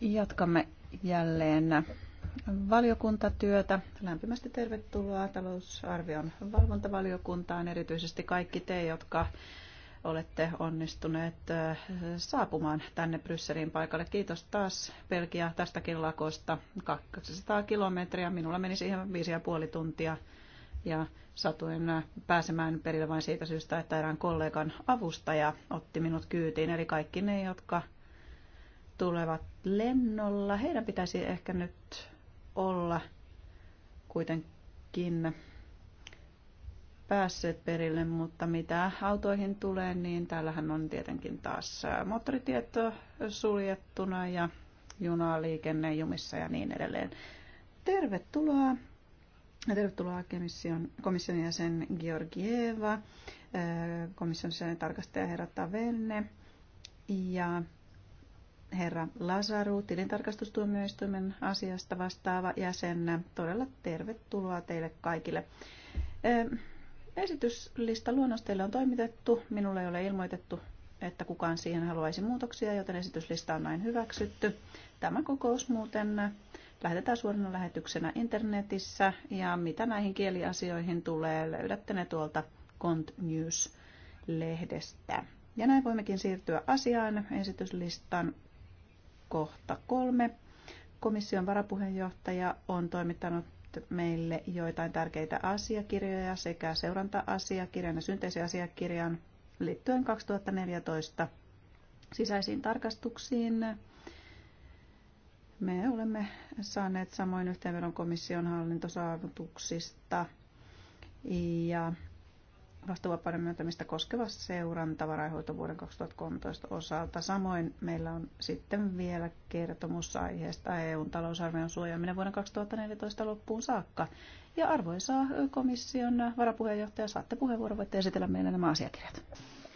Jatkamme jälleen valiokuntatyötä. Lämpimästi tervetuloa talousarvion valvontavaliokuntaan, erityisesti kaikki te, jotka olette onnistuneet saapumaan tänne Brysselin paikalle. Kiitos taas Belgia tästäkin lakosta. 200 kilometriä, minulla meni siihen 5,5 tuntia ja satuin pääsemään perille vain siitä syystä, että erään kollegan avustaja otti minut kyytiin. Eli kaikki ne, jotka tulevat lennolla, heidän pitäisi ehkä nyt olla kuitenkin päässeet perille, mutta mitä autoihin tulee, niin täällähän on tietenkin taas moottoritieto suljettuna ja junaliikenne jumissa ja niin edelleen. Tervetuloa Tervetuloa komission, komission jäsen Georgieva, öö, komission jäsen tarkastaja herra Tavenne ja herra Lazaru, tilintarkastustuomioistuimen asiasta vastaava jäsen. Todella tervetuloa teille kaikille. Öö, esityslista luonnosteille on toimitettu. Minulle ei ole ilmoitettu, että kukaan siihen haluaisi muutoksia, joten esityslista on näin hyväksytty. Tämä kokous muuten lähetetään suorana lähetyksenä internetissä. Ja mitä näihin kieliasioihin tulee, löydätte ne tuolta Cont News-lehdestä. Ja näin voimmekin siirtyä asiaan esityslistan kohta kolme. Komission varapuheenjohtaja on toimittanut meille joitain tärkeitä asiakirjoja sekä seuranta-asiakirjan ja synteesiasiakirjan liittyen 2014 sisäisiin tarkastuksiin me olemme saaneet samoin yhteenvedon komission hallintosaavutuksista ja vastuuvapauden myöntämistä koskeva seuranta vuoden 2013 osalta. Samoin meillä on sitten vielä kertomus aiheesta EUn talousarvion suojaaminen vuoden 2014 loppuun saakka. Ja arvoisa komission varapuheenjohtaja, saatte puheenvuoron, voitte esitellä meille nämä asiakirjat.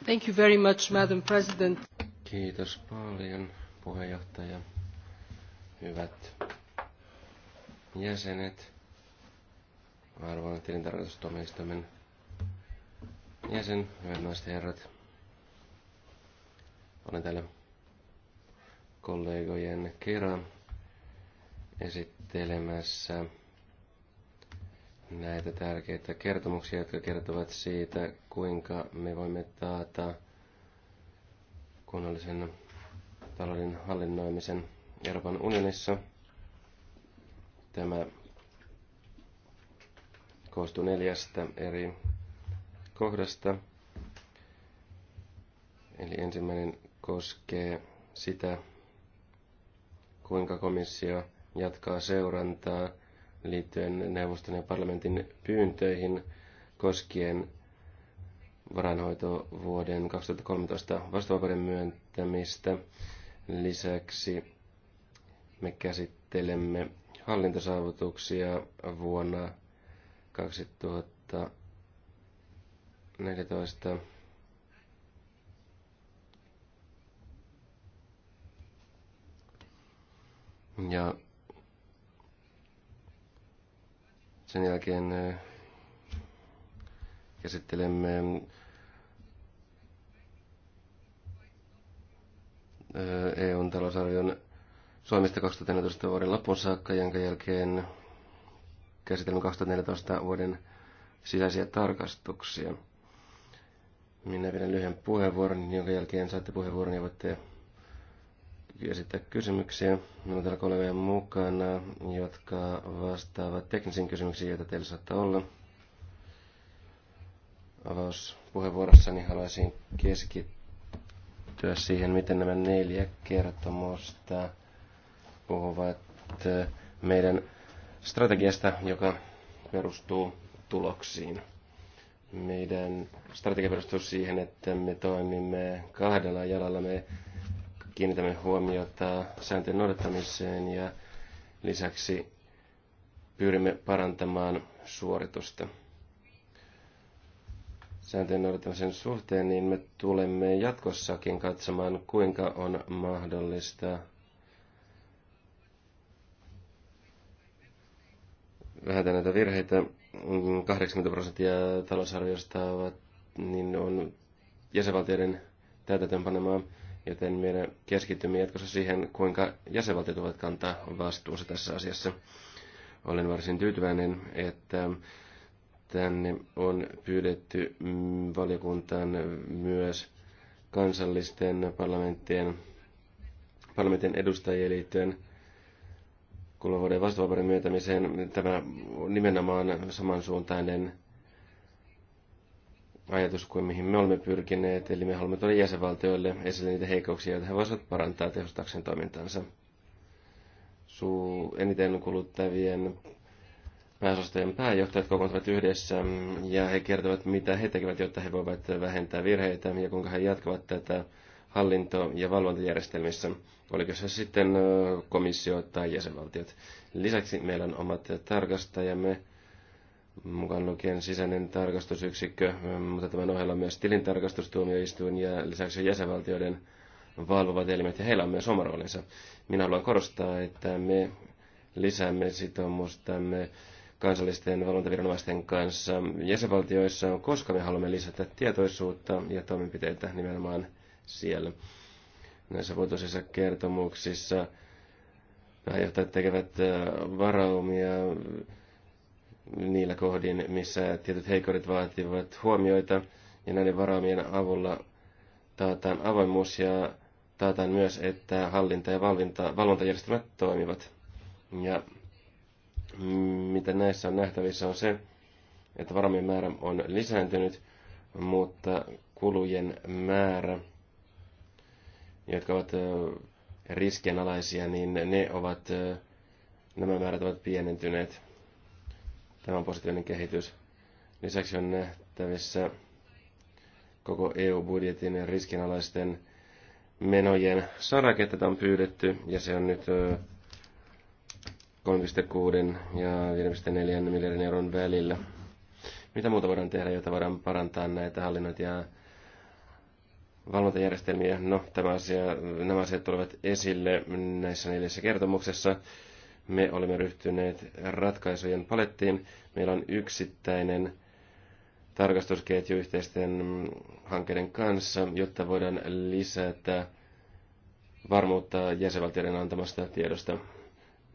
Thank you very much, Madam President. Kiitos paljon, puheenjohtaja hyvät jäsenet, arvon tilintarkastustuomioistuimen jäsen, hyvät naiset ja herrat. Olen täällä kollegojen kerran esittelemässä näitä tärkeitä kertomuksia, jotka kertovat siitä, kuinka me voimme taata kunnollisen talouden hallinnoimisen Euroopan unionissa. Tämä koostuu neljästä eri kohdasta. Eli ensimmäinen koskee sitä, kuinka komissio jatkaa seurantaa liittyen neuvoston ja parlamentin pyyntöihin koskien varainhoitovuoden 2013 vastuvapauden myöntämistä. Lisäksi me käsittelemme hallintosaavutuksia vuonna 2014. Ja sen jälkeen käsittelemme EUn talousarvion Suomesta 2014 vuoden loppuun saakka, jonka jälkeen käsitellään 2014 vuoden sisäisiä tarkastuksia. Minä vielä lyhyen puheenvuoron, jonka jälkeen saatte puheenvuoron ja voitte esittää kysymyksiä. Minulla on täällä kollegoja mukana, jotka vastaavat teknisiin kysymyksiin, joita teillä saattaa olla. Avauspuheenvuorossani haluaisin keskittyä siihen, miten nämä neljä kertomusta – puhuvat eh, meidän strategiasta, joka perustuu tuloksiin. Meidän strategia perustuu siihen, että me toimimme kahdella jalalla. Me kiinnitämme huomiota sääntöjen noudattamiseen ja lisäksi pyrimme parantamaan suoritusta sääntöjen noudattamisen suhteen, niin me tulemme jatkossakin katsomaan, kuinka on mahdollista vähätä näitä virheitä. 80 mm, prosenttia talousarviosta ovat, niin on jäsenvaltioiden täytäntöönpanemaa, joten meidän keskittymme jatkossa siihen, kuinka jäsenvaltiot ovat kantaa vastuunsa tässä asiassa. Olen varsin tyytyväinen, että tänne on pyydetty mm, valiokuntaan myös kansallisten parlamenttien, parlamentin edustajien liittyen kuluvan vuoden vastuuvapauden myöntämiseen. Tämä nimenomaan samansuuntainen ajatus kuin mihin me olemme pyrkineet, eli me haluamme tuoda jäsenvaltioille esille niitä heikkouksia, joita he voisivat parantaa tehostakseen toimintansa. Suu eniten kuluttavien pääsostajien pääjohtajat kokoontuvat yhdessä mm, ja he kertovat, mitä he tekevät, jotta he voivat vähentää virheitä ja kuinka he jatkavat tätä hallinto- ja valvontajärjestelmissä, oliko se sitten komissio tai jäsenvaltiot. Lisäksi meillä on omat tarkastajamme, mukaan lukien sisäinen tarkastusyksikkö, mutta tämän ohella myös tilintarkastustuomioistuin ja lisäksi jäsenvaltioiden valvovat elimet, ja heillä on myös oma roolinsa. Minä haluan korostaa, että me lisäämme sitoumustamme kansallisten valvontaviranomaisten kanssa jäsenvaltioissa, koska me haluamme lisätä tietoisuutta ja toimenpiteitä nimenomaan siellä. Näissä vuotuisissa kertomuksissa pääjohtajat tekevät varaumia niillä kohdin, missä tietyt heikorit vaativat huomioita, ja näiden varaumien avulla taataan avoimuus ja taataan myös, että hallinta- ja valvinta, valvontajärjestelmät toimivat. Ja mitä näissä on nähtävissä on se, että varamien määrä on lisääntynyt, mutta kulujen määrä jotka ovat riskienalaisia, niin ne ovat, nämä määrät ovat pienentyneet. Tämä on positiivinen kehitys. Lisäksi on nähtävissä koko EU-budjetin riskinalaisten menojen sarake. Tätä on pyydetty ja se on nyt 3,6 ja 5,4 miljardin euron välillä. Mitä muuta voidaan tehdä, jotta voidaan parantaa näitä hallinnointia ja valvontajärjestelmiä. No, tämä asia, nämä asiat tulevat esille näissä neljässä kertomuksessa. Me olemme ryhtyneet ratkaisujen palettiin. Meillä on yksittäinen tarkastusketju yhteisten hankkeiden kanssa, jotta voidaan lisätä varmuutta jäsenvaltioiden antamasta tiedosta.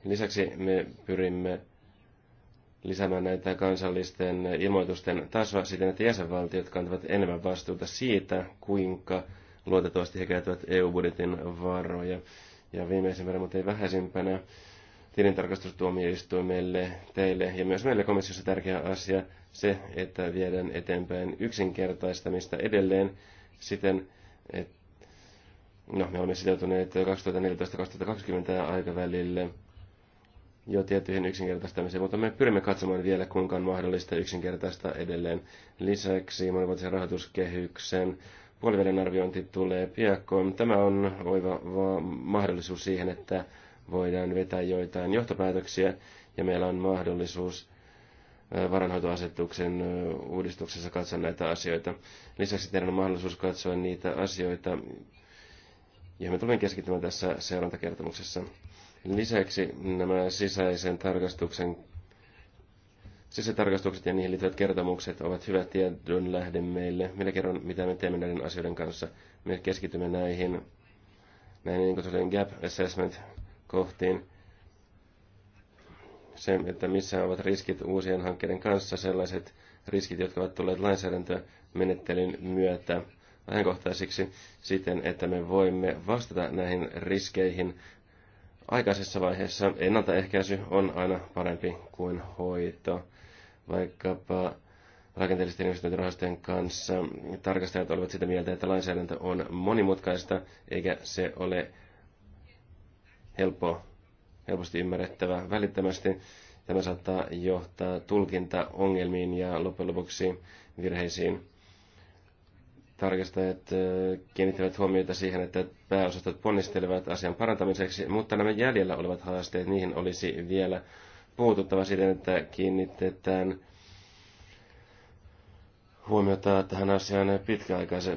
Lisäksi me pyrimme lisäämään näitä kansallisten ilmoitusten tasoa siten, että jäsenvaltiot kantavat enemmän vastuuta siitä, kuinka luotettavasti he käyttävät EU-budjetin varoja. Ja viimeisimpänä, mutta ei vähäisimpänä, tilintarkastustuomioistuimelle, teille ja myös meille komissiossa tärkeä asia se, että viedään eteenpäin yksinkertaistamista edelleen siten, että no, me olemme sitoutuneet 2014-2020 aikavälille – jo tiettyihin yksinkertaistamiseen, mutta me pyrimme katsomaan vielä kuinka on mahdollista yksinkertaista edelleen. Lisäksi monivuotisen rahoituskehyksen puolivälin arviointi tulee piakkoon. Tämä on oiva mahdollisuus siihen, että voidaan vetää joitain johtopäätöksiä ja meillä on mahdollisuus varanhoitoasetuksen uudistuksessa katsoa näitä asioita. Lisäksi teillä on mahdollisuus katsoa niitä asioita, joihin me tulemme keskittymään tässä seurantakertomuksessa. Lisäksi nämä sisäisen tarkastuksen Sisätarkastukset ja niihin liittyvät kertomukset ovat hyvä tiedon lähde meille. Minä kerron, mitä me teemme näiden asioiden kanssa. Me keskitymme näihin, näihin niin kuin gap assessment-kohtiin. Se, että missä ovat riskit uusien hankkeiden kanssa, sellaiset riskit, jotka ovat tulleet lainsäädäntömenettelyn myötä ajankohtaisiksi siten, että me voimme vastata näihin riskeihin aikaisessa vaiheessa ennaltaehkäisy on aina parempi kuin hoito. Vaikkapa rakenteellisten investointirahastojen kanssa tarkastajat olivat sitä mieltä, että lainsäädäntö on monimutkaista, eikä se ole helppo, helposti ymmärrettävä välittömästi. Tämä saattaa johtaa tulkintaongelmiin ja loppujen lopuksi virheisiin tarkastajat äh, kiinnittävät huomiota siihen, että pääosastot ponnistelevat asian parantamiseksi, mutta nämä jäljellä olevat haasteet, niihin olisi vielä puututtava siten, että kiinnitetään huomiota tähän asiaan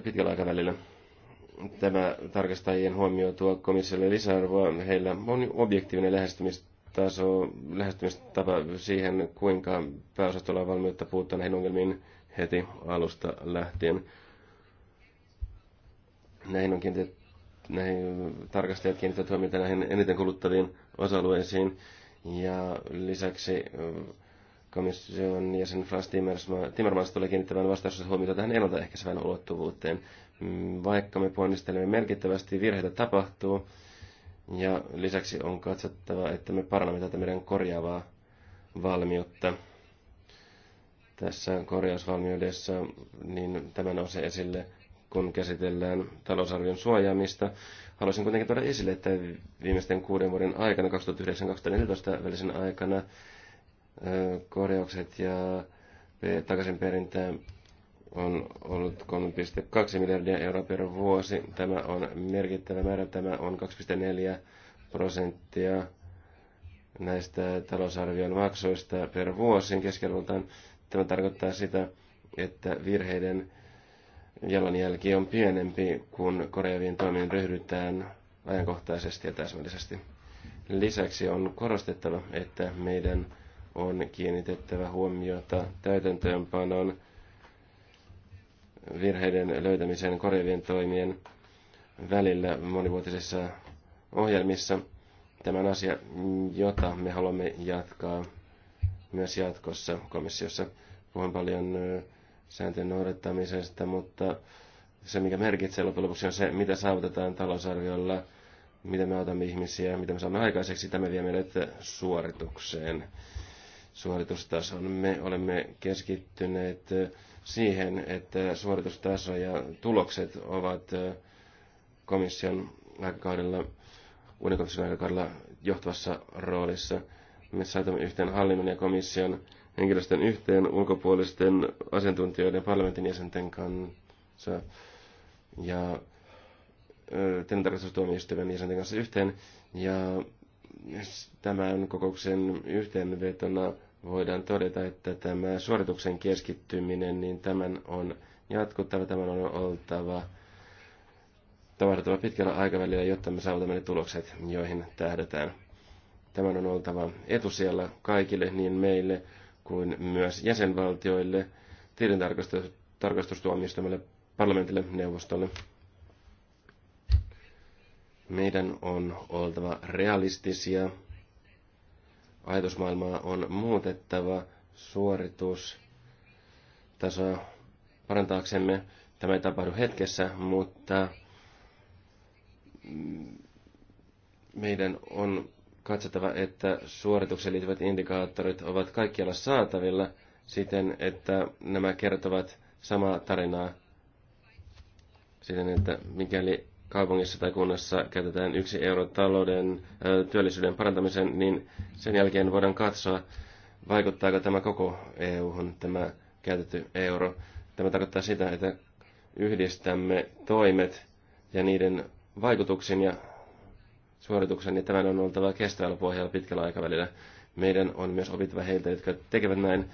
pitkällä aikavälillä. Tämä tarkastajien huomio tuo komissiolle lisäarvoa. Heillä on objektiivinen lähestymistaso, lähestymistapa siihen, kuinka pääosastolla on valmiutta puuttua näihin ongelmiin heti alusta lähtien Näihin on näihin tarkastajat kiinnittävät huomiota näihin eniten kuluttaviin osa-alueisiin. Ja lisäksi komission jäsen Frans Timmermans tulee kiinnittämään vastaisuudessa huomiota tähän ennaltaehkäisevään ulottuvuuteen. Mm, vaikka me ponnistelemme merkittävästi, virheitä tapahtuu. Ja lisäksi on katsottava, että me parannamme tätä meidän korjaavaa valmiutta. Tässä korjausvalmiudessa niin tämä nousee esille kun käsitellään talousarvion suojaamista. Haluaisin kuitenkin tuoda esille, että viimeisten kuuden vuoden aikana, 2009-2014 välisen aikana, korjaukset ja takaisinperintä on ollut 3,2 miljardia euroa per vuosi. Tämä on merkittävä määrä. Tämä on 2,4 prosenttia näistä talousarvion maksuista per vuosi keskiarvoltaan. Tämä tarkoittaa sitä, että virheiden jalanjälki on pienempi, kun korjaaviin toimiin ryhdytään ajankohtaisesti ja täsmällisesti. Lisäksi on korostettava, että meidän on kiinnitettävä huomiota täytäntöönpanon virheiden löytämisen korjaavien toimien välillä monivuotisissa ohjelmissa. Tämä on asia, jota me haluamme jatkaa myös jatkossa komissiossa. Puhun paljon sääntöjen noudattamisesta, mutta se, mikä merkitsee loppujen lopuksi, on se, mitä saavutetaan talousarviolla, miten me autamme ihmisiä, mitä me saamme aikaiseksi, tämä vie meidät suoritukseen, suoritustason. Me olemme keskittyneet siihen, että suoritustaso ja tulokset ovat komission aikakaudella, uuden komission aikakaudella johtavassa roolissa. Me saatamme yhteen hallinnon ja komission henkilöstön yhteen ulkopuolisten asiantuntijoiden parlamentin jäsenten kanssa ja tilintarkastustuomioistuimen jäsenten kanssa yhteen. Ja tämän kokouksen yhteenvetona voidaan todeta, että tämä suorituksen keskittyminen, niin tämän on jatkuttava, tämän on oltava tapahduttava pitkällä aikavälillä, jotta me saavutamme ne tulokset, joihin tähdätään. Tämän on oltava etusijalla kaikille, niin meille kuin myös jäsenvaltioille, tilintarkastustuomioistuimelle, parlamentille, neuvostolle. Meidän on oltava realistisia. Ajatusmaailmaa on muutettava suoritustasoa parantaaksemme. Tämä ei tapahdu hetkessä, mutta meidän on katsottava, että suoritukseen liittyvät indikaattorit ovat kaikkialla saatavilla siten, että nämä kertovat samaa tarinaa siten, että mikäli kaupungissa tai kunnassa käytetään yksi euro talouden työllisyyden parantamiseen, niin sen jälkeen voidaan katsoa, vaikuttaako tämä koko EU-hun, tämä käytetty euro. Tämä tarkoittaa sitä, että yhdistämme toimet ja niiden vaikutuksen ja suorituksen, niin tämän on oltava kestävällä pohjalla pitkällä aikavälillä. Meidän on myös opittava heiltä, jotka tekevät näin.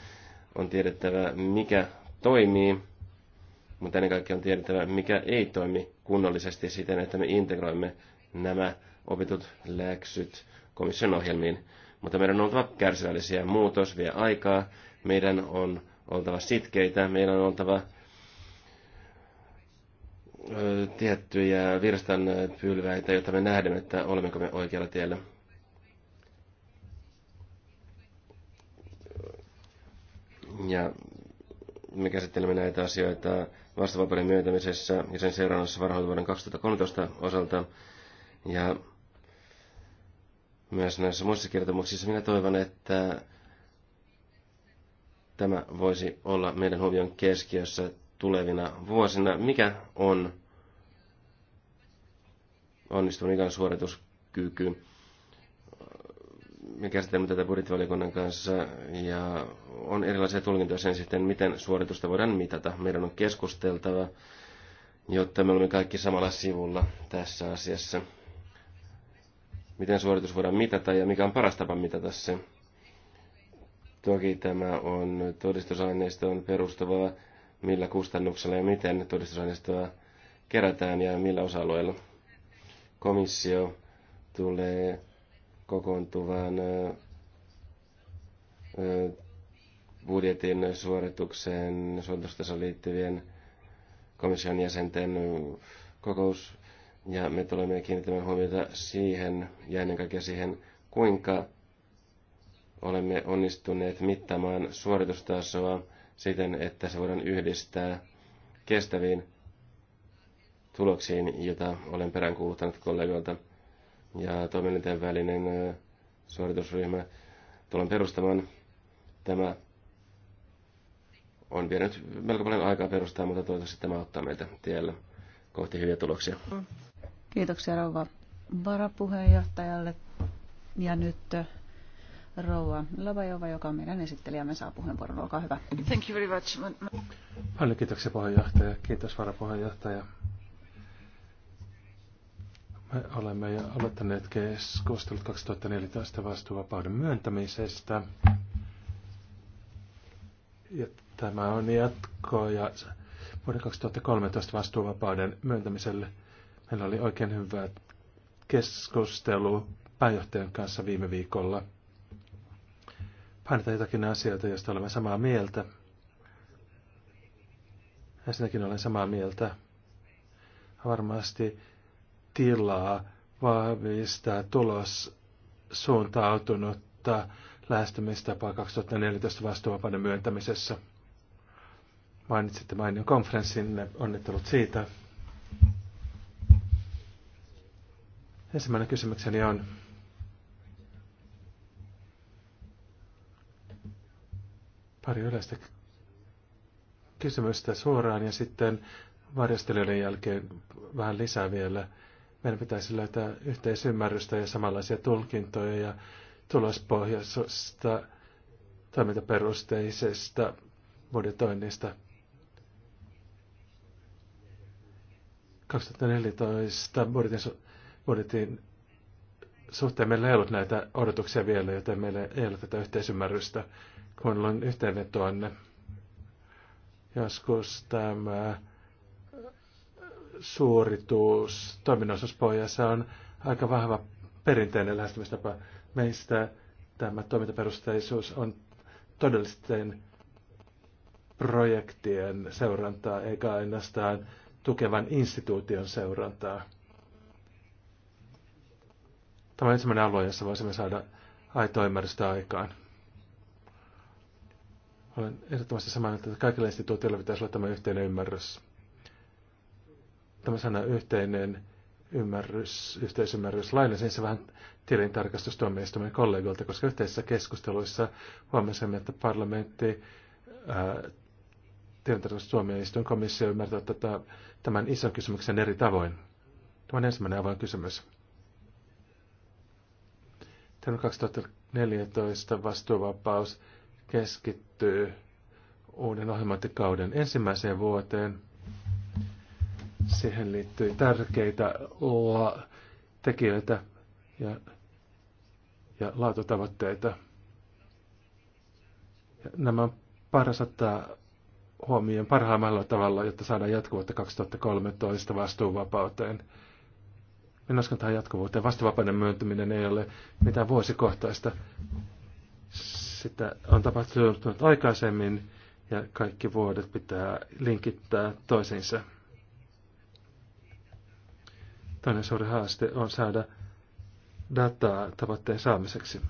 On tiedettävä, mikä toimii, mutta ennen kaikkea on tiedettävä, mikä ei toimi kunnollisesti siten, että me integroimme nämä opitut läksyt komission ohjelmiin. Mutta meidän on oltava kärsivällisiä. Muutos vie aikaa. Meidän on oltava sitkeitä. Meidän on oltava tiettyjä virstan pylväitä, jotta me nähdään, että olemmeko me oikealla tiellä. Ja me käsittelemme näitä asioita vastavapauden myöntämisessä ja sen seurannassa vuoden 2013 osalta. Ja myös näissä muissa kertomuksissa minä toivon, että tämä voisi olla meidän huomion keskiössä tulevina vuosina. Mikä on onnistunut ikään suorituskyky. Me käsittelemme tätä budjettivaliokunnan kanssa ja on erilaisia tulkintoja sen sitten, miten suoritusta voidaan mitata. Meidän on keskusteltava, jotta me olemme kaikki samalla sivulla tässä asiassa. Miten suoritus voidaan mitata ja mikä on paras tapa mitata se. Toki tämä on todistusaineistoon perustuvaa, millä kustannuksella ja miten todistusaineistoa kerätään ja millä osa-alueilla komissio tulee kokoontuvan budjetin suoritukseen suoritustasoon liittyvien komission jäsenten kokous. Ja me tulemme kiinnittämään huomiota siihen ja ennen kaikkea siihen, kuinka olemme onnistuneet mittaamaan suoritustasoa siten, että se voidaan yhdistää kestäviin tuloksiin, jota olen peräänkuuluttanut kollegoilta. Ja toimielinten välinen suoritusryhmä tulen perustamaan. Tämä on vienyt melko paljon aikaa perustaa, mutta toivottavasti tämä auttaa meitä tiellä kohti hyviä tuloksia. Kiitoksia rouva varapuheenjohtajalle. Ja nyt rouva lavajova, joka on meidän esittelijämme, saa puheenvuoron. Olkaa hyvä. Thank you very much. Paljon kiitoksia puheenjohtaja. Kiitos varapuheenjohtaja. Me olemme jo aloittaneet keskustelut 2014 vastuuvapauden myöntämisestä. Ja tämä on ja vuoden 2013 vastuuvapauden myöntämiselle. Meillä oli oikein hyvä keskustelu pääjohtajan kanssa viime viikolla. Painetaan jotakin asioita, joista olemme samaa mieltä. Ensinnäkin olen samaa mieltä. Varmasti tilaa vahvistaa tulos suuntautunutta lähestymistapaa 2014 vastuuvapauden myöntämisessä. Mainitsitte mainion konferenssin, onnittelut siitä. Ensimmäinen kysymykseni on, pari yleistä kysymystä suoraan ja sitten varjostelijoiden jälkeen vähän lisää vielä meidän pitäisi löytää yhteisymmärrystä ja samanlaisia tulkintoja ja tulospohjaisesta toimintaperusteisesta budjetoinnista. 2014 budjetin, budjetin suhteen meillä ei ollut näitä odotuksia vielä, joten meillä ei ole tätä yhteisymmärrystä, kun on yhteenvetoanne. Joskus tämä suoritus toiminnallisuuspohjassa on aika vahva perinteinen lähestymistapa. Meistä tämä toimintaperusteisuus on todellisten projektien seurantaa eikä ainoastaan tukevan instituution seurantaa. Tämä on ensimmäinen alue, jossa voisimme saada aitoa ymmärrystä aikaan. Olen ehdottomasti samaa mieltä, että kaikilla instituutioilla pitäisi olla tämä yhteinen ymmärrys tämä sana yhteinen ymmärrys, yhteisymmärrys. Lainasin se vähän tilintarkastustuomioistuimen kollegoilta, koska yhteisissä keskusteluissa huomasimme, että parlamentti, tilintarkastustuomioistuin komissio ymmärtää tätä, tämän ison kysymyksen eri tavoin. Tämä on ensimmäinen avoin kysymys. Tämä 2014 vastuuvapaus keskittyy uuden ohjelmointikauden ensimmäiseen vuoteen – Siihen liittyy tärkeitä tekijöitä ja, ja laatutavoitteita. Ja nämä paras ottaa huomioon parhaimmalla tavalla, jotta saadaan jatkuvuutta 2013 vastuuvapauteen. Minä uskon tähän jatkuvuuteen. Vastuvapauden myöntyminen ei ole mitään vuosikohtaista. Sitä on tapahtunut aikaisemmin ja kaikki vuodet pitää linkittää toisiinsa. Toinen suuri haaste on saada dataa tavoitteen saamiseksi,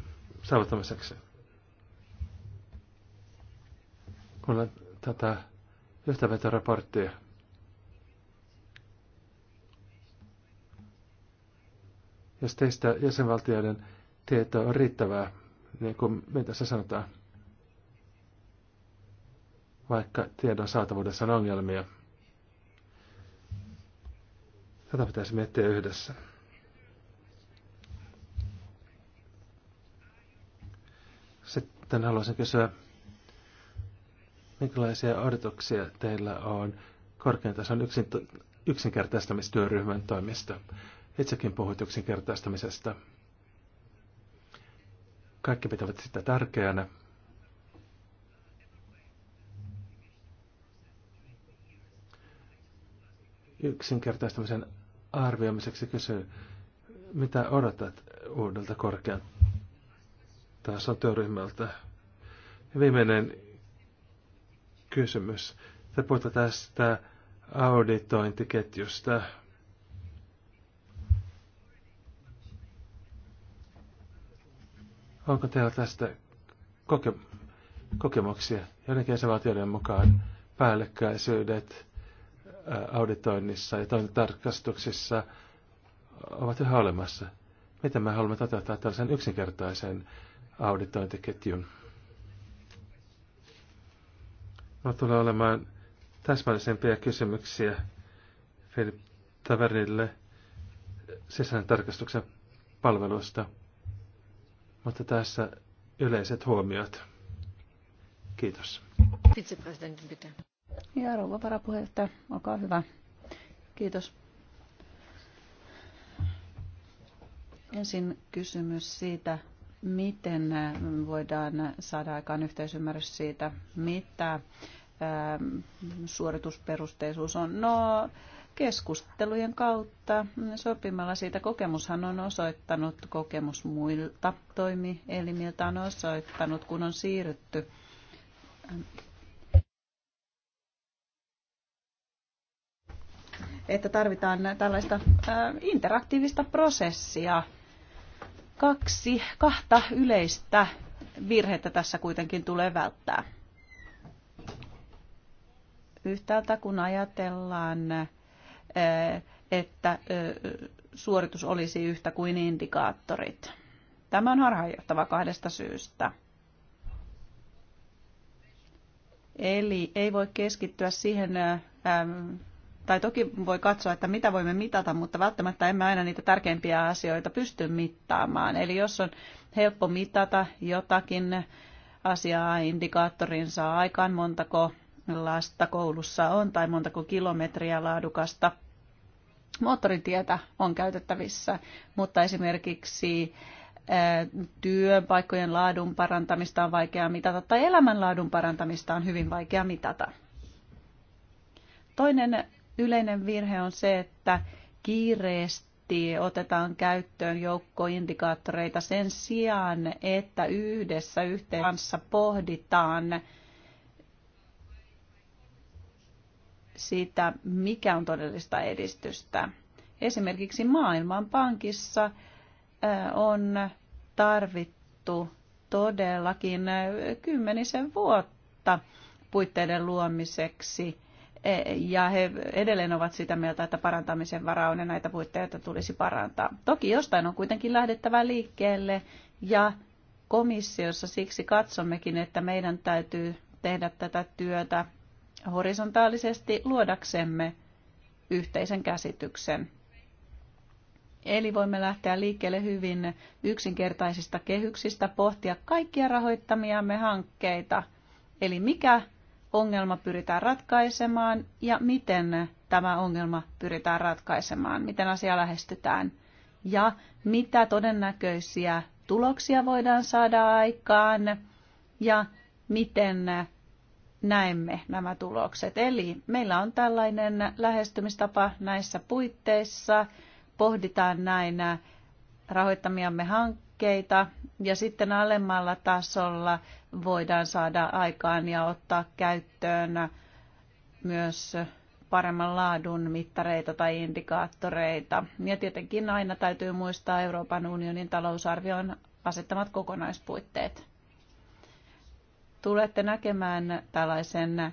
saavuttamiseksi. Kun on tätä yhtävetoraporttia, jos teistä jäsenvaltioiden tietoa on riittävää, niin kuin me tässä sanotaan, vaikka tiedon saatavuudessa on ongelmia – Tätä pitäisi miettiä yhdessä. Sitten haluaisin kysyä, minkälaisia odotuksia teillä on korkean tason yksin, yksinkertaistamistyöryhmän toimista? Itsekin puhuit yksinkertaistamisesta. Kaikki pitävät sitä tärkeänä. Yksinkertaistamisen arvioimiseksi kysyy, mitä odotat uudelta korkean tason työryhmältä? Ja viimeinen kysymys. Te puhutte tästä auditointiketjusta. Onko teillä tästä koke- kokemuksia? Joidenkin jäsenvaltioiden mukaan päällekkäisyydet auditoinnissa ja tarkastuksissa ovat yhä olemassa. Miten me haluamme toteuttaa tällaisen yksinkertaisen auditointiketjun? No tulee olemaan täsmällisempiä kysymyksiä Filip Tavernille tarkastuksen palvelusta, mutta tässä yleiset huomiot. Kiitos. Vicepresidentin pitää. Ja rouva varapuheenjohtaja, olkaa hyvä. Kiitos. Ensin kysymys siitä, miten voidaan saada aikaan yhteisymmärrys siitä, mitä ähm, suoritusperusteisuus on. No, keskustelujen kautta sopimalla siitä kokemushan on osoittanut, kokemus muilta toimielimiltä on osoittanut, kun on siirrytty että tarvitaan tällaista interaktiivista prosessia. Kaksi, kahta yleistä virhettä tässä kuitenkin tulee välttää. Yhtäältä kun ajatellaan, että suoritus olisi yhtä kuin indikaattorit. Tämä on harhaanjohtava kahdesta syystä. Eli ei voi keskittyä siihen tai toki voi katsoa, että mitä voimme mitata, mutta välttämättä emme aina niitä tärkeimpiä asioita pysty mittaamaan. Eli jos on helppo mitata jotakin asiaa, indikaattorin saa aikaan, montako lasta koulussa on tai montako kilometriä laadukasta moottoritietä on käytettävissä, mutta esimerkiksi eh, työpaikkojen laadun parantamista on vaikea mitata tai elämänlaadun parantamista on hyvin vaikea mitata. Toinen yleinen virhe on se, että kiireesti otetaan käyttöön joukkoindikaattoreita sen sijaan, että yhdessä yhteen kanssa pohditaan sitä, mikä on todellista edistystä. Esimerkiksi Maailmanpankissa on tarvittu todellakin kymmenisen vuotta puitteiden luomiseksi – E, ja he edelleen ovat sitä mieltä, että parantamisen varaa on ja näitä puitteita tulisi parantaa. Toki jostain on kuitenkin lähdettävä liikkeelle ja komissiossa siksi katsommekin, että meidän täytyy tehdä tätä työtä horisontaalisesti luodaksemme yhteisen käsityksen. Eli voimme lähteä liikkeelle hyvin yksinkertaisista kehyksistä, pohtia kaikkia rahoittamiamme hankkeita. Eli mikä ongelma pyritään ratkaisemaan ja miten tämä ongelma pyritään ratkaisemaan, miten asia lähestytään ja mitä todennäköisiä tuloksia voidaan saada aikaan ja miten näemme nämä tulokset. Eli meillä on tällainen lähestymistapa näissä puitteissa, pohditaan näin rahoittamiamme hankkeita ja sitten alemmalla tasolla voidaan saada aikaan ja ottaa käyttöön myös paremman laadun mittareita tai indikaattoreita. Ja tietenkin aina täytyy muistaa Euroopan unionin talousarvion asettamat kokonaispuitteet. Tulette näkemään tällaisen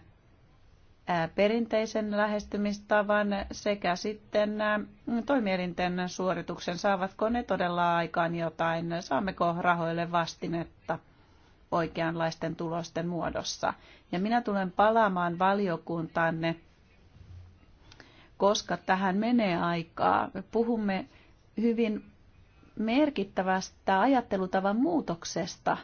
perinteisen lähestymistavan sekä sitten toimielinten suorituksen, saavatko ne todella aikaan jotain, saammeko rahoille vastinetta – oikeanlaisten tulosten muodossa. Ja minä tulen palaamaan valiokuntaanne, koska tähän menee aikaa. Me puhumme hyvin merkittävästä ajattelutavan muutoksesta,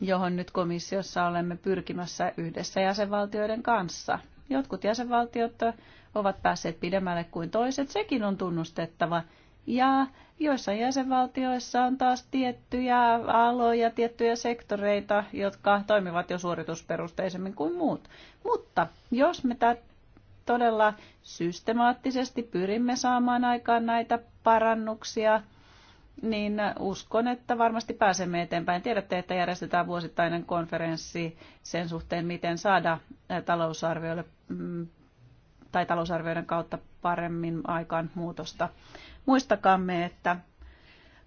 johon nyt komissiossa olemme pyrkimässä yhdessä jäsenvaltioiden kanssa. Jotkut jäsenvaltiot ovat päässeet pidemmälle kuin toiset, sekin on tunnustettava. Ja joissain jäsenvaltioissa on taas tiettyjä aloja, tiettyjä sektoreita, jotka toimivat jo suoritusperusteisemmin kuin muut. Mutta jos me todella systemaattisesti pyrimme saamaan aikaan näitä parannuksia, niin uskon, että varmasti pääsemme eteenpäin. Tiedätte, että järjestetään vuosittainen konferenssi sen suhteen, miten saada talousarvioille mm, tai talousarvioiden kautta paremmin aikaan muutosta. Muistakaamme, että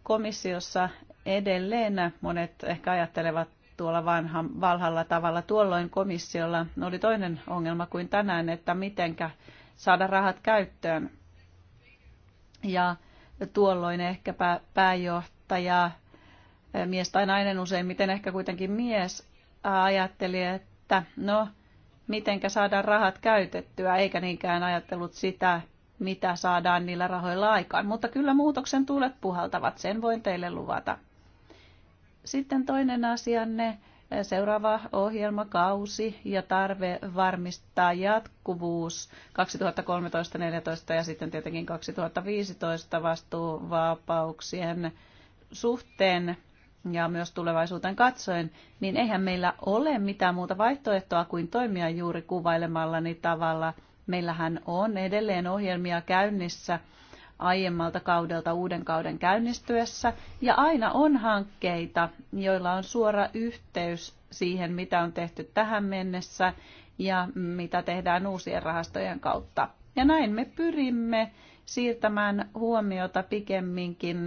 komissiossa edelleen monet ehkä ajattelevat tuolla vanha, valhalla tavalla. Tuolloin komissiolla oli toinen ongelma kuin tänään, että mitenkä saada rahat käyttöön. Ja tuolloin ehkä pää, pääjohtaja, mies tai nainen usein miten ehkä kuitenkin mies, ajatteli, että no, mitenkä saadaan rahat käytettyä, eikä niinkään ajatellut sitä, mitä saadaan niillä rahoilla aikaan. Mutta kyllä muutoksen tuulet puhaltavat, sen voin teille luvata. Sitten toinen asianne, seuraava ohjelmakausi ja tarve varmistaa jatkuvuus 2013, 2014 ja sitten tietenkin 2015 vastuuvapauksien suhteen ja myös tulevaisuuteen katsoen, niin eihän meillä ole mitään muuta vaihtoehtoa kuin toimia juuri kuvailemallani tavalla – Meillähän on edelleen ohjelmia käynnissä aiemmalta kaudelta uuden kauden käynnistyessä. Ja aina on hankkeita, joilla on suora yhteys siihen, mitä on tehty tähän mennessä ja mitä tehdään uusien rahastojen kautta. Ja näin me pyrimme siirtämään huomiota pikemminkin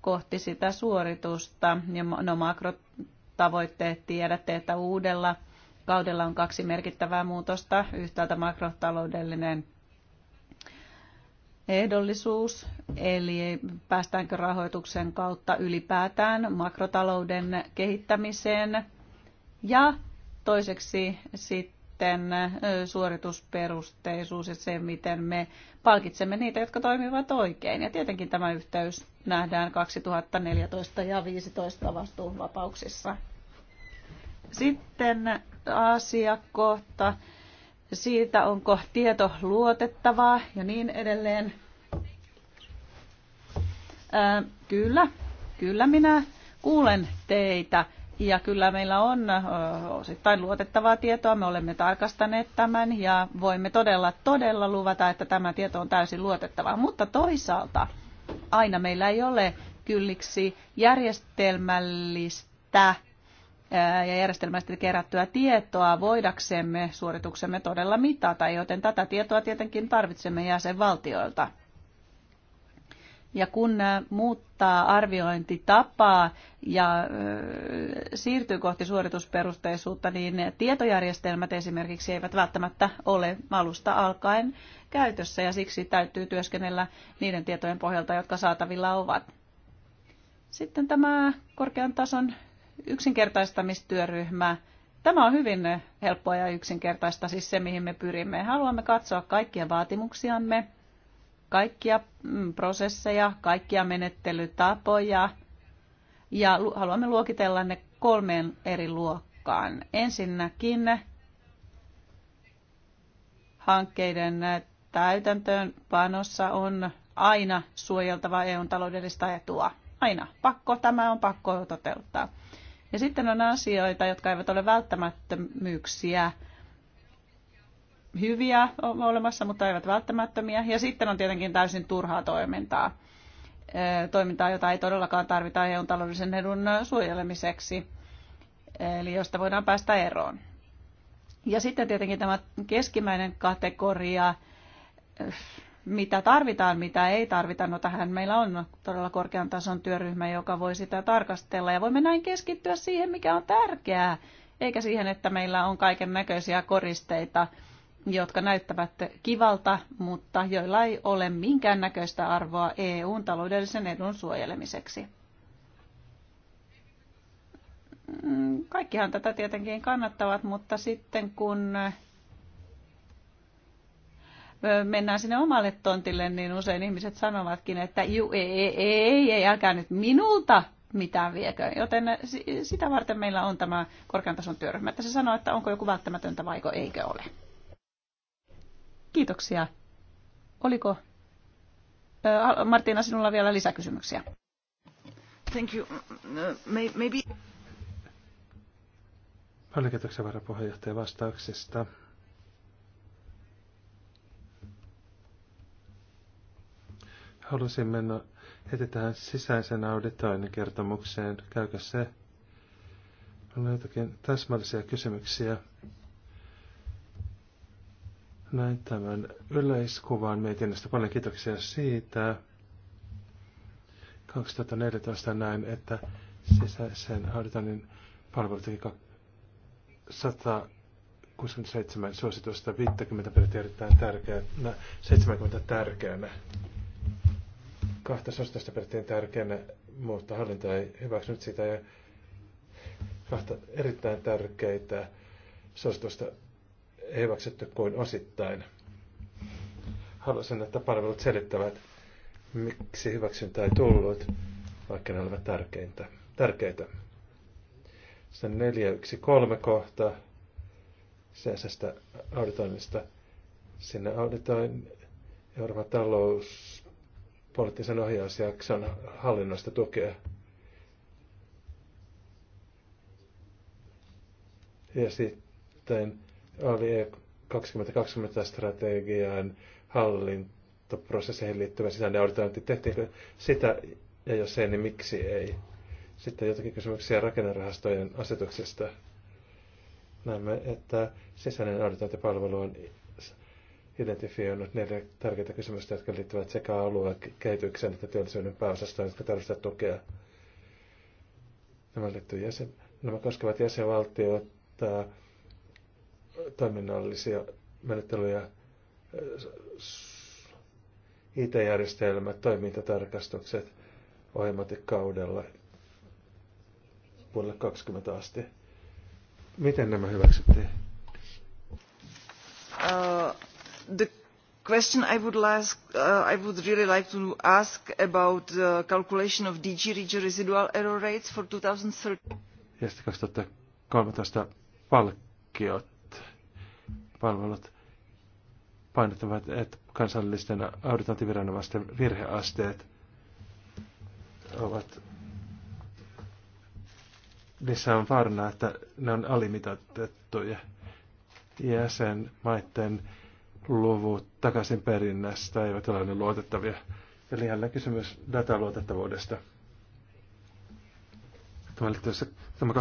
kohti sitä suoritusta. Ja no makrotavoitteet tiedätte, että uudella kaudella on kaksi merkittävää muutosta. Yhtäältä makrotaloudellinen ehdollisuus, eli päästäänkö rahoituksen kautta ylipäätään makrotalouden kehittämiseen. Ja toiseksi sitten suoritusperusteisuus ja se, miten me palkitsemme niitä, jotka toimivat oikein. Ja tietenkin tämä yhteys nähdään 2014 ja 2015 vastuunvapauksissa. Sitten asiakohta siitä, onko tieto luotettavaa ja niin edelleen. Ää, kyllä, kyllä minä kuulen teitä ja kyllä meillä on osittain luotettavaa tietoa. Me olemme tarkastaneet tämän ja voimme todella, todella luvata, että tämä tieto on täysin luotettavaa. Mutta toisaalta aina meillä ei ole kylliksi järjestelmällistä ja järjestelmästi kerättyä tietoa voidaksemme suorituksemme todella mitata, joten tätä tietoa tietenkin tarvitsemme jäsenvaltioilta. Ja kun muuttaa arviointitapaa ja siirtyy kohti suoritusperusteisuutta, niin tietojärjestelmät esimerkiksi eivät välttämättä ole alusta alkaen käytössä ja siksi täytyy työskennellä niiden tietojen pohjalta, jotka saatavilla ovat. Sitten tämä korkean tason yksinkertaistamistyöryhmä. Tämä on hyvin helppoa ja yksinkertaista, siis se mihin me pyrimme. Haluamme katsoa kaikkia vaatimuksiamme, kaikkia mm, prosesseja, kaikkia menettelytapoja ja haluamme luokitella ne kolmeen eri luokkaan. Ensinnäkin hankkeiden täytäntöön panossa on aina suojeltava EUn taloudellista etua. Aina. Pakko, tämä on pakko toteuttaa. Ja sitten on asioita, jotka eivät ole välttämättömyyksiä. Hyviä on olemassa, mutta eivät välttämättömiä. Ja sitten on tietenkin täysin turhaa toimintaa, toimintaa jota ei todellakaan tarvita EUn taloudellisen edun suojelemiseksi, eli josta voidaan päästä eroon. Ja sitten tietenkin tämä keskimmäinen kategoria, mitä tarvitaan, mitä ei tarvita. No tähän meillä on todella korkean tason työryhmä, joka voi sitä tarkastella ja voimme näin keskittyä siihen, mikä on tärkeää, eikä siihen, että meillä on kaiken näköisiä koristeita, jotka näyttävät kivalta, mutta joilla ei ole minkäännäköistä arvoa EUn taloudellisen edun suojelemiseksi. Mm, kaikkihan tätä tietenkin kannattavat, mutta sitten kun mennään sinne omalle tontille, niin usein ihmiset sanovatkin, että juu, ei, ei, e, ei, ei, älkää nyt minulta mitään viekö. Joten sitä varten meillä on tämä korkean tason työryhmä, että se sanoo, että onko joku välttämätöntä vaiko eikö ole. Kiitoksia. Oliko Martina sinulla vielä lisäkysymyksiä? Thank you. Maybe... Paljon kiitoksia varapuheenjohtajan vastauksesta. Halusin mennä heti tähän sisäisen auditoinnin kertomukseen. Käykö se? on jotakin täsmällisiä kysymyksiä. Näin tämän yleiskuvan mietinnöstä. Paljon kiitoksia siitä. 2014 näin, että sisäisen auditoinnin palvelu teki 167 suositusta, 50 pidettiin erittäin tärkeänä, 70 tärkeänä kahta sosiaalista pidettiin tärkeänä, mutta hallinto ei hyväksynyt sitä. Ja kahta erittäin tärkeitä suostausta ei hyväksytty kuin osittain. Haluaisin, että palvelut selittävät, miksi hyväksyntä ei tullut, vaikka ne olivat tärkeintä. tärkeitä. Sitten 413 kohta CSS-auditoinnista. Sinne auditoin Euroopan talous poliittisen ohjausjakson hallinnosta tukea. Ja sitten oli 2020 strategian hallintoprosesseihin liittyvä sisäinen auditointi. Tehtiinkö sitä ja jos ei, niin miksi ei? Sitten jotakin kysymyksiä rakennerahastojen asetuksesta. Näemme, että sisäinen auditointipalvelu on identifioinut neljä tärkeitä kysymystä, jotka liittyvät sekä alueen kehitykseen että työllisyyden pääosastoon, jotka tarvitsevat tukea. Nämä, liittyy jäsen, nämä koskevat jäsenvaltioita, toiminnallisia menettelyjä, IT-järjestelmät, toimintatarkastukset ohjelmointikaudella vuodelle 20 asti. Miten nämä hyväksyttiin? Uh, the question uh, I would, really like to ask about the calculation of DG Regio residual error rates for 2013. Ja sitten 2013 palkkiot, palvelut painottavat, että kansallisten auditointiviranomaisten virheasteet ovat niissä on vaarana, että ne on alimitoitettuja jäsenmaiden luvut takaisin perinnästä eivät ole niin luotettavia. Eli jälleen kysymys dataluotettavuudesta. Tämä, liittyy, tämä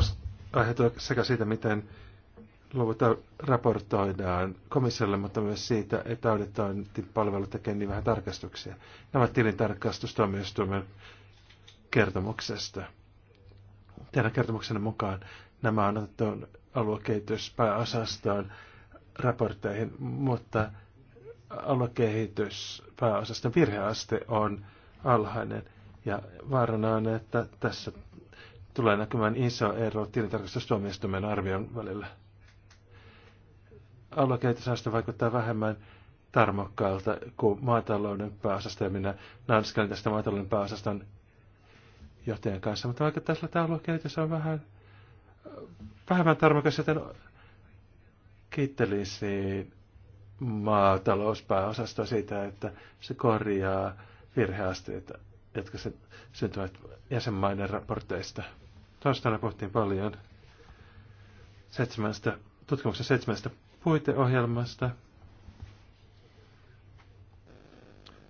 aiheutuu sekä siitä, miten luvut raportoidaan komissiolle, mutta myös siitä, että auditointipalvelu tekee niin vähän tarkastuksia. Nämä tilintarkastustuomioistuimen kertomuksesta. Teidän kertomuksenne mukaan nämä on otettu pääosastoon raportteihin, mutta pääosasta virheaste on alhainen. Ja vaarana on, että tässä tulee näkymään iso ero tilintarkastustuomioistuimen arvion välillä. Aluekehitysaste vaikuttaa vähemmän tarmokkaalta kuin maatalouden pääosasta, ja minä nanskelen tästä maatalouden pääosaston johtajan kanssa, mutta vaikka tämä aluekehitys on vähän vähemmän tarmokas, joten kiittelisin maatalouspääosastoa siitä, että se korjaa virheasteita, jotka se syntyvät jäsenmaiden raporteista. Torstaina puhuttiin paljon seitsemästä, tutkimuksen seitsemästä puiteohjelmasta.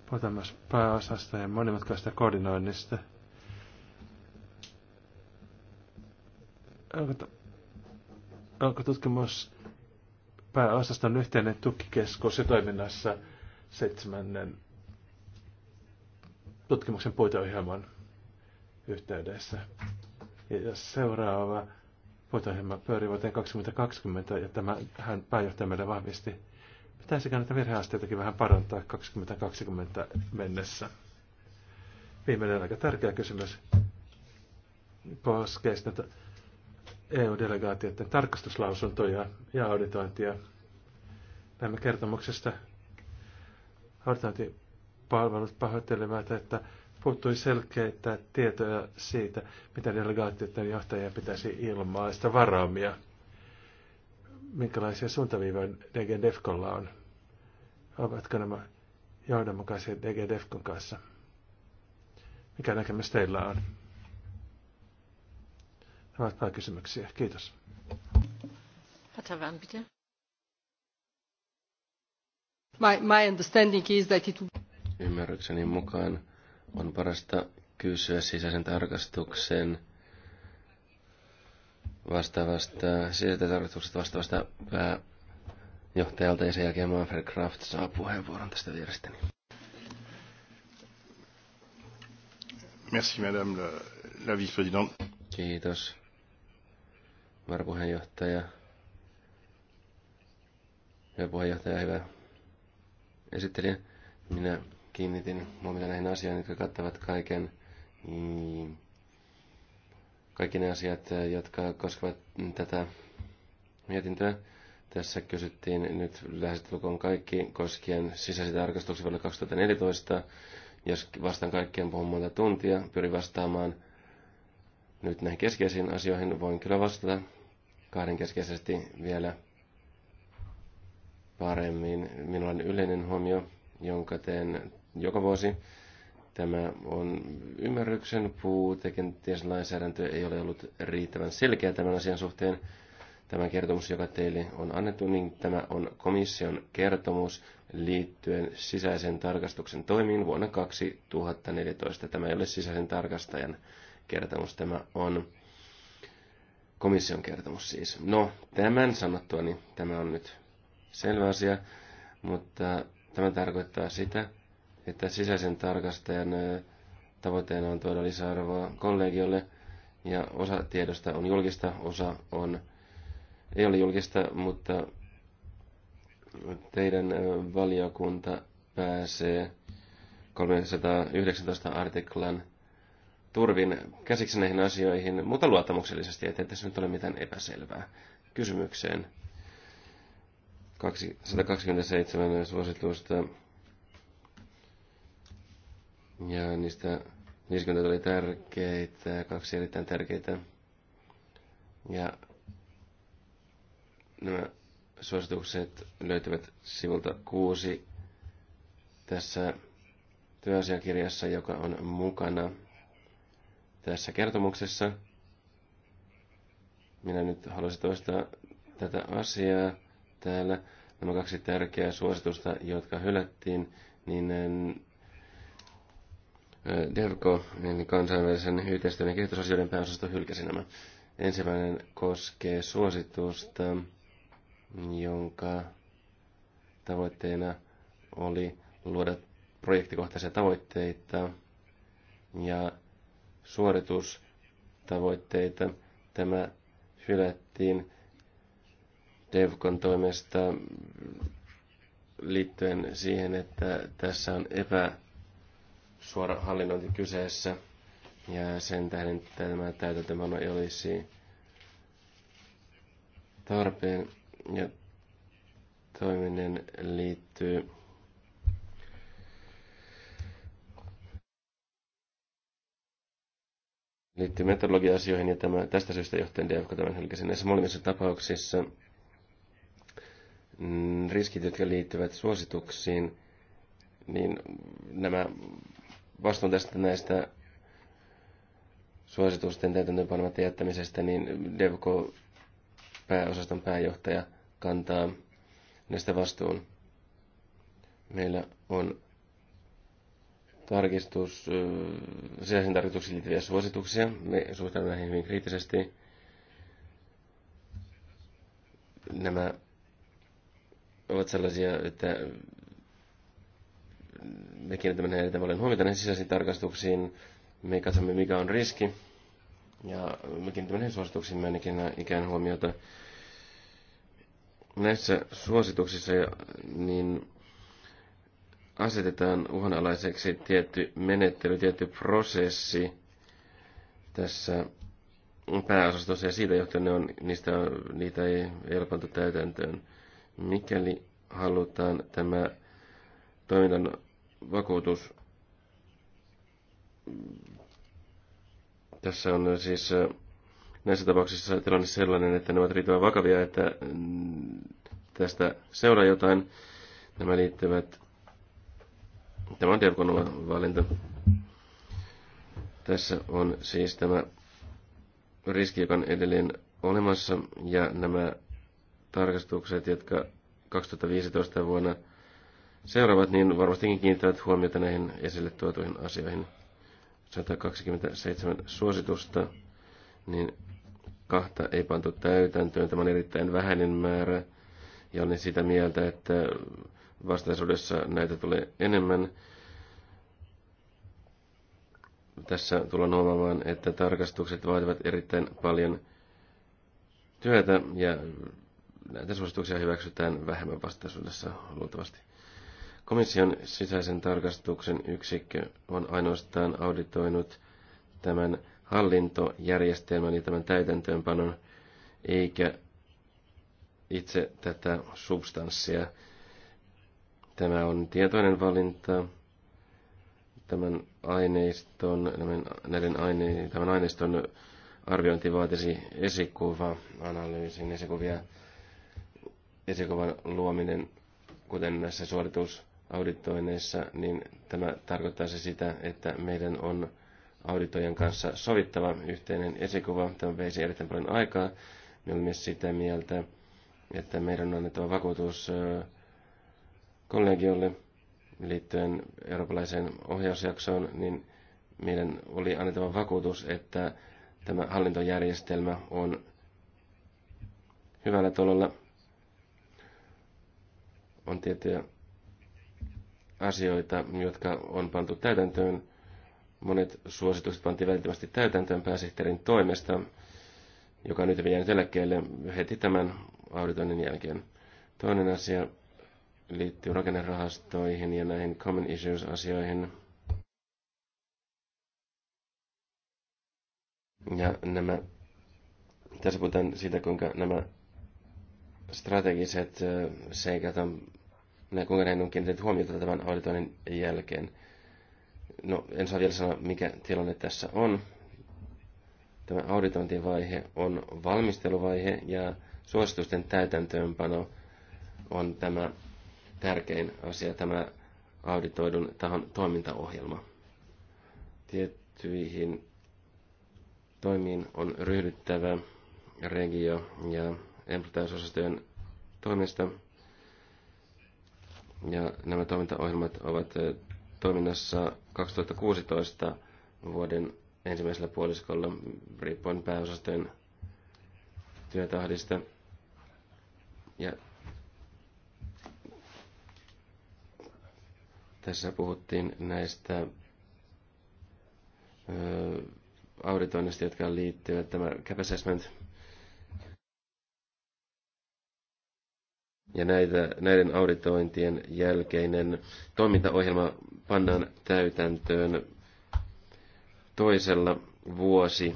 Puhutaan myös pääosasta ja monimutkaista koordinoinnista. Onko, onko tutkimus pääosaston yhteinen tukikeskus ja toiminnassa seitsemännen tutkimuksen puiteohjelman yhteydessä. Ja seuraava puiteohjelma pyörii vuoteen 2020 ja tämä hän pääjohtaja meille vahvisti. Pitäisikö näitä virheasteitakin vähän parantaa 2020 mennessä? Viimeinen aika tärkeä kysymys koskee sitä EU-delegaatioiden tarkastuslausuntoja ja auditointia. Näemme kertomuksesta auditointipalvelut pahoittelevat, että puuttui selkeitä tietoja siitä, mitä delegaatioiden johtajien pitäisi ilmaista varaamia, minkälaisia suuntaviivoja DG Defcolla on, ovatko nämä johdonmukaisia DG Defcon kanssa. Mikä näkemys teillä on? Nämä ovat pääkysymyksiä. Kiitos. My, my understanding is that it... Ymmärrykseni mukaan on parasta kysyä sisäisen tarkastuksen vastaavasta, sisäisen tarkastuksesta vastaavasta pääjohtajalta ja sen jälkeen Manfred Kraft saa puheenvuoron tästä vierestäni. Merci madame la, la vice-présidente. Kiitos varapuheenjohtaja. ja puheenjohtaja, hyvä esittelijä. Minä kiinnitin huomiota näihin asioihin, jotka kattavat kaiken, niin kaikki ne asiat, jotka koskevat tätä mietintöä. Tässä kysyttiin nyt lähestulkoon kaikki koskien sisäisiä tarkastuksia vuonna 2014. Jos vastaan kaikkien puhun monta tuntia, pyrin vastaamaan nyt näihin keskeisiin asioihin. Voin kyllä vastata kahdenkeskeisesti vielä paremmin. Minulla on yleinen huomio, jonka teen joka vuosi. Tämä on ymmärryksen puute, kenties lainsäädäntö ei ole ollut riittävän selkeä tämän asian suhteen. Tämä kertomus, joka teille on annettu, niin tämä on komission kertomus liittyen sisäisen tarkastuksen toimiin vuonna 2014. Tämä ei ole sisäisen tarkastajan kertomus, tämä on Komission kertomus siis. No, tämän sanottua, niin tämä on nyt selvä asia, mutta tämä tarkoittaa sitä, että sisäisen tarkastajan tavoitteena on tuoda lisäarvoa kollegiolle, ja osa tiedosta on julkista, osa on, ei ole julkista, mutta teidän valiokunta pääsee 319 artiklan turvin käsiksi näihin asioihin, mutta luottamuksellisesti, ettei tässä nyt ole mitään epäselvää. Kysymykseen 127 suositusta ja niistä 50 oli tärkeitä, kaksi erittäin tärkeitä. Ja nämä suositukset löytyvät sivulta 6 tässä työasiakirjassa, joka on mukana tässä kertomuksessa. Minä nyt haluaisin toistaa tätä asiaa täällä. Nämä kaksi tärkeää suositusta, jotka hylättiin, niin ähm, äh, DERCO, eli kansainvälisen yhteistyön ja kehitysasioiden pääosasto, hylkäsi nämä. Ensimmäinen koskee suositusta, jonka tavoitteena oli luoda projektikohtaisia tavoitteita ja suoritustavoitteita. Tämä hylättiin Devkon toimesta liittyen siihen, että tässä on epäsuora hallinnointi kyseessä ja sen tähden tämä täytäntömano ei olisi tarpeen ja toiminen liittyy liittyy metodologia-asioihin ja tämä, tästä syystä johtajan DFK tämän hylkäsi. Näissä molemmissa tapauksissa mm, riskit, jotka liittyvät suosituksiin, niin nämä vastuun tästä näistä suositusten täytäntöönpanematta jättämisestä, niin DevCo pääosaston pääjohtaja kantaa näistä vastuun. Meillä on tarkistus, sisäisiin tarkistuksiin liittyviä suosituksia. Me suhtaudumme näihin hyvin kriittisesti. Nämä ovat sellaisia, että me kiinnitämme näitä paljon huomiota näihin sisäisiin tarkastuksiin. Me katsomme, mikä on riski. Ja me kiinnitämme näihin suosituksiin me ainakin ikään huomiota. Näissä suosituksissa niin asetetaan uhanalaiseksi tietty menettely, tietty prosessi tässä pääosastossa ja siitä johtuen ne on, niistä, niitä ei, ei ole pantu täytäntöön. Mikäli halutaan tämä toiminnan vakuutus, tässä on siis näissä tapauksissa tilanne sellainen, että ne ovat riittävän vakavia, että mm, tästä seuraa jotain. Nämä liittyvät Tämä on Diakon valinta. Tässä on siis tämä riski, joka on edelleen olemassa, ja nämä tarkastukset, jotka 2015 vuonna seuraavat, niin varmastikin kiinnittävät huomiota näihin esille tuotuihin asioihin. 127 suositusta, niin kahta ei pantu täytäntöön. Tämä on erittäin vähäinen määrä, ja olen sitä mieltä, että vastaisuudessa näitä tulee enemmän. Tässä tullaan huomaamaan, että tarkastukset vaativat erittäin paljon työtä ja näitä suosituksia hyväksytään vähemmän vastaisuudessa luultavasti. Komission sisäisen tarkastuksen yksikkö on ainoastaan auditoinut tämän hallintojärjestelmän ja tämän täytäntöönpanon, eikä itse tätä substanssia. Tämä on tietoinen valinta tämän aineiston, näiden aine, tämän aineiston arviointi vaatisi esikuva-analyysin, esikuvia, esikuvan luominen, kuten näissä suoritusauditoineissa niin tämä tarkoittaa se sitä, että meidän on auditoijan kanssa sovittava yhteinen esikuva. Tämä veisi erittäin paljon aikaa. Me olemme sitä mieltä, että meidän on annettava vakuutus kollegiolle liittyen eurooppalaiseen ohjausjaksoon, niin meidän oli annettava vakuutus, että tämä hallintojärjestelmä on hyvällä tololla. On tiettyjä asioita, jotka on pantu täytäntöön. Monet suositukset pantiin välittömästi täytäntöön pääsihteerin toimesta, joka nyt on jäänyt eläkkeelle heti tämän auditoinnin jälkeen. Toinen asia liittyy rakennerahastoihin ja näihin common issues-asioihin. Ja nämä, tässä puhutaan siitä, kuinka nämä strategiset seikat on, kuinka ne on kiinnitetty huomiota tämän auditoinnin jälkeen. No, en saa vielä sanoa, mikä tilanne tässä on. Tämä auditointivaihe on valmisteluvaihe ja suositusten täytäntöönpano on tämä tärkein asia tämä auditoidun tahon toimintaohjelma. Tiettyihin toimiin on ryhdyttävä regio- ja employtaisuusosastojen toimesta. Ja nämä toimintaohjelmat ovat toiminnassa 2016 vuoden ensimmäisellä puoliskolla riippuen pääosastojen työtahdista. Ja Tässä puhuttiin näistä auditoinnista, jotka liittyvät tämä cap assessment. Ja näitä, näiden auditointien jälkeinen toimintaohjelma pannaan täytäntöön toisella vuosi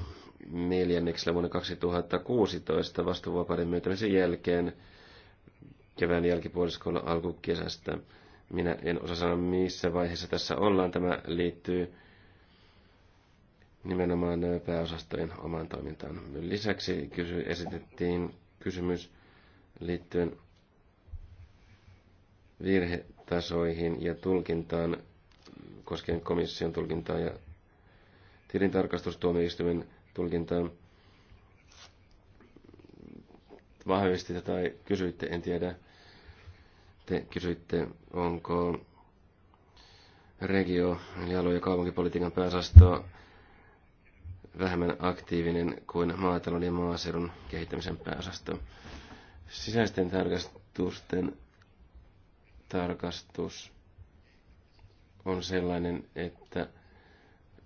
neljänneksellä vuonna 2016 vastuuvapauden myöntämisen jälkeen kevään jälkipuoliskolla alkukesästä. Minä en osaa sanoa, missä vaiheessa tässä ollaan. Tämä liittyy nimenomaan pääosastojen omaan toimintaan. Lisäksi kysy, esitettiin kysymys liittyen virhetasoihin ja tulkintaan koskien komission tulkintaa ja tilintarkastustuomioistuimen tulkintaa. Vahvistitte tai kysyitte, en tiedä. Te kysyitte, onko regio- ja alue- ja kaupunkipolitiikan pääosasto vähemmän aktiivinen kuin maatalouden ja maaseudun kehittämisen pääosasto. Sisäisten tarkastusten tarkastus on sellainen, että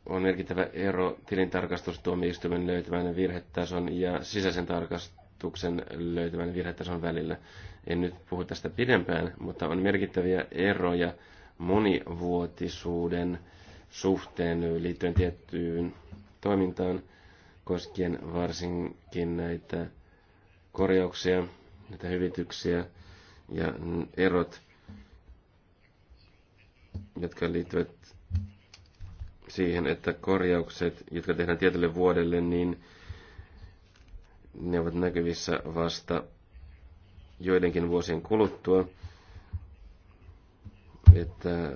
on merkittävä ero tilintarkastustuomioistuimen löytämän virhetason ja sisäisen tarkastuksen löytämän virhetason välillä. En nyt puhu tästä pidempään, mutta on merkittäviä eroja monivuotisuuden suhteen liittyen tiettyyn toimintaan koskien varsinkin näitä korjauksia, näitä hyvityksiä ja erot, jotka liittyvät siihen, että korjaukset, jotka tehdään tietylle vuodelle, niin ne ovat näkyvissä vasta joidenkin vuosien kuluttua, että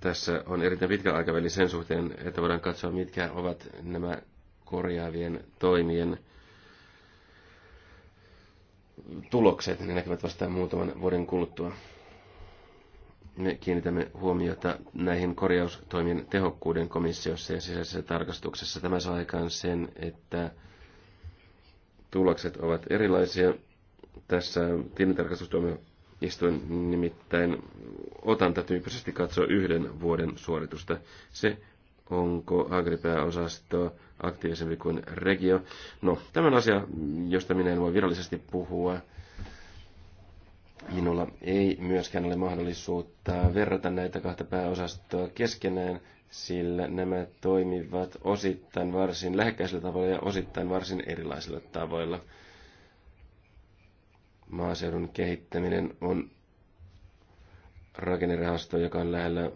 tässä on erittäin pitkä aikaväli sen suhteen, että voidaan katsoa, mitkä ovat nämä korjaavien toimien tulokset. Ne näkyvät vasta muutaman vuoden kuluttua. Me kiinnitämme huomiota näihin korjaustoimien tehokkuuden komissiossa ja sisäisessä tarkastuksessa. Tämä saa aikaan sen, että tulokset ovat erilaisia tässä tilintarkastustuomioistuin nimittäin otantatyyppisesti katsoa yhden vuoden suoritusta. Se, onko agripääosasto aktiivisempi kuin regio. No, tämän asia, josta minä en voi virallisesti puhua, minulla ei myöskään ole mahdollisuutta verrata näitä kahta pääosastoa keskenään, sillä nämä toimivat osittain varsin lähekkäisillä tavoilla ja osittain varsin erilaisilla tavoilla maaseudun kehittäminen on rakennerahasto, joka on lähellä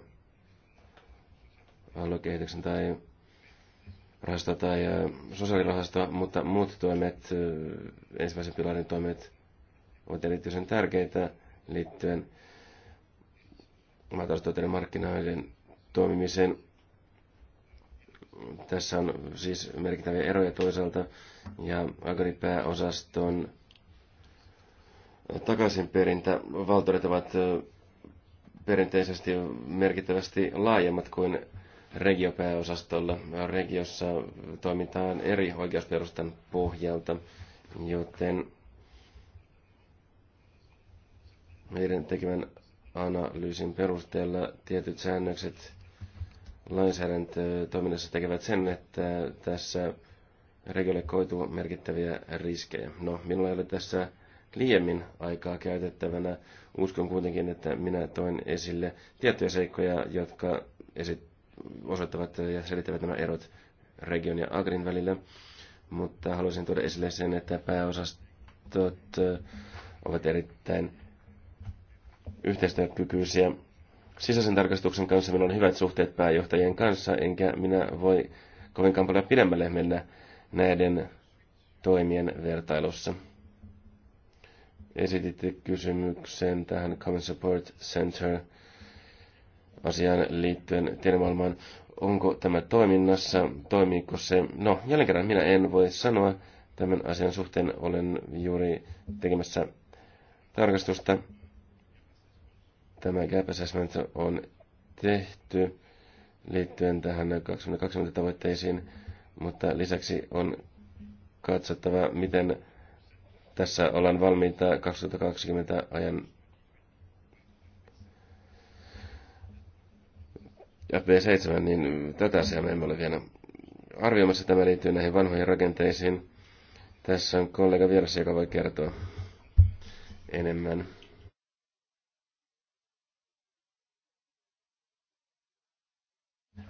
aluekehityksen tai rahasto tai sosiaalirahasto, mutta muut toimet, ensimmäisen pilarin toimet, ovat erityisen tärkeitä liittyen maataloustuotteiden markkinoiden toimimiseen. Tässä on siis merkittäviä eroja toisaalta, ja agripääosaston osaston takaisinperintä valtuudet ovat perinteisesti merkittävästi laajemmat kuin regiopääosastolla. Regiossa toimitaan eri oikeusperustan pohjalta, joten meidän tekemän analyysin perusteella tietyt säännökset lainsäädäntötoiminnassa tekevät sen, että tässä regiolle koituu merkittäviä riskejä. No, minulla ei ole tässä liiemmin aikaa käytettävänä. Uskon kuitenkin, että minä toin esille tiettyjä seikkoja, jotka esit- osoittavat ja selittävät nämä erot region ja agrin välillä. Mutta haluaisin tuoda esille sen, että pääosastot äh, ovat erittäin yhteistyökykyisiä. Sisäisen tarkastuksen kanssa minulla on hyvät suhteet pääjohtajien kanssa, enkä minä voi kovinkaan paljon pidemmälle mennä näiden toimien vertailussa esititte kysymyksen tähän Common Support Center asiaan liittyen tiedemaailmaan. Onko tämä toiminnassa? Toimiiko se? No, jälleen kerran minä en voi sanoa tämän asian suhteen. Olen juuri tekemässä tarkastusta. Tämä gap assessment on tehty liittyen tähän 2020 tavoitteisiin, mutta lisäksi on katsottava, miten tässä ollaan valmiita 2020 ajan FB7, niin tätä asiaa me emme ole vielä arvioimassa. Tämä liittyy näihin vanhoihin rakenteisiin. Tässä on kollega vieressä, joka voi kertoa enemmän.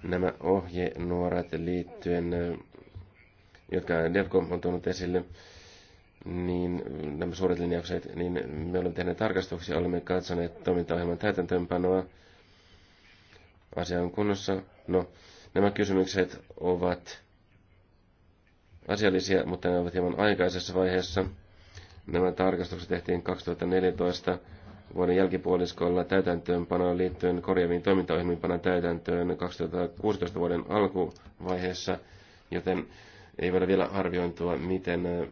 Nämä ohjenuoret liittyen, jotka Delco on tuonut esille, niin nämä suuret linjaukset, niin me olemme tehneet tarkastuksia, olemme katsoneet toimintaohjelman täytäntöönpanoa. Asia on kunnossa. No, nämä kysymykset ovat asiallisia, mutta ne ovat hieman aikaisessa vaiheessa. Nämä tarkastukset tehtiin 2014 vuoden jälkipuoliskolla täytäntöönpanoon liittyen korjaaviin toimintaohjelmiin panan täytäntöön 2016 vuoden alkuvaiheessa, joten ei voida vielä arviointua, miten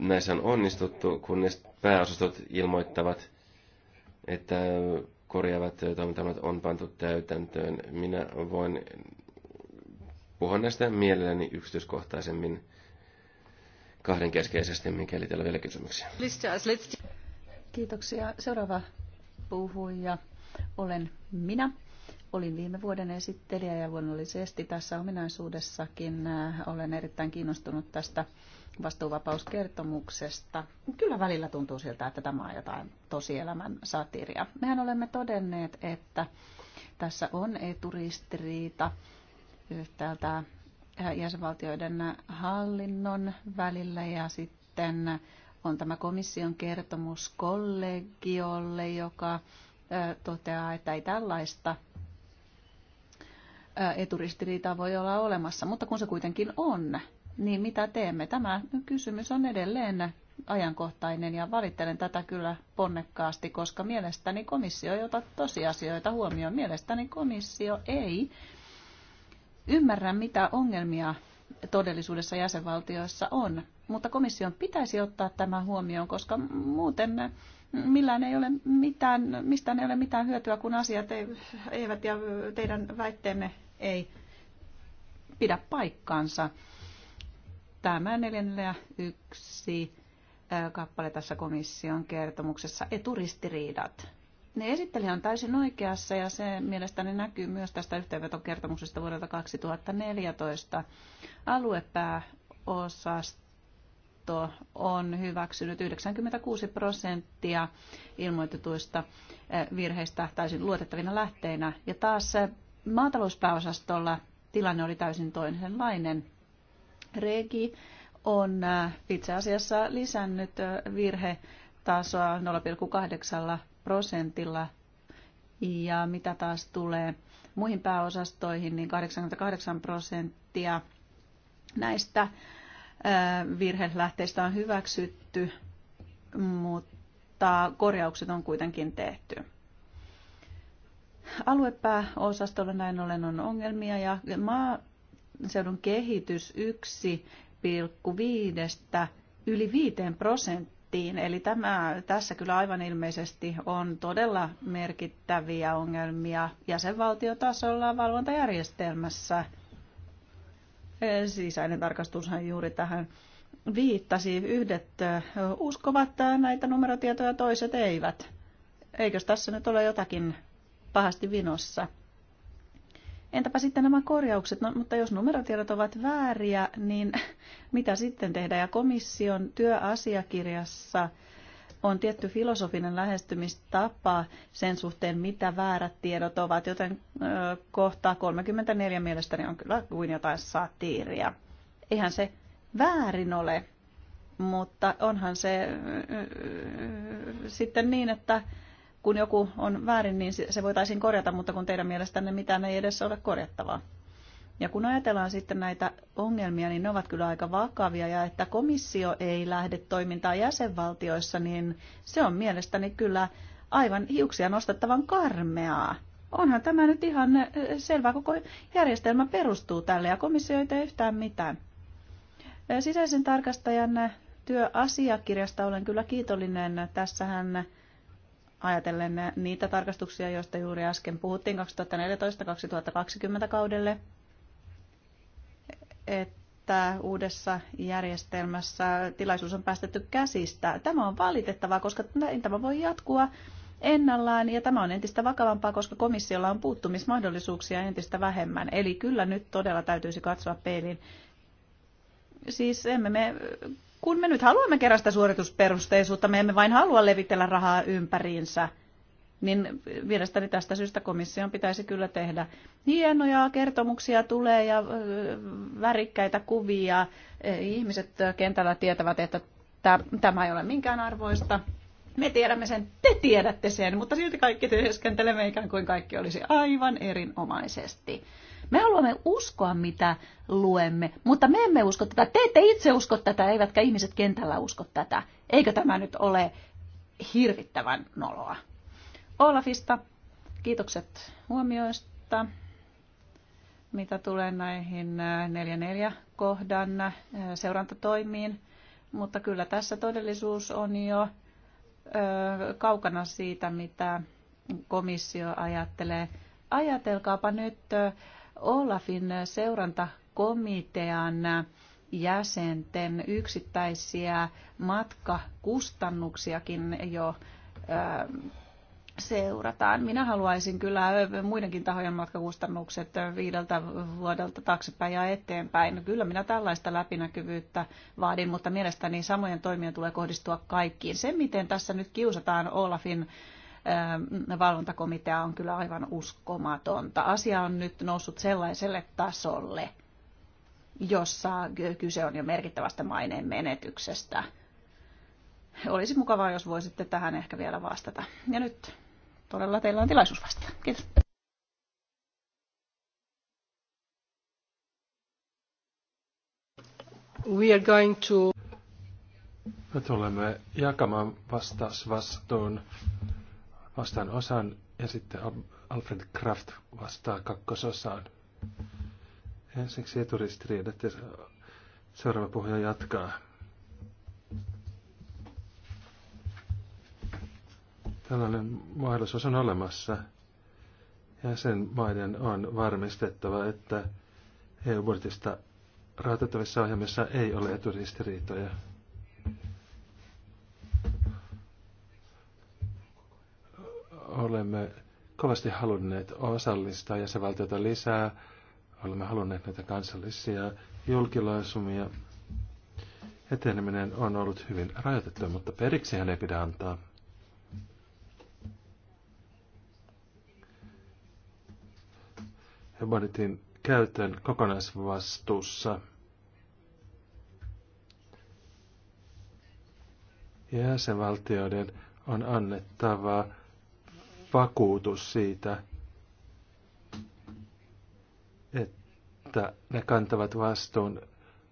näissä on onnistuttu, kunnes pääosastot ilmoittavat, että korjaavat toimintamat on pantu täytäntöön. Minä voin puhua näistä mielelläni yksityiskohtaisemmin kahdenkeskeisesti, mikäli teillä on vielä kysymyksiä. Kiitoksia. Seuraava puhuja olen minä. Olin viime vuoden esittelijä ja luonnollisesti tässä ominaisuudessakin äh, olen erittäin kiinnostunut tästä vastuuvapauskertomuksesta. Kyllä välillä tuntuu siltä, että tämä on jotain tosielämän satiria. Mehän olemme todenneet, että tässä on eturistiriita yhtäältä äh, jäsenvaltioiden hallinnon välillä ja sitten on tämä komission kertomus kollegiolle, joka äh, toteaa, että ei tällaista äh, eturistiriitaa voi olla olemassa, mutta kun se kuitenkin on, niin mitä teemme? Tämä kysymys on edelleen ajankohtainen ja valittelen tätä kyllä ponnekkaasti, koska mielestäni komissio ei ota tosiasioita huomioon. Mielestäni komissio ei ymmärrä, mitä ongelmia todellisuudessa jäsenvaltioissa on, mutta komission pitäisi ottaa tämä huomioon, koska muuten millään ei ole mitään, mistään ei ole mitään hyötyä, kun asiat eivät ja teidän väitteenne ei pidä paikkaansa tämä yksi kappale tässä komission kertomuksessa, eturistiriidat. Ne esittelijä on täysin oikeassa ja se mielestäni näkyy myös tästä yhteenvetokertomuksesta vuodelta 2014. Aluepääosasto on hyväksynyt 96 prosenttia ilmoitetuista virheistä täysin luotettavina lähteinä. Ja taas maatalouspääosastolla tilanne oli täysin toisenlainen. Regi on äh, itse asiassa lisännyt äh, virhetasoa 0,8 prosentilla. Ja mitä taas tulee muihin pääosastoihin, niin 88 prosenttia näistä äh, virhelähteistä on hyväksytty, mutta korjaukset on kuitenkin tehty. Aluepääosastolla näin ollen on ongelmia ja maa, seudun kehitys 1,5 yli 5 prosenttiin. Eli tämä, tässä kyllä aivan ilmeisesti on todella merkittäviä ongelmia jäsenvaltiotasolla valvontajärjestelmässä. Sisäinen tarkastushan juuri tähän viittasi. Yhdet uskovat näitä numerotietoja, toiset eivät. Eikös tässä nyt ole jotakin pahasti vinossa? Entäpä sitten nämä korjaukset? No, mutta jos numerotiedot ovat vääriä, niin mitä sitten tehdä? Ja komission työasiakirjassa on tietty filosofinen lähestymistapa sen suhteen, mitä väärät tiedot ovat, joten ö, kohta 34 mielestäni on kyllä kuin jotain satiiria. Eihän se väärin ole, mutta onhan se ö, ö, sitten niin, että kun joku on väärin, niin se voitaisiin korjata, mutta kun teidän mielestänne mitään ei edes ole korjattavaa. Ja kun ajatellaan sitten näitä ongelmia, niin ne ovat kyllä aika vakavia ja että komissio ei lähde toimintaan jäsenvaltioissa, niin se on mielestäni kyllä aivan hiuksia nostettavan karmeaa. Onhan tämä nyt ihan eh, selvä, koko järjestelmä perustuu tälle ja komissio ei tee yhtään mitään. Eh, sisäisen tarkastajan eh, työasiakirjasta olen kyllä kiitollinen. Tässähän ajatellen niitä tarkastuksia, joista juuri äsken puhuttiin 2014-2020 kaudelle, että uudessa järjestelmässä tilaisuus on päästetty käsistä. Tämä on valitettavaa, koska tämä voi jatkua ennallaan ja tämä on entistä vakavampaa, koska komissiolla on puuttumismahdollisuuksia entistä vähemmän. Eli kyllä nyt todella täytyisi katsoa peilin. Siis emme me kun me nyt haluamme kerästä suoritusperusteisuutta, me emme vain halua levitellä rahaa ympäriinsä, niin mielestäni tästä syystä komission pitäisi kyllä tehdä. Hienoja kertomuksia tulee ja värikkäitä kuvia. E, ihmiset kentällä tietävät, että tämä ei ole minkään arvoista. Me tiedämme sen, te tiedätte sen, mutta silti kaikki työskentelemme ikään kuin kaikki olisi aivan erinomaisesti. Me haluamme uskoa, mitä luemme, mutta me emme usko tätä. Te ette itse usko tätä, eivätkä ihmiset kentällä usko tätä. Eikö tämä nyt ole hirvittävän noloa? Olafista, kiitokset huomioista. Mitä tulee näihin 4.4 äh, kohdan äh, seurantatoimiin, mutta kyllä tässä todellisuus on jo äh, kaukana siitä, mitä komissio ajattelee. Ajatelkaapa nyt Olafin seurantakomitean jäsenten yksittäisiä matkakustannuksiakin jo seurataan. Minä haluaisin kyllä muidenkin tahojen matkakustannukset viideltä vuodelta taaksepäin ja eteenpäin. No, kyllä minä tällaista läpinäkyvyyttä vaadin, mutta mielestäni samojen toimien tulee kohdistua kaikkiin. Se, miten tässä nyt kiusataan Olafin valvontakomitea on kyllä aivan uskomatonta. Asia on nyt noussut sellaiselle tasolle, jossa kyse on jo merkittävästä maineen menetyksestä. Olisi mukavaa, jos voisitte tähän ehkä vielä vastata. Ja nyt todella teillä on tilaisuus vastata. Kiitos. We are going to... Me tulemme jakamaan vastausvastuun Vastaan osan ja sitten Alfred Kraft vastaa kakkososaan. Ensiksi eturistiriidat ja seuraava puhuja jatkaa. Tällainen mahdollisuus on olemassa. Jäsenmaiden on varmistettava, että EU-budjetista rahoitettavissa ohjelmissa ei ole eturistiriitoja. olemme kovasti halunneet osallistaa jäsenvaltioita lisää. Olemme halunneet näitä kansallisia julkilausumia. Eteneminen on ollut hyvin rajoitettu, mutta periksi hän ei pidä antaa. Hebonitin käytön kokonaisvastuussa. Jäsenvaltioiden on annettava vakuutus siitä, että ne kantavat vastuun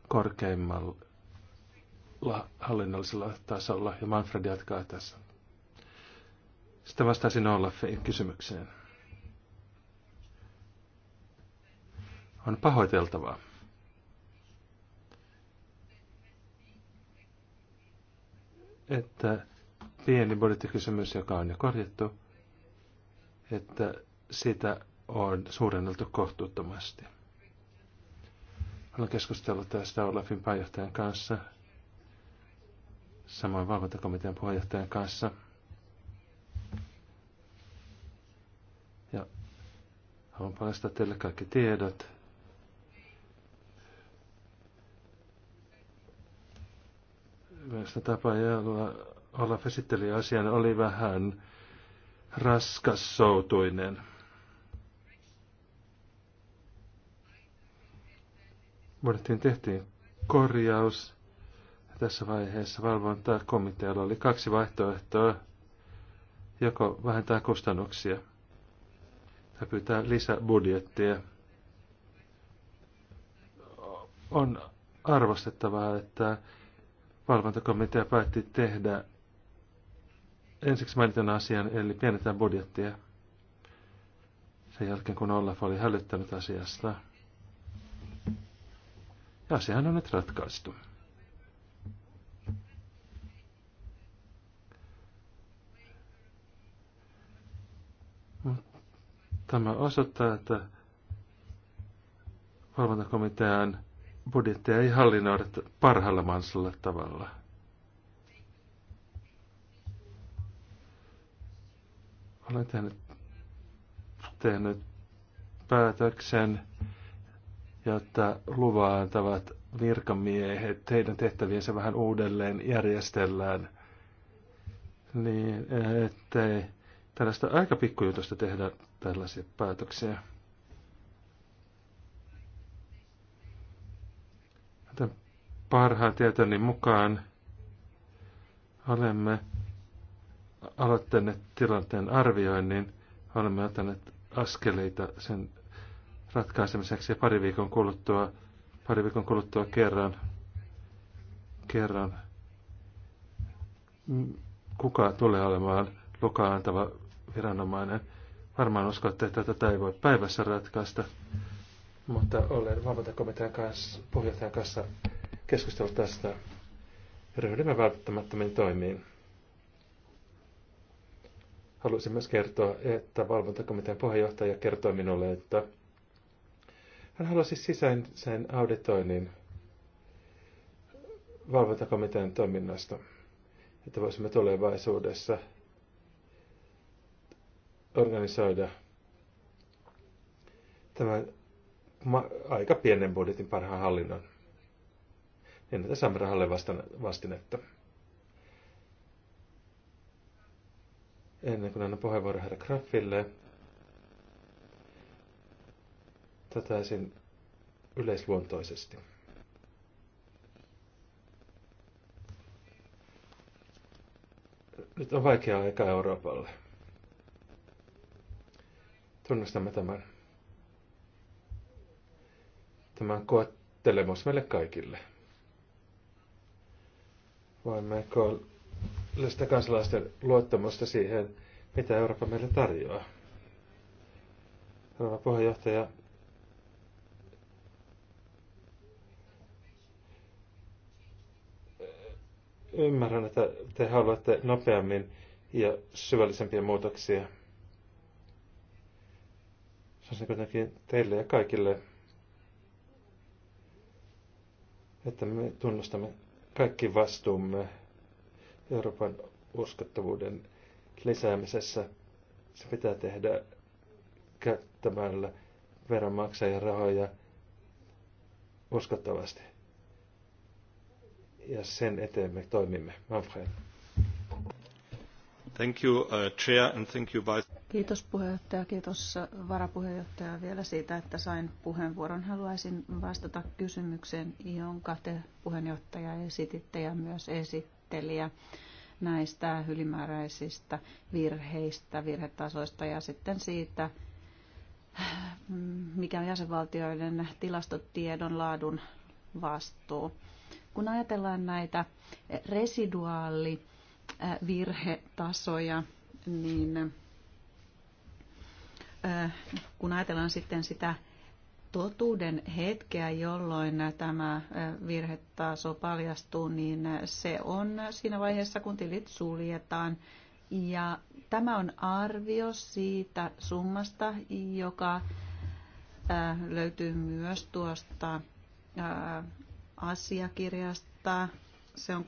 korkeimmalla hallinnollisella tasolla. Ja Manfred jatkaa tässä. Sitten vastaisin Olafin kysymykseen. On pahoiteltavaa. Että pieni budjettikysymys, joka on jo korjattu, että sitä on suurenneltu kohtuuttomasti. Olen keskustellut tästä Olafin pääjohtajan kanssa, samoin valvontakomitean puheenjohtajan kanssa. Ja haluan paljastaa teille kaikki tiedot. Myös tapa, jolla Olaf esitteli asian, oli vähän raskassoutuinen. Budjettiin tehtiin korjaus. Tässä vaiheessa valvontakomitealla oli kaksi vaihtoehtoa. Joko vähentää kustannuksia tai pyytää lisäbudjettia. On arvostettavaa, että valvontakomitea päätti tehdä ensiksi mainitun asian, eli pienetään budjettia. Sen jälkeen, kun Olaf oli hälyttänyt asiasta. Ja asiahan on nyt ratkaistu. Tämä osoittaa, että valvontakomitean budjettia ei hallinnoida parhaalla mansalla tavalla. Olen tehnyt, tehnyt päätöksen, jotta luvaa antavat virkamiehet, heidän tehtäviensä vähän uudelleen järjestellään, niin ettei tällaista aika pikkujutusta tehdä tällaisia päätöksiä. Tämän parhaan tietoni mukaan olemme aloittaneet tilanteen arvioinnin, olemme ottaneet askeleita sen ratkaisemiseksi ja pari viikon kuluttua, pari viikon kuluttua kerran, kerran kuka tulee olemaan lukaan antava viranomainen. Varmaan uskotte, että tätä ei voi päivässä ratkaista, mutta olen valvontakomitean kanssa, puheenjohtajan kanssa keskustellut tästä ja ryhdymme välttämättömiin toimiin. Haluaisin myös kertoa, että valvontakomitean puheenjohtaja kertoi minulle, että hän halusi sisäisen auditoinnin valvontakomitean toiminnasta, että voisimme tulevaisuudessa organisoida tämän aika pienen budjetin parhaan hallinnon. Niin, että saamme rahalle vastinetta. ennen kuin annan puheenvuoron herra Graffille, tätäisin yleisluontoisesti. Nyt on vaikea aika Euroopalle. Tunnustamme tämän. Tämä on koettelemus meille kaikille. Voimmeko sitä kansalaisten luottamusta siihen, mitä Eurooppa meille tarjoaa. Rouva puheenjohtaja, ymmärrän, että te haluatte nopeammin ja syvällisempiä muutoksia. Se on kuitenkin teille ja kaikille, että me tunnustamme kaikki vastuumme Euroopan uskottavuuden lisäämisessä. Se pitää tehdä käyttämällä veronmaksajien rahoja uskottavasti. Ja sen eteen me toimimme. Manfred. Thank you, uh, chair, and thank you, vice. Kiitos puheenjohtaja, kiitos varapuheenjohtaja vielä siitä, että sain puheenvuoron. Haluaisin vastata kysymykseen, jonka te puheenjohtaja esititte ja myös esitti esittelijä näistä ylimääräisistä virheistä, virhetasoista ja sitten siitä, mikä on jäsenvaltioiden tilastotiedon laadun vastuu. Kun ajatellaan näitä residuaalivirhetasoja, niin kun ajatellaan sitten sitä totuuden hetkeä, jolloin tämä virhetaso paljastuu, niin se on siinä vaiheessa, kun tilit suljetaan. Ja tämä on arvio siitä summasta, joka löytyy myös tuosta asiakirjasta. Se on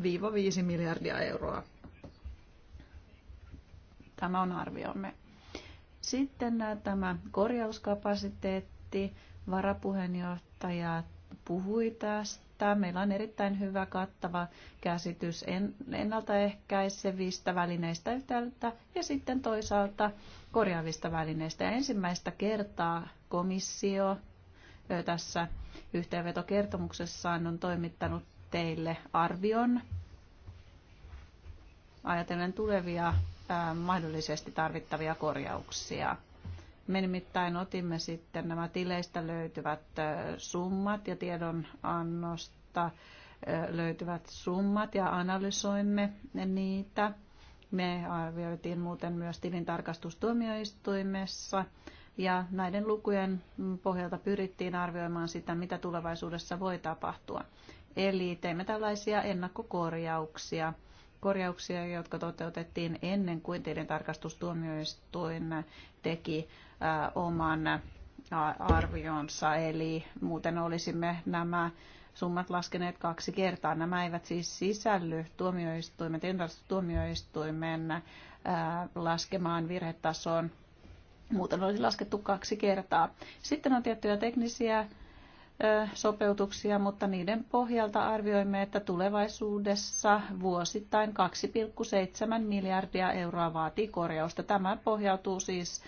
3,6-5 miljardia euroa. Tämä on arviomme. Sitten äh, tämä korjauskapasiteetti, varapuheenjohtaja puhui tästä. Meillä on erittäin hyvä kattava käsitys ennaltaehkäisevistä välineistä yhtäältä ja sitten toisaalta korjaavista välineistä. Ja ensimmäistä kertaa komissio tässä yhteenvetokertomuksessaan on toimittanut teille arvion ajatellen tulevia mahdollisesti tarvittavia korjauksia. Me nimittäin otimme sitten nämä tileistä löytyvät summat ja tiedonannosta löytyvät summat ja analysoimme niitä. Me arvioitiin muuten myös tilintarkastustuomioistuimessa ja näiden lukujen pohjalta pyrittiin arvioimaan sitä, mitä tulevaisuudessa voi tapahtua. Eli teimme tällaisia ennakkokorjauksia korjauksia, jotka toteutettiin ennen kuin tarkastustuomioistuin teki äh, oman äh, arvionsa. Eli muuten olisimme nämä summat laskeneet kaksi kertaa. Nämä eivät siis sisälly tuomioistuimen, tuomioistuimen äh, laskemaan virhetasoon. Muuten olisi laskettu kaksi kertaa. Sitten on tiettyjä teknisiä sopeutuksia, mutta niiden pohjalta arvioimme, että tulevaisuudessa vuosittain 2,7 miljardia euroa vaatii korjausta. Tämä pohjautuu siis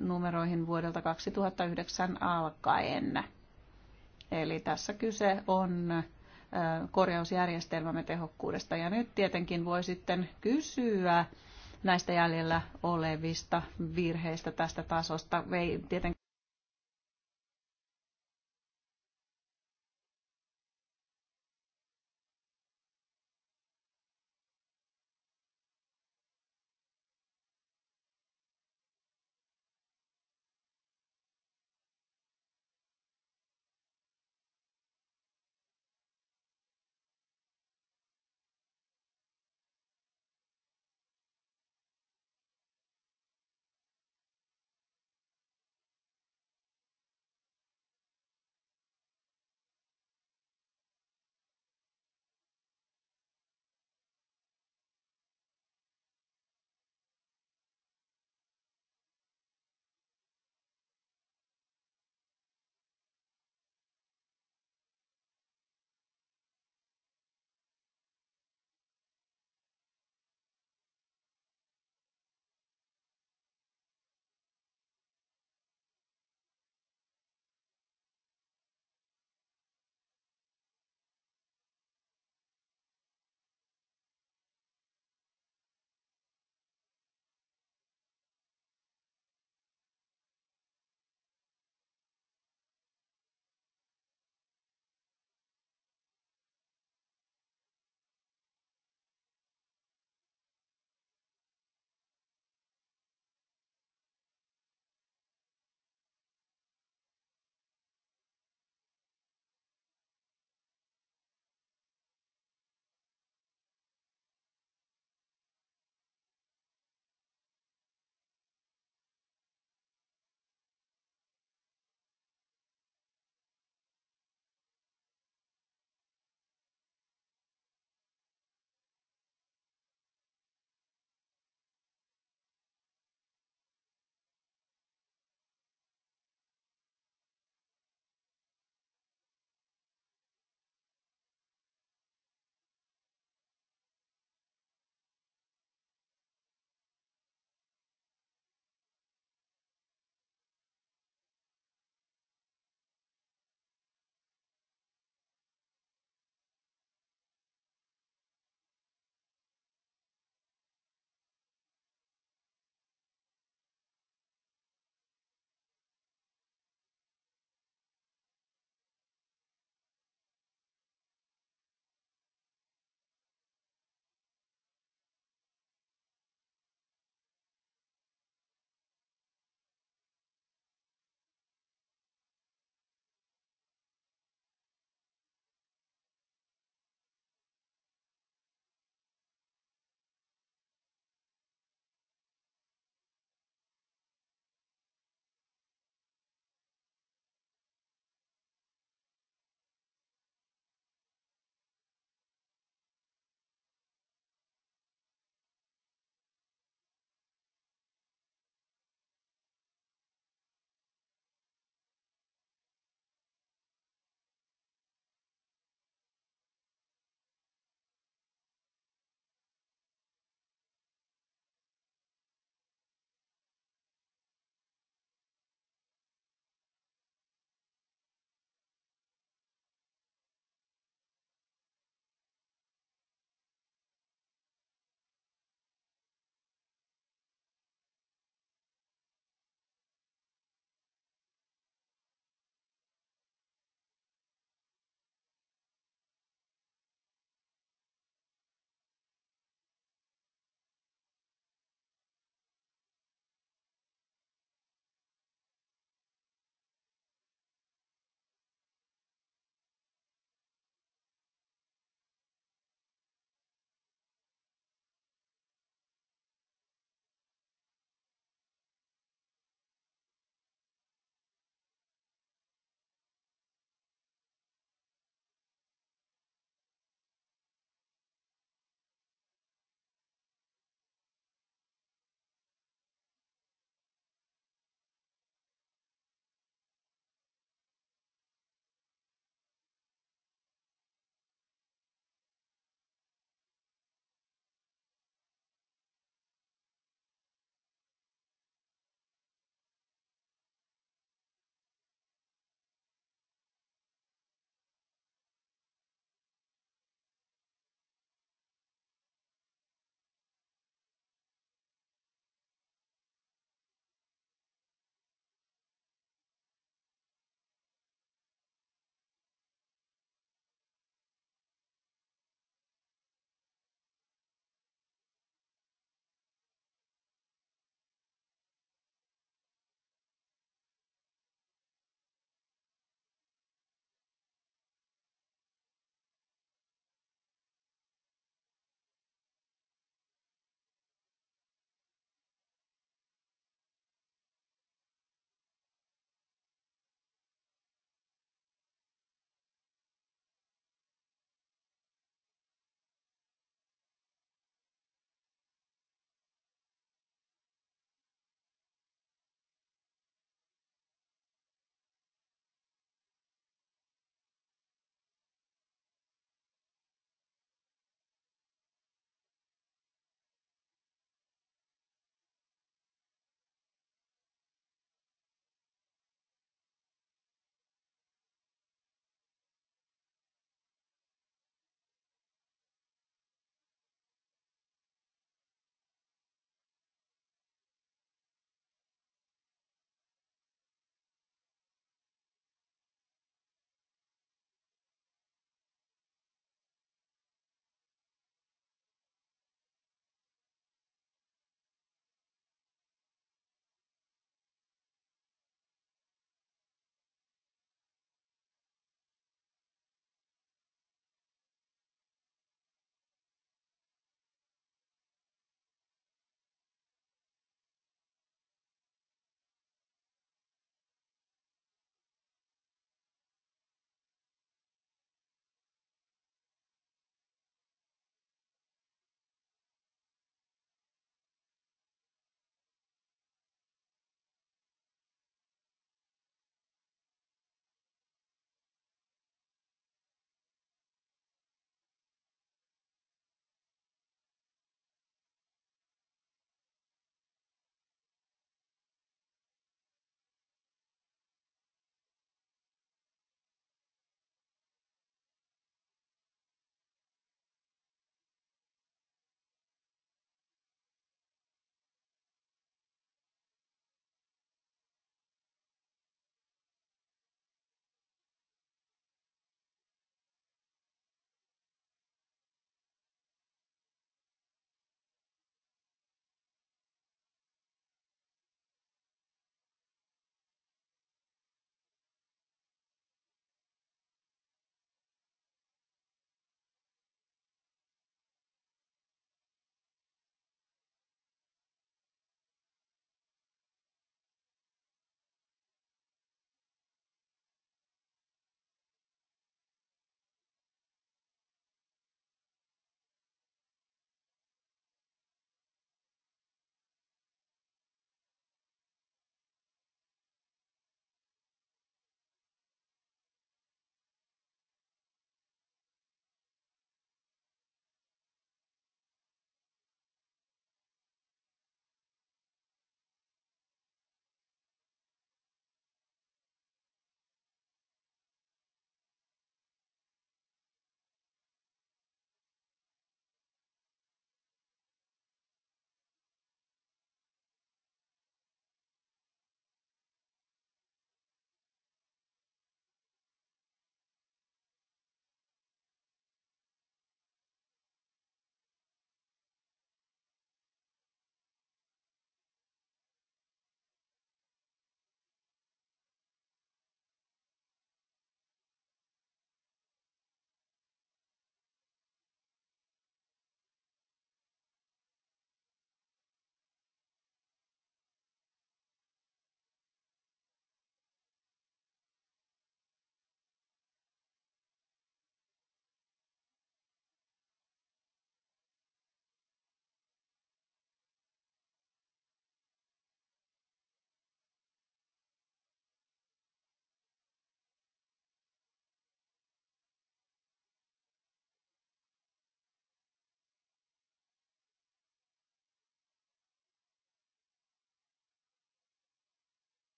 numeroihin vuodelta 2009 alkaen. Eli tässä kyse on korjausjärjestelmämme tehokkuudesta. Ja nyt tietenkin voi sitten kysyä näistä jäljellä olevista virheistä tästä tasosta. Ei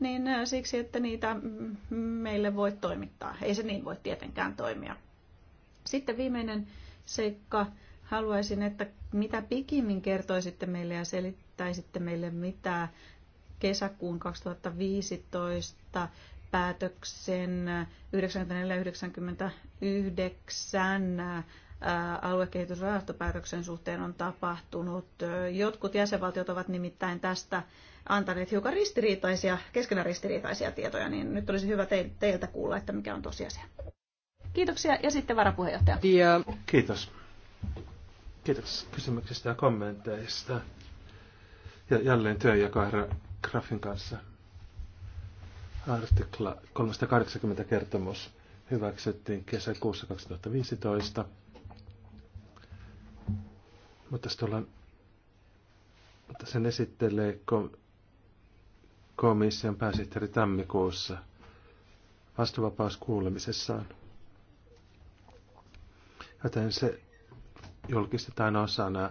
niin äh, siksi, että niitä meille voi toimittaa. Ei se niin voi tietenkään toimia. Sitten viimeinen seikka. Haluaisin, että mitä pikimmin kertoisitte meille ja selittäisitte meille, mitä kesäkuun 2015 päätöksen 94-99 äh, äh, aluekehitysrahastopäätöksen suhteen on tapahtunut. Jotkut jäsenvaltiot ovat nimittäin tästä antaneet hiukan ristiriitaisia, keskenään ristiriitaisia tietoja, niin nyt olisi hyvä teiltä kuulla, että mikä on tosiasia. Kiitoksia ja sitten varapuheenjohtaja. Ja... Kiitos. Kiitos kysymyksistä ja kommenteista. Ja jälleen työnjako herra Graffin kanssa. Artikla 380 kertomus hyväksyttiin kesäkuussa 2015. Mutta ollaan, mutta sen esittelee komission pääsihteeri tammikuussa vastuvapauskuulemisessaan. Joten se julkistetaan osana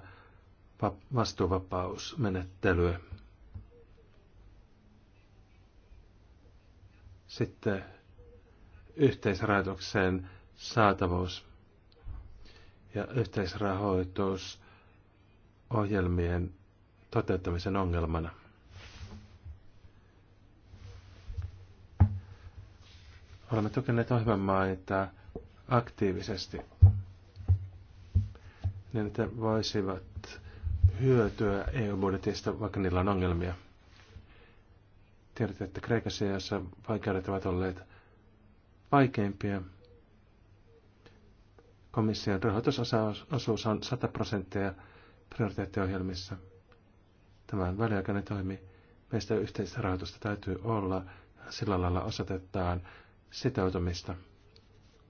vastuuvapausmenettelyä. Sitten yhteisrahoituksen saatavuus ja yhteisrahoitus ohjelmien toteuttamisen ongelmana. Olemme tukeneet ohjelmamaita aktiivisesti, niin että voisivat hyötyä EU-budjetista, vaikka niillä on ongelmia. Tiedätte, että Kreikassa, jossa vaikeudet ovat olleet vaikeimpia, komission rahoitusosuus on 100 prosenttia prioriteettiohjelmissa. Tämä on väliaikainen toimi. Meistä yhteistä rahoitusta täytyy olla. Sillä lailla osoitetaan sitoutumista.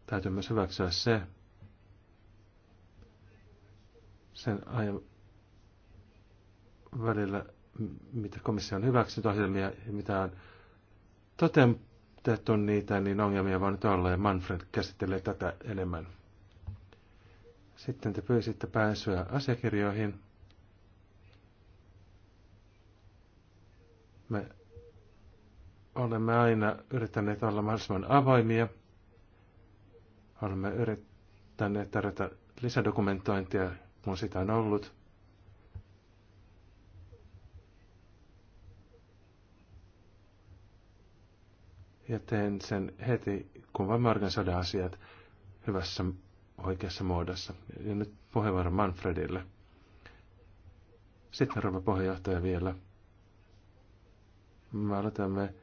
Täytyy myös hyväksyä se, sen ajan välillä, mitä komissio on hyväksynyt ohjelmia ja mitä on toteutettu niitä, niin ongelmia voi nyt olla, ja Manfred käsittelee tätä enemmän. Sitten te pyysitte pääsyä asiakirjoihin. Me olemme aina yrittäneet olla mahdollisimman avoimia. Olemme yrittäneet tarjota lisädokumentointia, kun sitä on ollut. Ja teen sen heti, kun vain organisoida asiat hyvässä oikeassa muodossa. Ja nyt puheenvuoro Manfredille. Sitten rouva puheenjohtaja vielä. Me aloitamme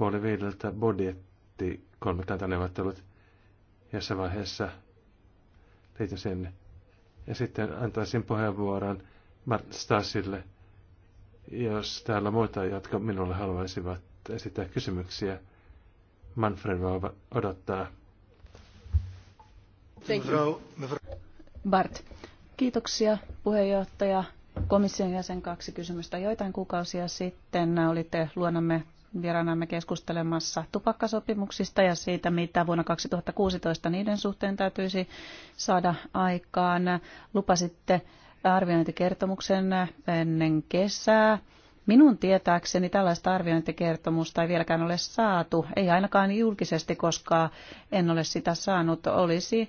puoli viideltä budjetti neuvottelut jossa vaiheessa liityn sinne. Ja sitten antaisin puheenvuoron Mart Stasille, jos täällä muita, jotka minulle haluaisivat esittää kysymyksiä. Manfred voi odottaa. Thank you. Bart, kiitoksia puheenjohtaja komission jäsen kaksi kysymystä. Joitain kuukausia sitten olitte luonamme vieraanamme keskustelemassa tupakkasopimuksista ja siitä, mitä vuonna 2016 niiden suhteen täytyisi saada aikaan. Lupasitte arviointikertomuksen ennen kesää. Minun tietääkseni tällaista arviointikertomusta ei vieläkään ole saatu, ei ainakaan julkisesti, koska en ole sitä saanut. Olisi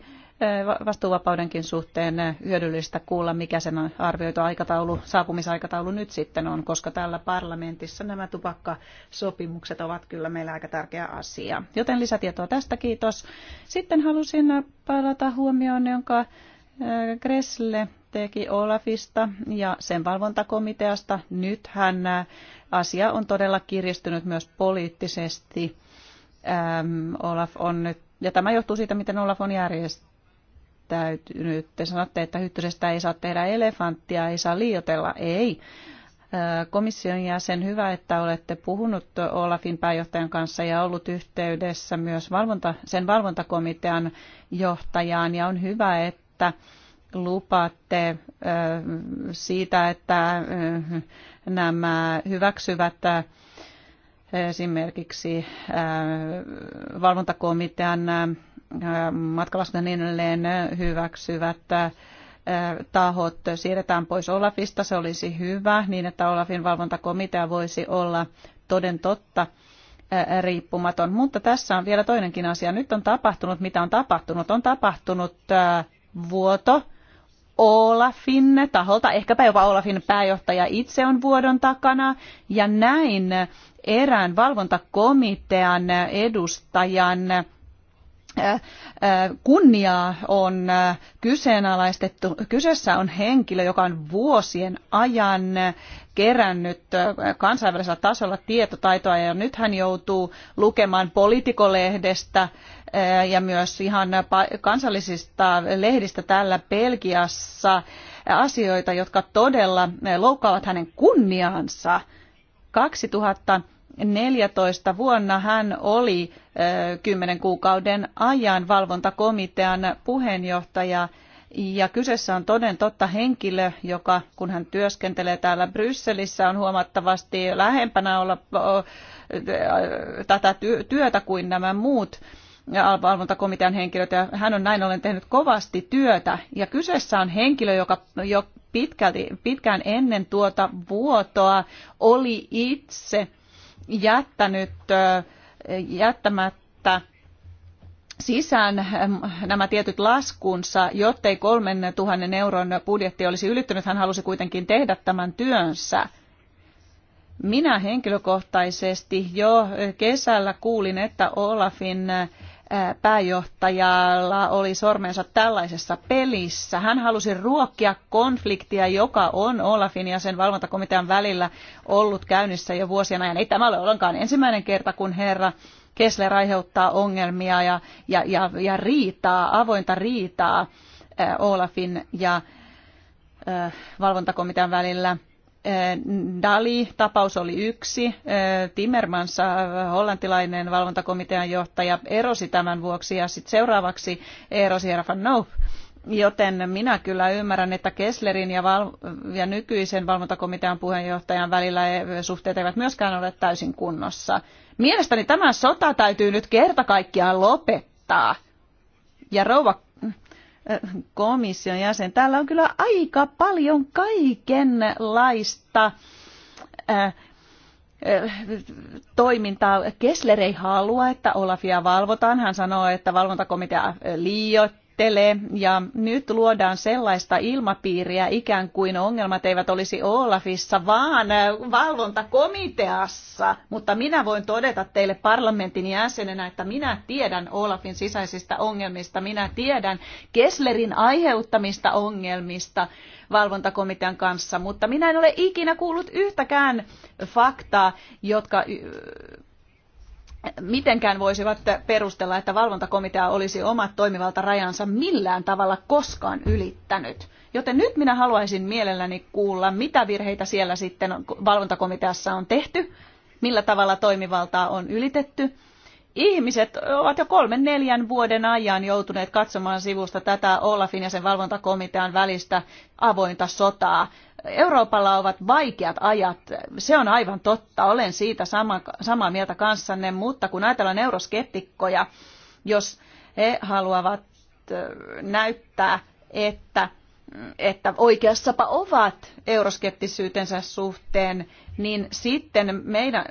vastuuvapaudenkin suhteen hyödyllistä kuulla, mikä sen arvioitu aikataulu, saapumisaikataulu nyt sitten on, koska täällä parlamentissa nämä tupakkasopimukset ovat kyllä meillä aika tärkeä asia. Joten lisätietoa tästä, kiitos. Sitten halusin palata huomioon, jonka Gressle teki Olafista ja sen valvontakomiteasta. Nythän asia on todella kiristynyt myös poliittisesti. Olaf on nyt, ja tämä johtuu siitä, miten Olaf on järjestetty käyttäytynyt. Te sanotte, että hyttysestä ei saa tehdä elefanttia, ei saa liiotella. Ei. Komission jäsen, hyvä, että olette puhunut Olafin pääjohtajan kanssa ja ollut yhteydessä myös valvonta, sen valvontakomitean johtajaan. Ja on hyvä, että lupaatte siitä, että nämä hyväksyvät esimerkiksi valvontakomitean matkalaskut ja niin edelleen hyväksyvät tahot siirretään pois Olafista, se olisi hyvä, niin että Olafin valvontakomitea voisi olla toden totta riippumaton. Mutta tässä on vielä toinenkin asia. Nyt on tapahtunut, mitä on tapahtunut. On tapahtunut vuoto Olafin taholta, ehkäpä jopa Olafin pääjohtaja itse on vuodon takana, ja näin erään valvontakomitean edustajan kunniaa on kyseenalaistettu. Kyseessä on henkilö, joka on vuosien ajan kerännyt kansainvälisellä tasolla tietotaitoa ja nyt hän joutuu lukemaan politikolehdestä ja myös ihan kansallisista lehdistä täällä Belgiassa asioita, jotka todella loukkaavat hänen kunniaansa. 2000 2014 vuonna hän oli kymmenen kuukauden ajan valvontakomitean puheenjohtaja ja kyseessä on toden totta henkilö, joka kun hän työskentelee täällä Brysselissä on huomattavasti lähempänä olla tätä työtä kuin nämä muut valvontakomitean henkilöt ja hän on näin ollen tehnyt kovasti työtä ja kyseessä on henkilö, joka jo pitkälti, pitkään ennen tuota vuotoa oli itse jättänyt jättämättä sisään nämä tietyt laskunsa, jottei kolmen tuhannen euron budjetti olisi ylittynyt. Hän halusi kuitenkin tehdä tämän työnsä. Minä henkilökohtaisesti jo kesällä kuulin, että Olafin pääjohtajalla oli sormensa tällaisessa pelissä. Hän halusi ruokkia konfliktia, joka on Olafin ja sen valvontakomitean välillä ollut käynnissä jo vuosien ajan. Ei tämä ole ollenkaan ensimmäinen kerta, kun herra Kessler aiheuttaa ongelmia ja, ja, ja, ja riitaa, avointa riitaa Olafin ja valvontakomitean välillä – Dali-tapaus oli yksi. Timmermans, hollantilainen valvontakomitean johtaja, erosi tämän vuoksi ja sitten seuraavaksi erosi Rafa Nouf. Joten minä kyllä ymmärrän, että Kesslerin ja, val- ja nykyisen valvontakomitean puheenjohtajan välillä e- suhteet eivät myöskään ole täysin kunnossa. Mielestäni tämä sota täytyy nyt kerta kaikkiaan lopettaa. Ja rouva komission jäsen. Täällä on kyllä aika paljon kaikenlaista äh, äh, toimintaa. Kessler ei halua, että Olafia valvotaan. Hän sanoo, että valvontakomitea liioittaa vaihtelee ja nyt luodaan sellaista ilmapiiriä ikään kuin ongelmat eivät olisi Olafissa, vaan äh, valvontakomiteassa. Mutta minä voin todeta teille parlamentin jäsenenä, että minä tiedän Olafin sisäisistä ongelmista, minä tiedän Kesslerin aiheuttamista ongelmista valvontakomitean kanssa, mutta minä en ole ikinä kuullut yhtäkään faktaa, jotka mitenkään voisivat perustella, että valvontakomitea olisi omat toimivaltarajansa millään tavalla koskaan ylittänyt. Joten nyt minä haluaisin mielelläni kuulla, mitä virheitä siellä sitten valvontakomiteassa on tehty, millä tavalla toimivaltaa on ylitetty Ihmiset ovat jo kolmen neljän vuoden ajan joutuneet katsomaan sivusta tätä Olafin ja sen valvontakomitean välistä avointa sotaa. Euroopalla ovat vaikeat ajat, se on aivan totta, olen siitä sama, samaa mieltä kanssanne, mutta kun ajatellaan euroskeptikkoja, jos he haluavat näyttää, että että oikeassapa ovat euroskeptisyytensä suhteen, niin sitten meidän,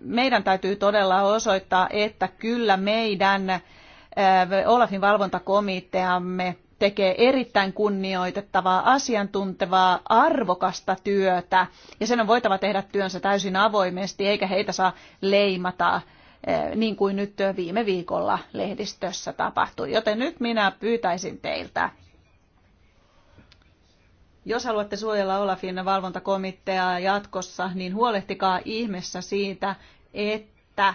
meidän täytyy todella osoittaa, että kyllä meidän äh, Olafin valvontakomiteamme tekee erittäin kunnioitettavaa, asiantuntevaa, arvokasta työtä. Ja sen on voitava tehdä työnsä täysin avoimesti, eikä heitä saa leimata äh, niin kuin nyt viime viikolla lehdistössä tapahtui. Joten nyt minä pyytäisin teiltä jos haluatte suojella Olafin valvontakomiteaa jatkossa, niin huolehtikaa ihmeessä siitä, että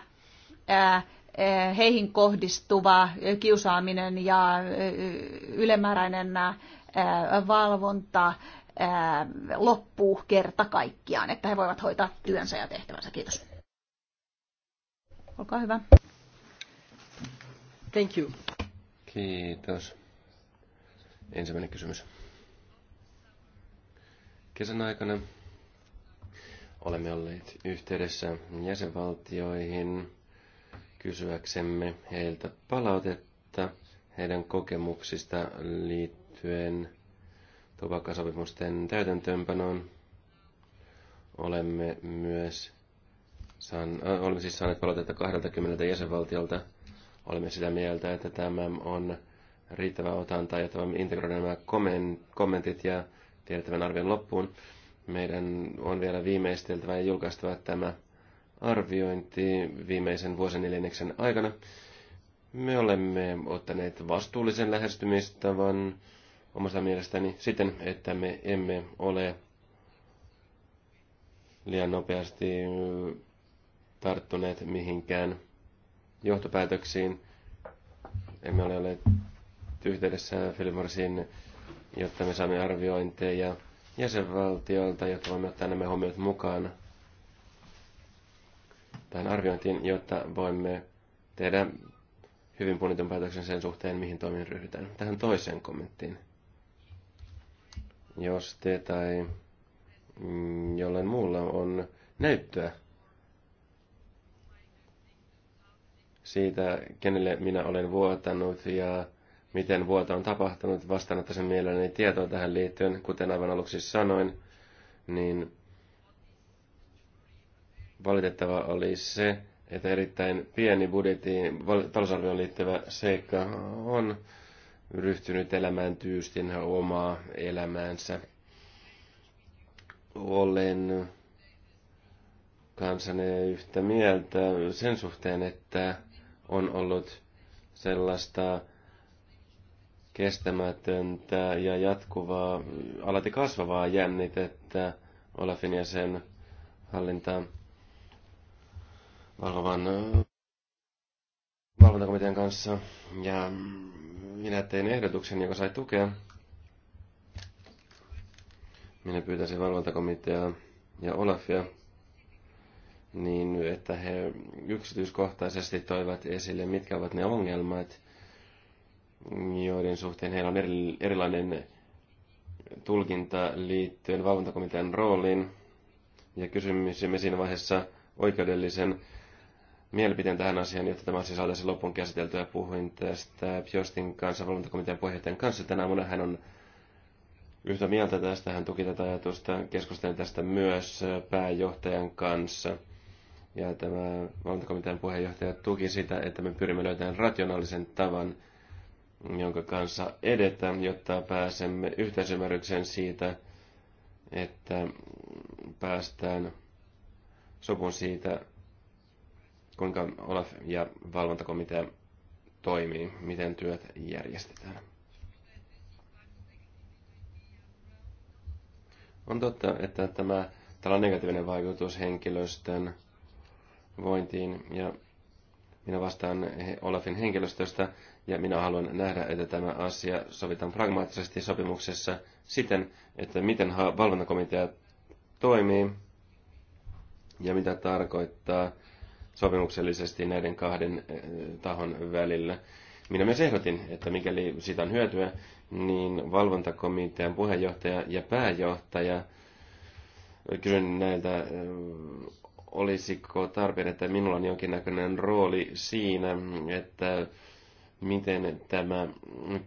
heihin kohdistuva kiusaaminen ja ylimääräinen valvonta loppuu kerta kaikkiaan, että he voivat hoitaa työnsä ja tehtävänsä. Kiitos. Olkaa hyvä. Thank you. Kiitos. Ensimmäinen kysymys kesän aikana. Olemme olleet yhteydessä jäsenvaltioihin kysyäksemme heiltä palautetta heidän kokemuksista liittyen tupakkasopimusten täytäntöönpanoon. Olemme myös saan, äh, olemme siis saaneet palautetta 20 jäsenvaltiolta. Olemme sitä mieltä, että tämä on riittävä otanta, jotta voimme integroida nämä kommentit ja tehdä tämän arvion loppuun. Meidän on vielä viimeisteltävä ja julkaistava tämä arviointi viimeisen vuosineljänneksen aikana. Me olemme ottaneet vastuullisen lähestymistavan omasta mielestäni siten, että me emme ole liian nopeasti tarttuneet mihinkään johtopäätöksiin. Emme ole olleet yhteydessä Philip Morrisin jotta me saamme arviointeja jäsenvaltioilta, jotta voimme ottaa nämä huomiot mukaan tähän arviointiin, jotta voimme tehdä hyvin punnitun päätöksen sen suhteen, mihin toimiin ryhdytään. Tähän toiseen kommenttiin. Jos te tai mm, jollain muulla on näyttöä siitä, kenelle minä olen vuotanut ja miten vuoto on tapahtunut. Vastaanottaisin mielelläni tietoa tähän liittyen. Kuten aivan aluksi sanoin, niin valitettava oli se, että erittäin pieni budjettiin talousarvioon liittyvä seikka on ryhtynyt elämään tyystin omaa elämäänsä. Olen kansanne yhtä mieltä sen suhteen, että on ollut sellaista kestämätöntä ja jatkuvaa, alati kasvavaa jännitettä Olafin ja sen hallintaan valvovan valvontakomitean kanssa. Ja minä tein ehdotuksen, joka sai tukea. Minä pyytäisin valvontakomiteaa ja Olafia, niin että he yksityiskohtaisesti toivat esille, mitkä ovat ne ongelmat, joiden suhteen heillä on eri, erilainen tulkinta liittyen valvontakomitean rooliin. Ja kysymme siinä vaiheessa oikeudellisen mielipiteen tähän asiaan, jotta tämä asia saataisiin loppuun käsiteltyä. Puhuin tästä Pjostin kanssa valvontakomitean puheenjohtajan kanssa. Tänä aamuna hän on yhtä mieltä tästä. Hän tuki tätä ajatusta. Keskustelin tästä myös pääjohtajan kanssa. Ja tämä valvontakomitean puheenjohtaja tuki sitä, että me pyrimme löytämään rationaalisen tavan – jonka kanssa edetä, jotta pääsemme yhteisymmärrykseen siitä, että päästään sopun siitä, kuinka Olaf ja valvontakomitea toimii, miten työt järjestetään. On totta, että tämä, tällä on negatiivinen vaikutus henkilöstön vointiin ja minä vastaan Olafin henkilöstöstä ja minä haluan nähdä, että tämä asia sovitaan pragmaattisesti sopimuksessa siten, että miten valvontakomitea toimii ja mitä tarkoittaa sopimuksellisesti näiden kahden eh, tahon välillä. Minä myös ehdotin, että mikäli siitä on hyötyä, niin valvontakomitean puheenjohtaja ja pääjohtaja kysyn näiltä eh, olisiko tarpeen, että minulla on jonkinnäköinen rooli siinä, että miten tämä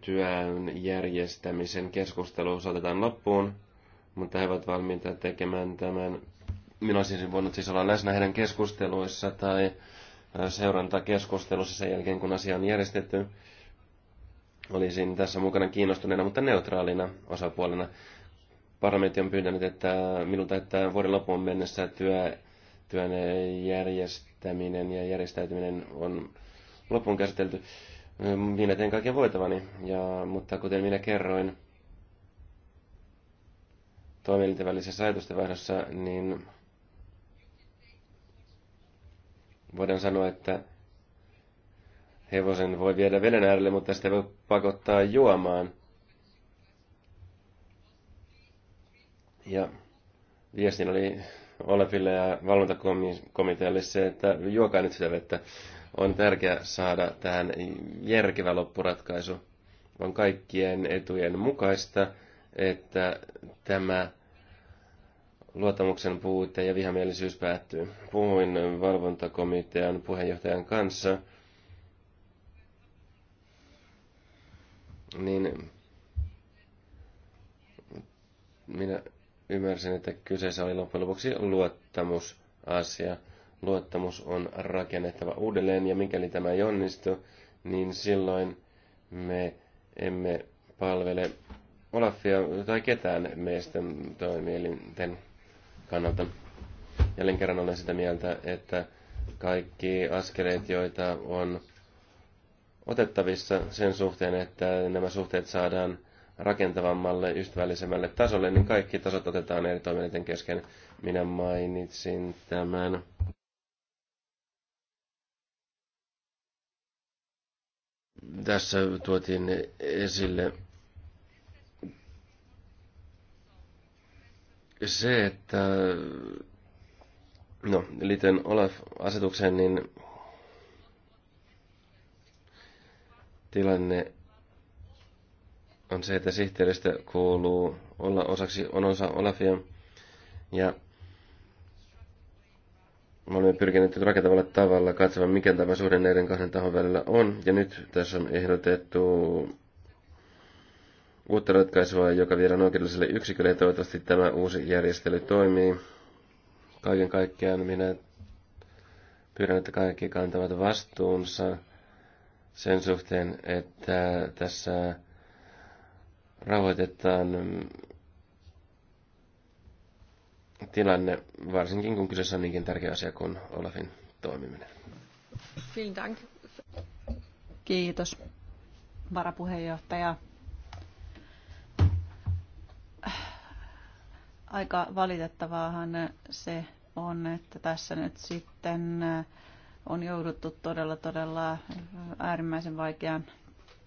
työn järjestämisen keskustelu saatetaan loppuun, mutta he ovat valmiita tekemään tämän. Minä olisin voinut siis olla läsnä heidän keskusteluissa tai äh, seurantakeskustelussa sen jälkeen, kun asia on järjestetty. Olisin tässä mukana kiinnostuneena, mutta neutraalina osapuolena. Parlamentti on pyytänyt että minulta, että vuoden loppuun mennessä työ liittyen eh, järjestäminen ja järjestäytyminen on loppuun käsitelty. Mm, minä teen kaiken voitavani, ja, mutta kuten minä kerroin toimielinten välisessä ajatusten vaihdossa, niin voidaan sanoa, että hevosen voi viedä veden äärelle, mutta sitä voi pakottaa juomaan. Ja viestin oli Olepille ja valvontakomitealle se, että juokaa nyt sitä vettä. On tärkeää saada tähän järkevä loppuratkaisu. On kaikkien etujen mukaista, että tämä luottamuksen puute ja vihamielisyys päättyy. Puhuin valvontakomitean puheenjohtajan kanssa, niin minä ymmärsin, että kyseessä oli loppujen lopuksi luottamusasia. Luottamus on rakennettava uudelleen, ja mikäli tämä ei onnistu, niin silloin me emme palvele Olafia tai ketään meistä toimielinten kannalta. Jälleen kerran olen sitä mieltä, että kaikki askeleet, joita on otettavissa sen suhteen, että nämä suhteet saadaan rakentavammalle, ystävällisemmälle tasolle, niin kaikki tasot otetaan eri toimijoiden kesken. Minä mainitsin tämän. Tässä tuotiin esille se, että no, liittyen Olaf-asetukseen, niin tilanne on se, että sihteeristö kuuluu olla osaksi, on osa Olafia. Ja me olemme pyrkineet rakentavalla tavalla katsomaan, mikä tämä suhde näiden kahden tahon välillä on. Ja nyt tässä on ehdotettu uutta ratkaisua, joka viedään oikeudelliselle yksikölle. Ja toivottavasti tämä uusi järjestely toimii. Kaiken kaikkiaan minä pyydän, että kaikki kantavat vastuunsa sen suhteen, että tässä rahoitetaan mm, tilanne, varsinkin kun kyseessä on niinkin tärkeä asia kuin Olafin toimiminen. Kiitos, varapuheenjohtaja. Aika valitettavaahan se on, että tässä nyt sitten on jouduttu todella, todella äärimmäisen vaikean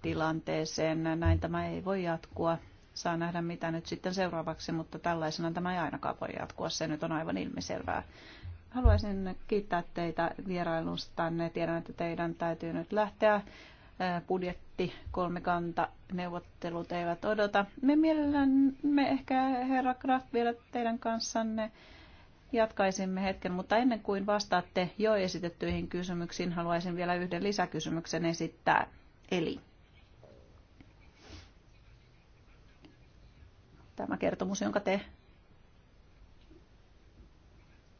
tilanteeseen. Näin tämä ei voi jatkua. Saa nähdä mitä nyt sitten seuraavaksi, mutta tällaisena tämä ei ainakaan voi jatkua. Se nyt on aivan ilmiselvää. Haluaisin kiittää teitä vierailustanne. Tiedän, että teidän täytyy nyt lähteä äh, budjetti, kolmikanta, neuvottelut eivät odota. Me me ehkä herra Kraft vielä teidän kanssanne jatkaisimme hetken, mutta ennen kuin vastaatte jo esitettyihin kysymyksiin, haluaisin vielä yhden lisäkysymyksen esittää. Eli Tämä kertomus, jonka te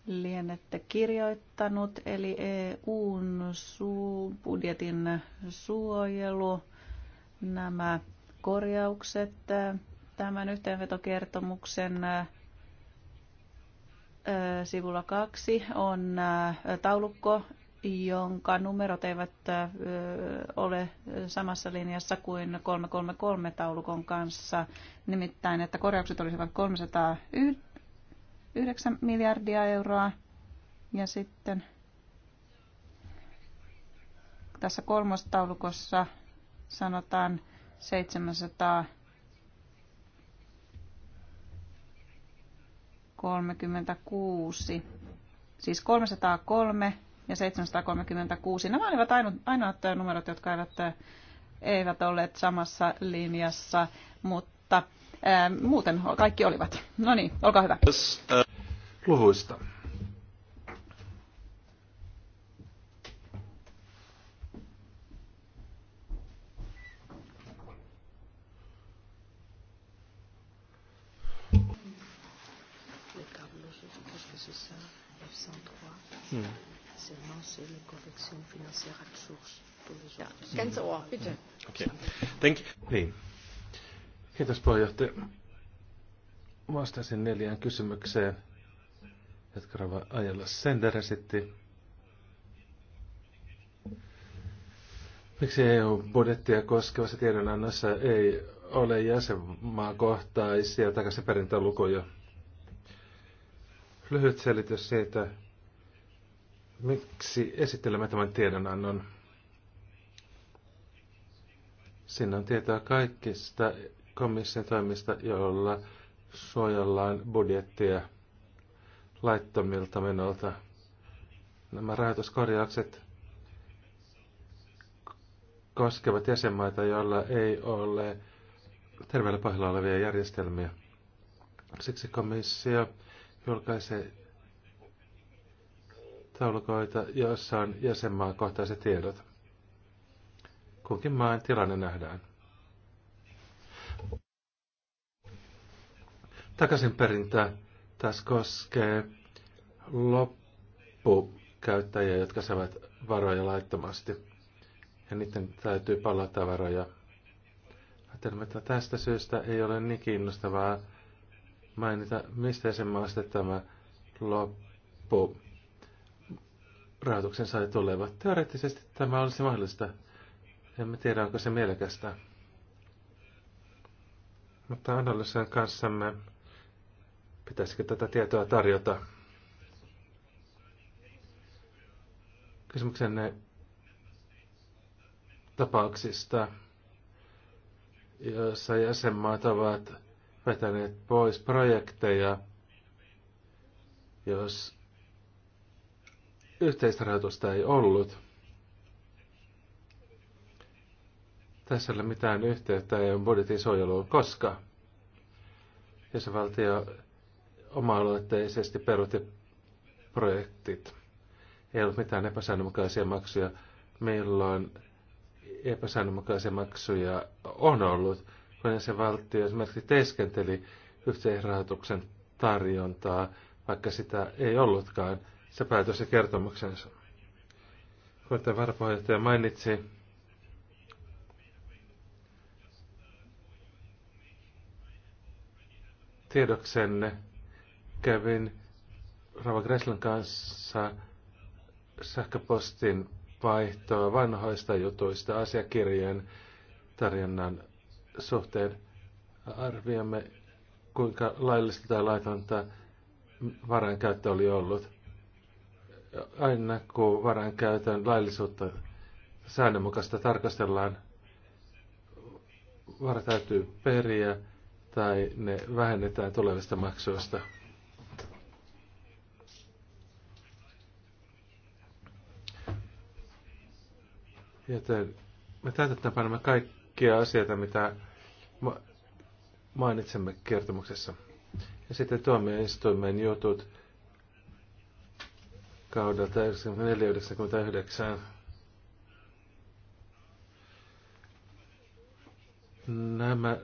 lienette kirjoittanut, eli EUn su- budjetin suojelu, nämä korjaukset tämän yhteenvetokertomuksen sivulla kaksi on taulukko, jonka numerot eivät ole samassa linjassa kuin 333-taulukon kanssa, nimittäin että korjaukset olisivat 309 miljardia euroa ja sitten tässä kolmostaulukossa sanotaan 700 36, siis 303 ja 736. Nämä olivat ainoat numerot, jotka eivät, eivät olleet samassa linjassa, mutta ää, muuten kaikki olivat. No niin, olkaa hyvä. Luvuista. Hmm bitte. Niin. Kiitos puheenjohtaja. Vastasin neljään kysymykseen, jotka Rava Ajala Sender esitti. Miksi EU-budjettia koskevassa tiedonannossa ei ole jäsenmaakohtaisia takaisinperintälukuja? Lyhyt selitys siitä, Miksi esittelemme tämän tiedonannon? Sinne on tietoa kaikista komission toimista, joilla suojellaan budjettia laittomilta menolta. Nämä rahoituskorjaukset koskevat jäsenmaita, joilla ei ole terveellä pohjalla olevia järjestelmiä. Siksi komissio julkaisee taulukoita, joissa on jäsenmaakohtaiset tiedot. Kunkin maan tilanne nähdään. Takaisin perintä taas koskee loppukäyttäjiä, jotka saavat varoja laittomasti. Ja niiden täytyy palauttaa varoja. Ajattelin, että tästä syystä ei ole niin kiinnostavaa mainita, mistä jäsenmaasta tämä loppu rahoituksen sai tulevat. Teoreettisesti tämä olisi mahdollista. Emme tiedä, onko se mielekästä. Mutta analysoin kanssamme, pitäisikö tätä tietoa tarjota. Kysymyksenne tapauksista, joissa jäsenmaat ovat vetäneet pois projekteja, jos yhteisrahoitusta ei ollut. Tässä ei ole mitään yhteyttä EUn budjetin suojeluun, koska jäsenvaltio oma-aloitteisesti peruutti projektit. Ei ollut mitään epäsäännönmukaisia maksuja. Milloin epäsäännönmukaisia maksuja on ollut, kun jäsenvaltio esimerkiksi teeskenteli yhteisrahoituksen tarjontaa, vaikka sitä ei ollutkaan – se päätös ja kertomuksensa. Kuten varapuheenjohtaja mainitsi, tiedoksenne kävin Rava Greslan kanssa sähköpostin vaihtoa vanhoista jutuista asiakirjojen tarjonnan suhteen. Arviamme, kuinka laillista tai laitonta varainkäyttö oli ollut aina kun käytön laillisuutta säännönmukaista tarkastellaan, vara täytyy periä tai ne vähennetään tulevista maksuista. Joten me täytetään panemme kaikkia asioita, mitä mainitsemme kertomuksessa. Ja sitten tuomioistuimen jutut kaudelta 1994-1999. Nämä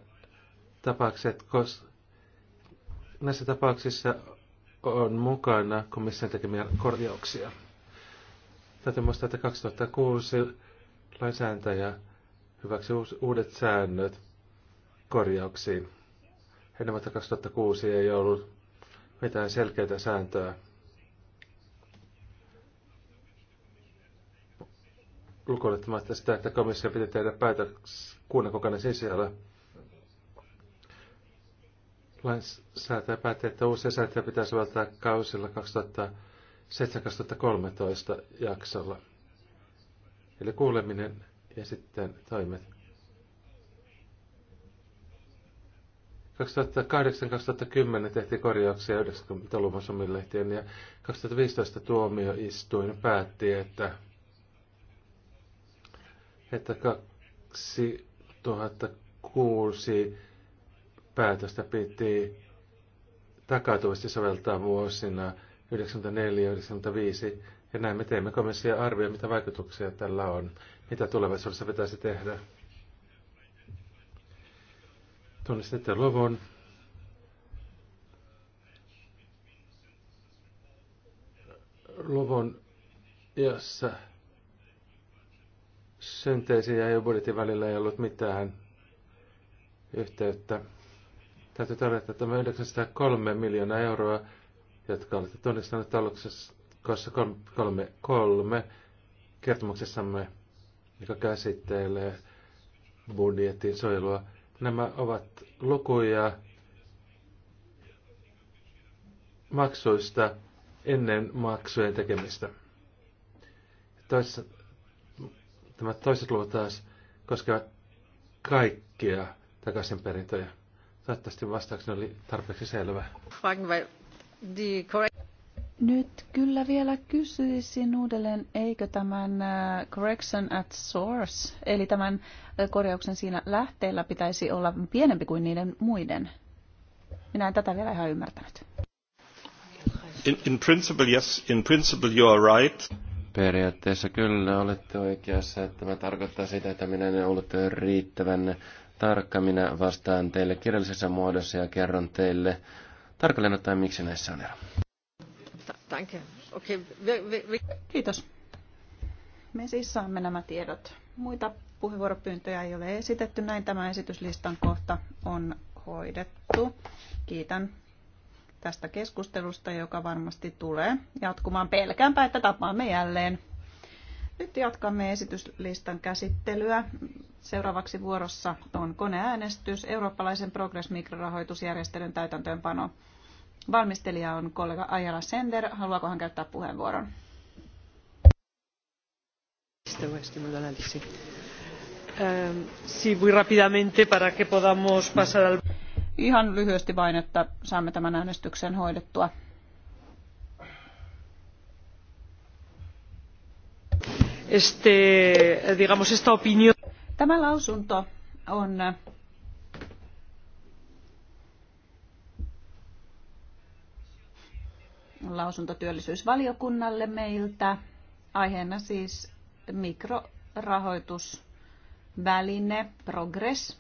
tapaukset, kos, näissä tapauksissa on mukana komission tekemiä korjauksia. Täytyy muistaa, että 2006 lainsääntäjä hyväksyi uudet säännöt korjauksiin. Ennen vuotta 2006 ei ollut mitään selkeää sääntöä lukuunottamatta sitä, että komissio piti tehdä päätös kuuden kokoinen sisällä. Lainsäätäjä päätti, että uusi säätäjä pitää soveltaa kausilla 2007-2013 jaksolla. Eli kuuleminen ja sitten toimet. 2008-2010 tehtiin korjauksia 90-luvun somilehtien ja 2015 tuomioistuin päätti, että että 2006 päätöstä piti takautuvasti soveltaa vuosina 1994-1995, ja näin me teemme komissia arvio, mitä vaikutuksia tällä on, mitä tulevaisuudessa pitäisi tehdä. Tunnistatte luvun. Luvun, jossa synteesi ja EU-budjetin välillä ei ollut mitään yhteyttä. Täytyy todeta, että tämä 903 miljoonaa euroa, jotka olette tunnistaneet aluksessa 33 kertomuksessamme, joka käsittelee budjetin suojelua. Nämä ovat lukuja maksuista ennen maksujen tekemistä. Toisaalta Tämä toiset luvut taas koskevat kaikkia takaisinperintöjä. Toivottavasti vastaukseni oli tarpeeksi selvä. Nyt kyllä vielä kysyisin uudelleen, eikö tämän äh, correction at source, eli tämän äh, korjauksen siinä lähteellä pitäisi olla pienempi kuin niiden muiden? Minä en tätä vielä ihan ymmärtänyt. In, in principle, yes, in principle you are right. Periaatteessa kyllä olette oikeassa, että tämä tarkoittaa sitä, että minä en ollut riittävän tarkka. Minä vastaan teille kirjallisessa muodossa ja kerron teille tarkalleen ottaen, miksi näissä on ero. Kiitos. Me siis saamme nämä tiedot. Muita puheenvuoropyyntöjä ei ole esitetty. Näin tämä esityslistan kohta on hoidettu. Kiitän tästä keskustelusta, joka varmasti tulee jatkumaan. Pelkäänpä, että tapaamme jälleen. Nyt jatkamme esityslistan käsittelyä. Seuraavaksi vuorossa on koneäänestys, eurooppalaisen Progress-mikrorahoitusjärjestelyn täytäntöönpano. Valmistelija on kollega Ajala Sender. Haluaako hän käyttää puheenvuoron? Ehm, sí, muy rápidamente para que podamos pasar al ihan lyhyesti vain, että saamme tämän äänestyksen hoidettua. Este, digamos, esta opinión. Tämä lausunto on lausunto työllisyysvaliokunnalle meiltä. Aiheena siis mikrorahoitusväline Progress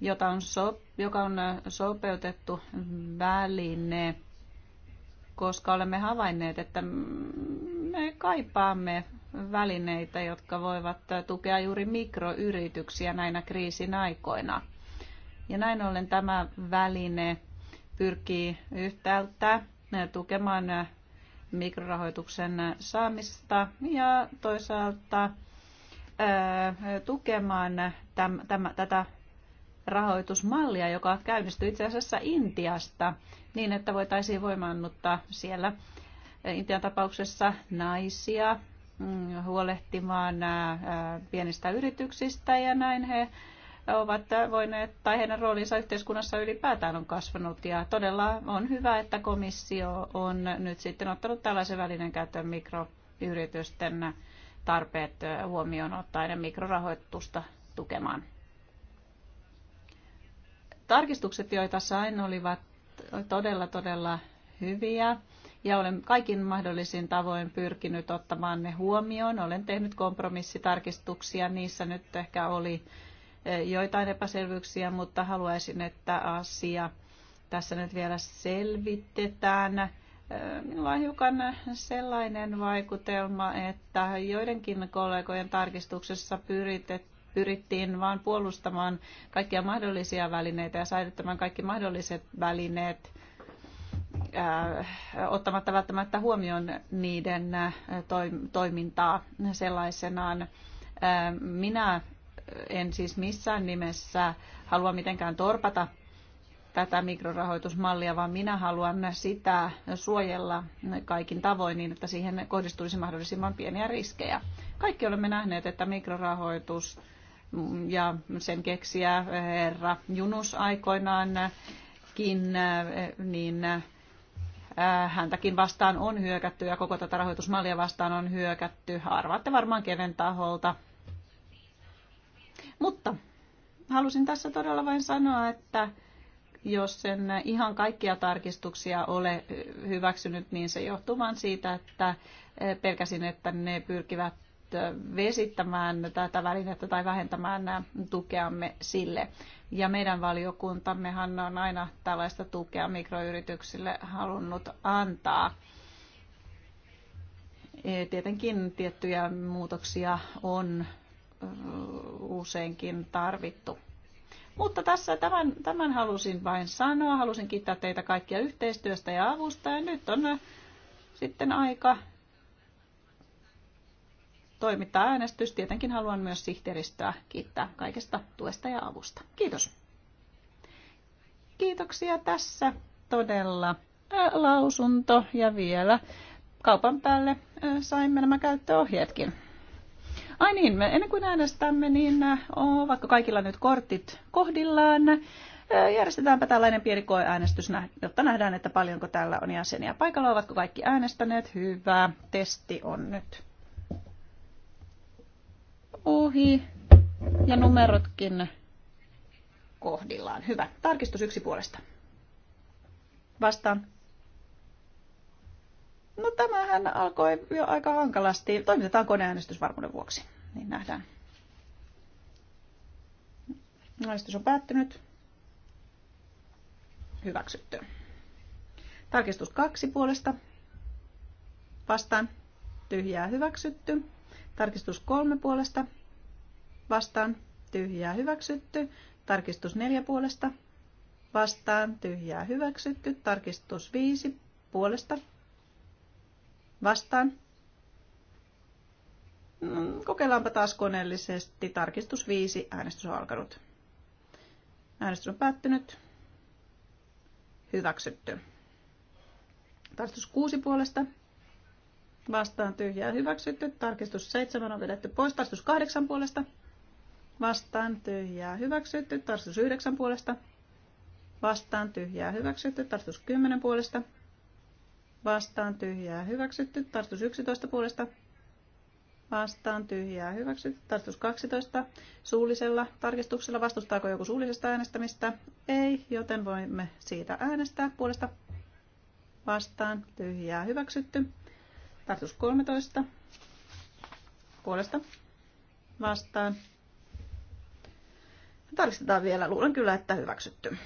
jota on so, joka on äh, sopeutettu väline, koska olemme havainneet, että me kaipaamme välineitä, jotka voivat äh, tukea juuri mikroyrityksiä näinä kriisin aikoina. Ja näin ollen tämä väline pyrkii yhtäältä äh, tukemaan mikrorahoituksen saamista ja toisaalta tukemaan tämän, tämän, tätä rahoitusmallia, joka käynnistyi itse asiassa Intiasta, niin että voitaisiin voimaannuttaa siellä eh, Intian tapauksessa naisia mm, huolehtimaan eh, eh, pienistä yrityksistä ja näin he ovat voineet, tai heidän roolinsa yhteiskunnassa ylipäätään on kasvanut. Ja todella on hyvä, että komissio on nyt sitten ottanut tällaisen välinen käyttöön mikroyritysten tarpeet huomioon ottaen ja mikrorahoitusta tukemaan tarkistukset, joita sain, olivat todella, todella hyviä ja olen kaikin mahdollisin tavoin pyrkinyt ottamaan ne huomioon. Olen tehnyt kompromissitarkistuksia, niissä nyt ehkä oli eh, joitain epäselvyyksiä, mutta haluaisin, että asia tässä nyt vielä selvitetään. Eh, minulla on hiukan sellainen vaikutelma, että joidenkin kollegojen tarkistuksessa pyrittiin vaan puolustamaan kaikkia mahdollisia välineitä ja säilyttämään kaikki mahdolliset välineet äh, ottamatta välttämättä huomioon niiden äh, toimintaa sellaisenaan. Äh, minä en siis missään nimessä halua mitenkään torpata tätä mikrorahoitusmallia, vaan minä haluan sitä suojella kaikin tavoin niin, että siihen kohdistuisi mahdollisimman pieniä riskejä. Kaikki olemme nähneet, että mikrorahoitus ja sen keksiä herra Junus aikoinaankin, niin äh, häntäkin vastaan on hyökätty ja koko tätä rahoitusmallia vastaan on hyökätty. Arvaatte varmaan keven taholta. Mutta halusin tässä todella vain sanoa, että jos sen ihan kaikkia tarkistuksia ole hyväksynyt, niin se johtuu vain siitä, että äh, pelkäsin, että ne pyrkivät Äh, vesittämään tätä välinettä tai vähentämään äh, tukeamme sille. Ja meidän valiokuntammehan on aina tällaista tukea mikroyrityksille halunnut antaa. E, tietenkin tiettyjä muutoksia on äh, useinkin tarvittu. Mutta tässä tämän, tämän halusin vain sanoa. Halusin kiittää teitä kaikkia yhteistyöstä ja avusta. Ja nyt on sitten aika toimittaa äänestys. Tietenkin haluan myös sihteeristöä kiittää kaikesta tuesta ja avusta. Kiitos. Kiitoksia tässä todella lausunto ja vielä kaupan päälle saimme nämä käyttöohjeetkin. Ai niin, me ennen kuin äänestämme, niin vaikka kaikilla nyt kortit kohdillaan? Järjestetäänpä tällainen pieni koeäänestys, jotta nähdään, että paljonko täällä on jäseniä paikalla. Ovatko kaikki äänestäneet? Hyvä. Testi on nyt ohi ja numerotkin kohdillaan. Hyvä. Tarkistus yksi puolesta. Vastaan. No tämähän alkoi jo aika hankalasti. Toimitetaan koneäänestys varmuuden vuoksi. Niin nähdään. Äänestys on päättynyt. Hyväksytty. Tarkistus kaksi puolesta. Vastaan. Tyhjää hyväksytty. Tarkistus kolme puolesta vastaan tyhjää hyväksytty. Tarkistus neljä puolesta vastaan tyhjää hyväksytty. Tarkistus viisi puolesta vastaan. Mm, kokeillaanpa taas koneellisesti. Tarkistus 5. Äänestys on alkanut. Äänestys on päättynyt. Hyväksytty. Tarkistus 6 puolesta vastaan tyhjää hyväksytty. Tarkistus 7 on vedetty pois. Tarkistus 8 puolesta vastaan tyhjää hyväksytty. Tarkistus 9 puolesta vastaan tyhjää hyväksytty. Tarkistus 10 puolesta vastaan tyhjää hyväksytty. Tarkistus 11 puolesta vastaan tyhjää hyväksytty. Tarkistus 12 suullisella tarkistuksella. Vastustaako joku suullisesta äänestämistä? Ei, joten voimme siitä äänestää puolesta vastaan tyhjää hyväksytty. Tartus 13. Puolesta. Vastaan. Tarkistetaan vielä. Luulen kyllä, että hyväksytty.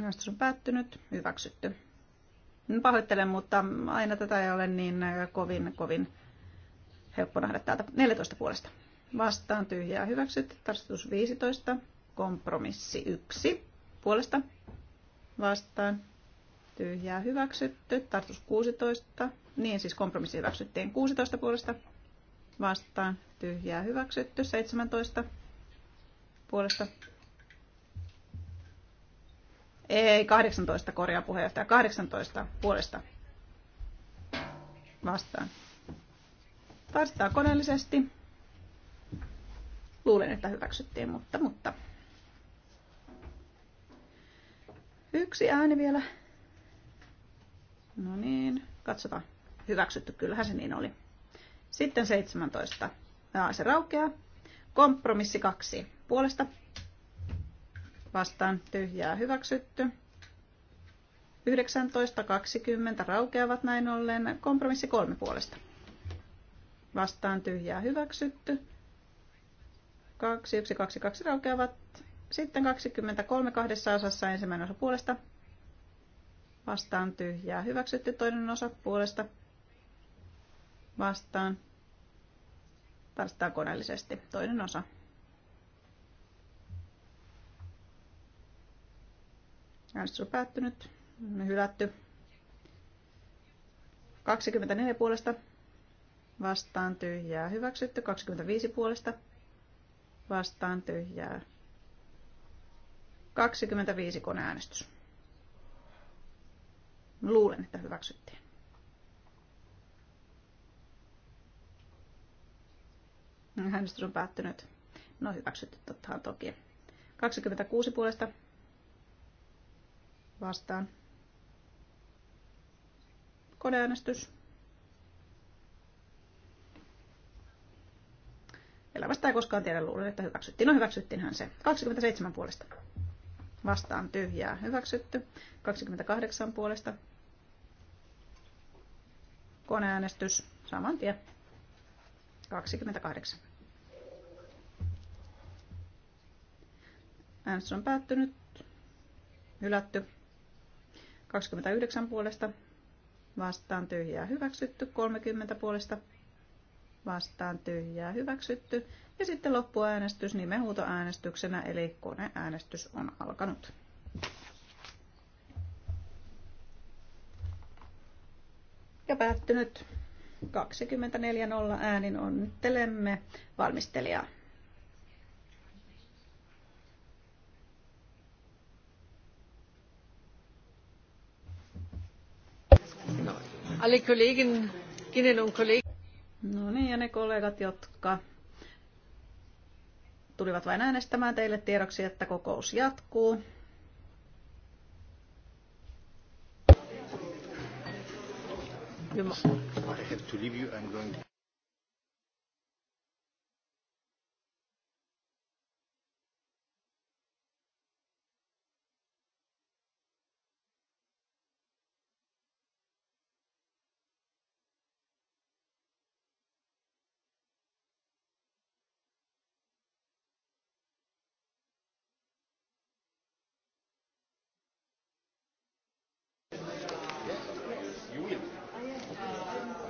Äänestys on päättynyt. Hyväksytty. Pahoittelen, mutta aina tätä ei ole niin kovin, kovin helppo nähdä täältä. 14 puolesta. Vastaan tyhjää hyväksytty. Tarkistus 15. Kompromissi 1. Puolesta vastaan, tyhjää hyväksytty. Tartus 16, niin siis kompromissi hyväksyttiin 16 puolesta vastaan, tyhjää hyväksytty. 17 puolesta. Ei, 18 korjaa puheenjohtaja, 18 puolesta vastaan. Tarvitaan koneellisesti. Luulen, että hyväksyttiin, mutta, mutta Yksi ääni vielä. No niin, katsotaan. Hyväksytty, kyllähän se niin oli. Sitten 17. Ja se raukeaa. Kompromissi kaksi Puolesta. Vastaan tyhjää hyväksytty. 19, 20 raukeavat näin ollen. Kompromissi kolme puolesta. Vastaan tyhjää hyväksytty. 2, 1, 2, 2 raukeavat. Sitten 23 kahdessa osassa ensimmäinen osa puolesta. Vastaan tyhjää. Hyväksytty toinen osa puolesta. Vastaan. Tarvitaan koneellisesti. Toinen osa. Äänestys on päättynyt. Hylätty. 24 puolesta. Vastaan tyhjää. Hyväksytty. 25 puolesta. Vastaan tyhjää 25 koneäänestys. Luulen, että hyväksyttiin. Äänestys on päättynyt. No hyväksytty tottahan toki. 26 puolesta vastaan. Koneäänestys. Elämästä ei koskaan tiedä luulen, että hyväksyttiin. No hyväksyttiinhän se. 27 puolesta vastaan tyhjää hyväksytty. 28 puolesta koneäänestys saman tien 28. Äänestys on päättynyt, hylätty. 29 puolesta vastaan tyhjää hyväksytty, 30 puolesta vastaan tyhjää hyväksytty, ja sitten loppuäänestys nimenhuutoäänestyksenä, eli koneäänestys on alkanut. Ja päättynyt 24.0 äänin onnittelemme valmistelijaa. alle Kolleginnen on Kollegen. No niin, ja ne kollegat, jotka tulivat vain äänestämään teille tiedoksi, että kokous jatkuu.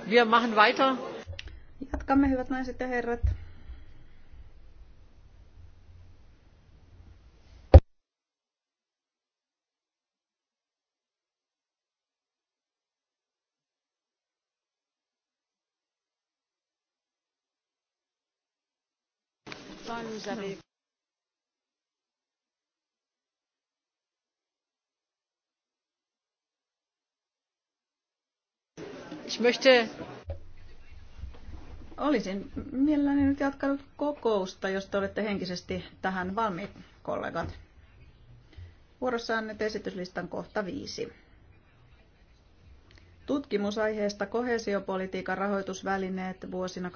Wir machen weiter. Jatkamme, hyvät naiset ja herrat. Vous Ich möchte Olisin mielelläni nyt jatkanut kokousta, jos te olette henkisesti tähän valmiit, kollegat. Vuorossa on nyt esityslistan kohta viisi. Tutkimusaiheesta kohesiopolitiikan rahoitusvälineet vuosina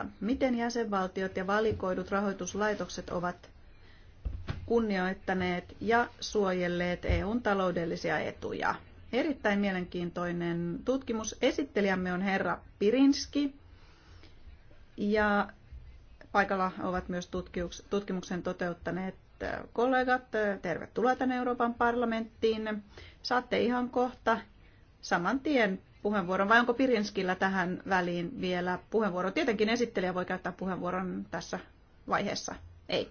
2007-2013. Miten jäsenvaltiot ja valikoidut rahoituslaitokset ovat kunnioittaneet ja suojelleet EUn taloudellisia etuja? erittäin mielenkiintoinen tutkimus. Esittelijämme on herra Pirinski ja paikalla ovat myös tutkimuksen toteuttaneet kollegat. Tervetuloa tänne Euroopan parlamenttiin. Saatte ihan kohta saman tien puheenvuoron, vai onko Pirinskillä tähän väliin vielä puheenvuoro? Tietenkin esittelijä voi käyttää puheenvuoron tässä vaiheessa. Ei.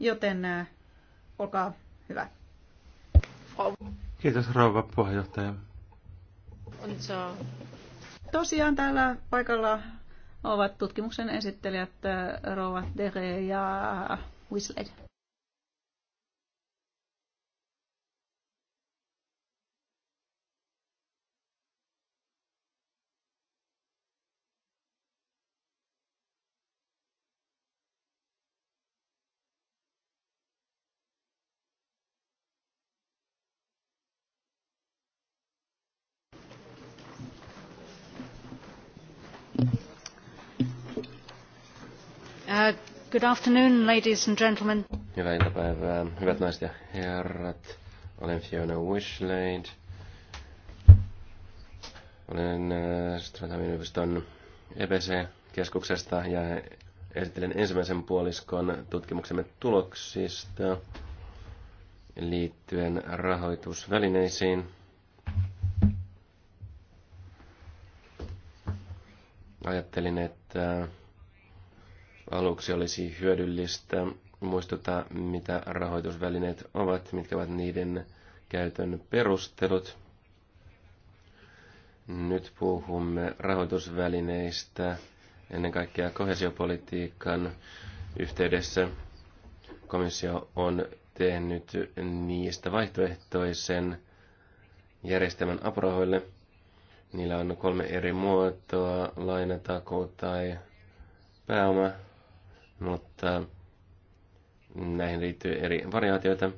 Joten olkaa hyvä. Kiitos rouva puheenjohtaja. Tosiaan täällä paikalla ovat tutkimuksen esittelijät eh, rouva Dere ja Whistled. Good afternoon, ladies and gentlemen. Hyvää iltapäivää, hyvät naiset ja herrat. Olen Fiona Wishlade. Olen äh, Strathamin yliopiston ebc keskuksesta ja esittelen ensimmäisen puoliskon tutkimuksemme tuloksista liittyen rahoitusvälineisiin. Ajattelin, että Aluksi olisi hyödyllistä muistuttaa, mitä rahoitusvälineet ovat, mitkä ovat niiden käytön perustelut. Nyt puhumme rahoitusvälineistä ennen kaikkea kohesiopolitiikan yhteydessä. Komissio on tehnyt niistä vaihtoehtoisen järjestelmän apurahoille. Niillä on kolme eri muotoa, lainatako tai pääoma mutta näihin liittyy eri variaatioita.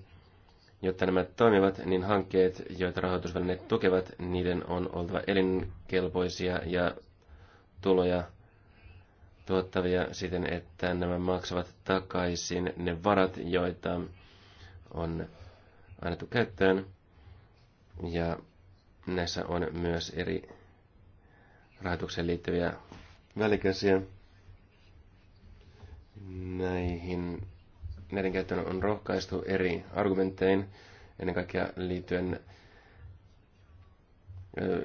Jotta nämä toimivat, niin hankkeet, joita rahoitusvälineet tukevat, niiden on oltava elinkelpoisia ja tuloja tuottavia siten, että nämä maksavat takaisin ne varat, joita on annettu käyttöön. Ja näissä on myös eri rahoitukseen liittyviä välikäsiä näihin, näiden käyttöön on rohkaistu eri argumentein, ennen kaikkea liittyen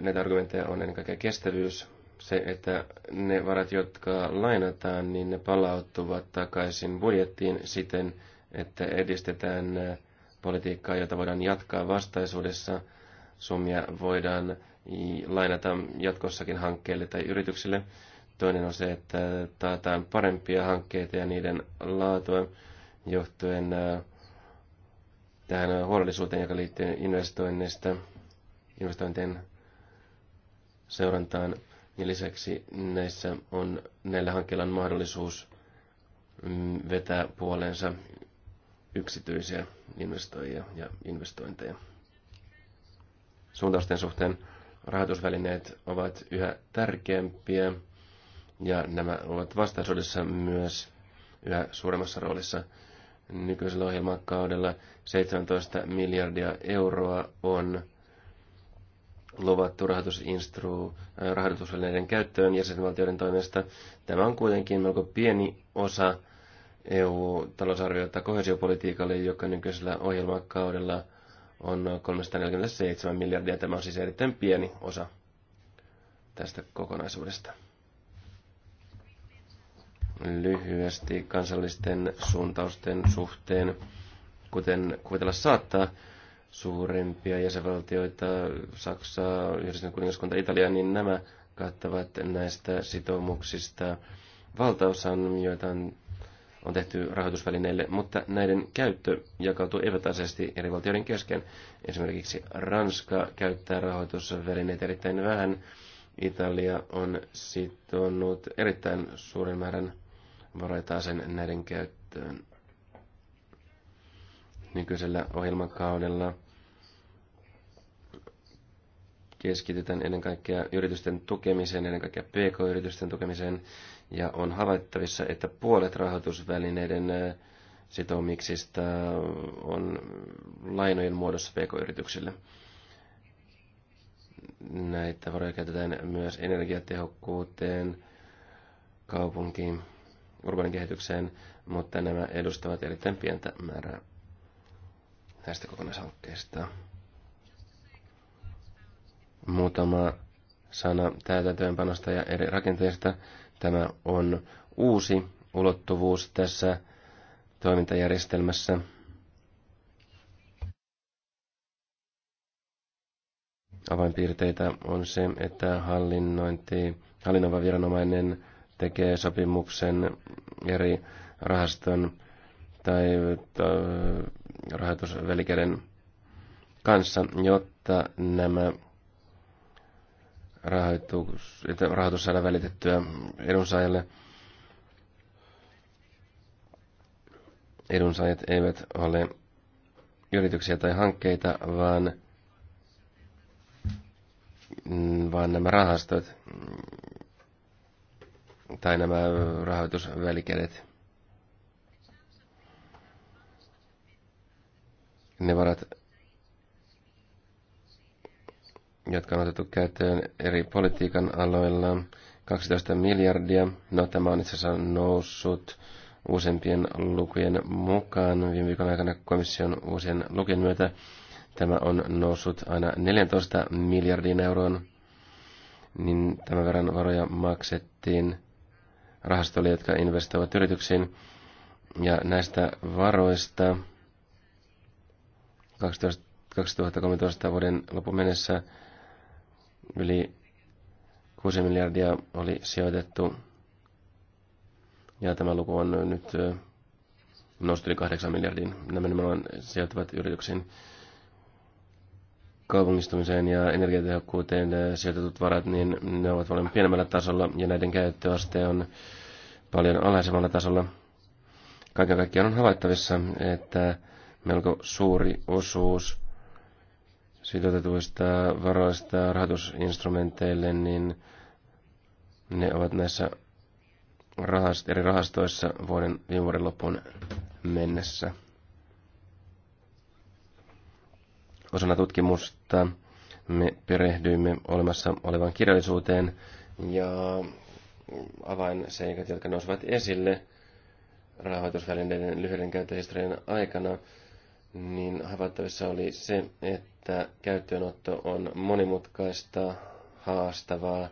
näitä argumentteja on ennen kaikkea kestävyys, se, että ne varat, jotka lainataan, niin ne palautuvat takaisin budjettiin siten, että edistetään politiikkaa, jota voidaan jatkaa vastaisuudessa. Summia voidaan lainata jatkossakin hankkeille tai yrityksille. Toinen on se, että taataan parempia hankkeita ja niiden laatua johtuen tähän huolellisuuteen, joka liittyy investoinneista, investointien seurantaan. Ja lisäksi näissä on, näillä hankkeilla on mahdollisuus mm, vetää puoleensa yksityisiä investoijia ja investointeja. Suuntausten suhteen rahoitusvälineet ovat yhä tärkeämpiä ja nämä ovat vastaisuudessa myös yhä suuremmassa roolissa. Nykyisellä ohjelmakaudella 17 miljardia euroa on luvattu rahoitusinstru, rahoitusvälineiden käyttöön jäsenvaltioiden toimesta. Tämä on kuitenkin melko pieni osa EU-talousarviota kohesiopolitiikalle, joka nykyisellä ohjelmakaudella on 347 miljardia. Tämä on siis erittäin pieni osa tästä kokonaisuudesta lyhyesti kansallisten suuntausten suhteen. Kuten kuvitella saattaa, suurimpia jäsenvaltioita, Saksa, Yhdistynyt kuningaskunta, Italia, niin nämä kattavat näistä sitoumuksista valtaosan, joita on, on tehty rahoitusvälineille, mutta näiden käyttö jakautuu epätasaisesti eri valtioiden kesken. Esimerkiksi Ranska käyttää rahoitusvälineitä erittäin vähän, Italia on sitonut erittäin suuren määrän varoitaan sen näiden käyttöön. Nykyisellä ohjelmakaudella keskitytään ennen kaikkea yritysten tukemiseen, ennen kaikkea pk-yritysten tukemiseen, ja on havaittavissa, että puolet rahoitusvälineiden sitoumiksista on lainojen muodossa pk-yrityksille. Näitä varoja käytetään myös energiatehokkuuteen, kaupunkiin, urbanin kehitykseen, mutta nämä edustavat erittäin pientä määrää näistä kokonaishankkeista. Muutama sana täytäntöönpanosta ja eri rakenteista. Tämä on uusi ulottuvuus tässä toimintajärjestelmässä. Avainpiirteitä on se, että hallinnointi, hallinnoiva viranomainen tekee sopimuksen eri rahaston tai rahoitusvälikäden kanssa, jotta nämä rahoitus, että rahoitus saadaan välitettyä edunsaajalle. Edunsaajat eivät ole yrityksiä tai hankkeita, vaan, vaan nämä rahastot, tai nämä rahoitusvälikädet. Ne varat, jotka on otettu käyttöön eri politiikan aloilla, 12 miljardia. No tämä on itse asiassa noussut uusempien lukujen mukaan. Viime viikon aikana komission uusien lukujen myötä tämä on noussut aina 14 miljardin euroon, niin tämän verran varoja maksettiin rahastoille, jotka investoivat yrityksiin. Ja näistä varoista 2013 vuoden lopun mennessä yli 6 miljardia oli sijoitettu. Ja tämä luku on nyt noussut yli 8 miljardin. Nämä nimenomaan sijoittavat yrityksiin kaupungistumiseen ja energiatehokkuuteen äh, sijoitetut varat, niin ne ovat paljon pienemmällä tasolla ja näiden käyttöaste on paljon alhaisemmalla tasolla. Kaiken kaikkiaan on havaittavissa, että melko suuri osuus sijoitetuista varoista rahoitusinstrumenteille, niin ne ovat näissä rahast- eri rahastoissa vuoden, viime vuoden loppuun mennessä. Osana tutkimusta me perehdyimme olemassa olevan kirjallisuuteen ja avainseikat, jotka nousivat esille rahoitusvälineiden lyhyiden käyttöhistorian aikana, niin havaittavissa oli se, että käyttöönotto on monimutkaista, haastavaa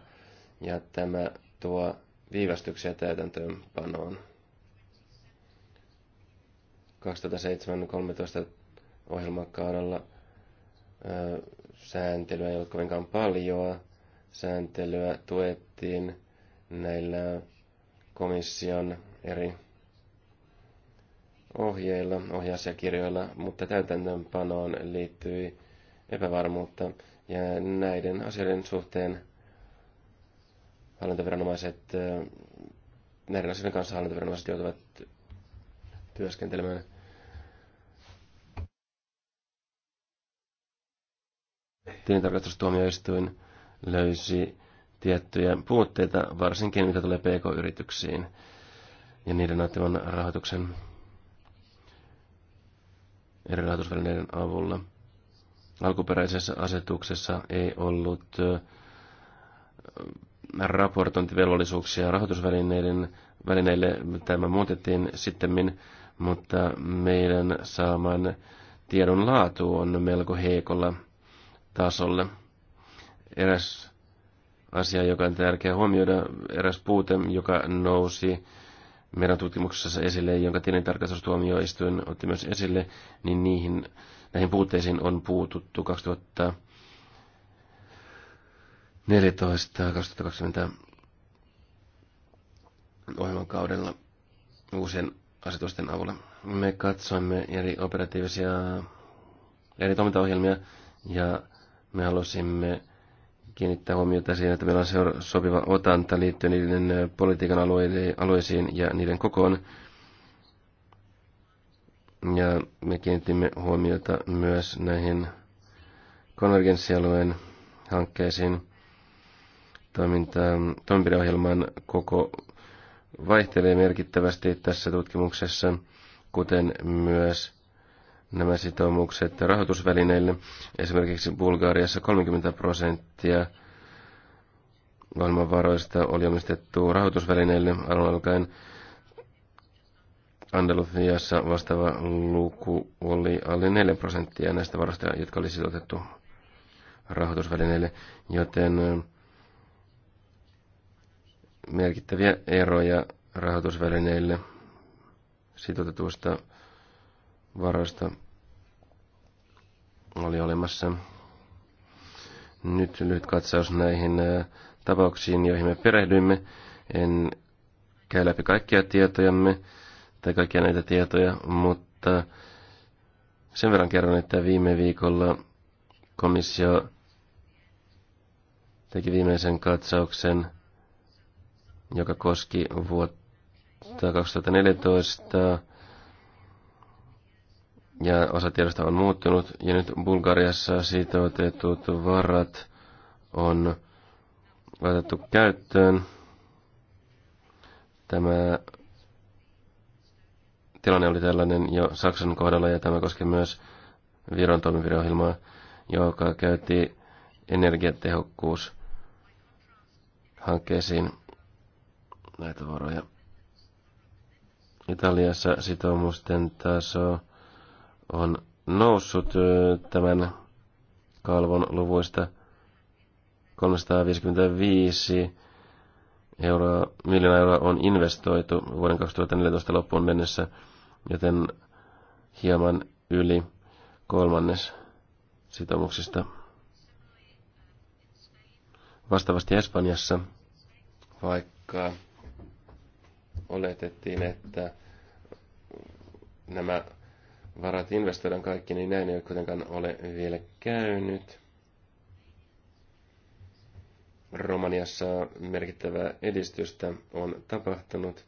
ja tämä tuo viivästyksiä täytäntöönpanoon. 2007-2013 ohjelmakaudella sääntelyä ei ollut kovinkaan paljon. Sääntelyä tuettiin näillä komission eri ohjeilla, ohjausjakirjoilla, mutta täytäntöönpanoon liittyi epävarmuutta. Ja näiden asioiden suhteen hallintoviranomaiset, näiden asioiden kanssa hallintoviranomaiset joutuvat työskentelemään – tilintarkastustuomioistuin löysi tiettyjä puutteita, varsinkin mitä tulee pk-yrityksiin ja niiden antaman rahoituksen eri rahoitusvälineiden avulla. Alkuperäisessä asetuksessa ei ollut äh, raportointivelvollisuuksia rahoitusvälineiden välineille. Tämä muutettiin sitten, mutta meidän saaman tiedon laatu on melko heikolla tasolle. Eräs asia, joka on tärkeä huomioida, eräs puute, joka nousi meidän tutkimuksessa esille, jonka tilintarkastustuomioistuin otti myös esille, niin niihin, näihin puutteisiin on puututtu 2014-2020 ohjelmakaudella uusien asetusten avulla. Me katsoimme eri operatiivisia, eri toimintaohjelmia ja me halusimme kiinnittää huomiota siihen, että meillä on sopiva otanta liittyen niiden politiikan alueisiin ja niiden kokoon. Ja me kiinnitimme huomiota myös näihin konvergenssialueen hankkeisiin toiminta, toimenpideohjelman koko vaihtelee merkittävästi tässä tutkimuksessa, kuten myös nämä sitoumukset rahoitusvälineille. Esimerkiksi Bulgariassa 30 prosenttia ohjelmavaroista oli omistettu rahoitusvälineille alun alkaen. Andalusiassa vastaava luku oli alle 4 prosenttia näistä varoista, jotka oli sitoutettu rahoitusvälineille, joten äh, merkittäviä eroja rahoitusvälineille sitoutetuista varoista oli olemassa. Nyt lyhyt katsaus näihin äh, tapauksiin, joihin me perehdyimme. En käy läpi kaikkia tietojamme tai kaikkia näitä tietoja, mutta sen verran kerron, että viime viikolla komissio teki viimeisen katsauksen, joka koski vuotta 2014 ja osa tiedosta on muuttunut, ja nyt Bulgariassa sitoutetut varat on laitettu käyttöön. Tämä tilanne oli tällainen jo Saksan kohdalla, ja tämä koski myös Viron toimenpideohjelmaa, joka käytti energiatehokkuushankkeisiin näitä varoja. Italiassa sitoumusten taso on noussut tämän kalvon luvuista 355 euroa, miljoonaa euroa on investoitu vuoden 2014 loppuun mennessä, joten hieman yli kolmannes sitoumuksista. Vastaavasti Espanjassa, vaikka oletettiin, että nämä varat investoidaan kaikki, niin näin ei kuitenkaan ole vielä käynyt. Romaniassa merkittävää edistystä on tapahtunut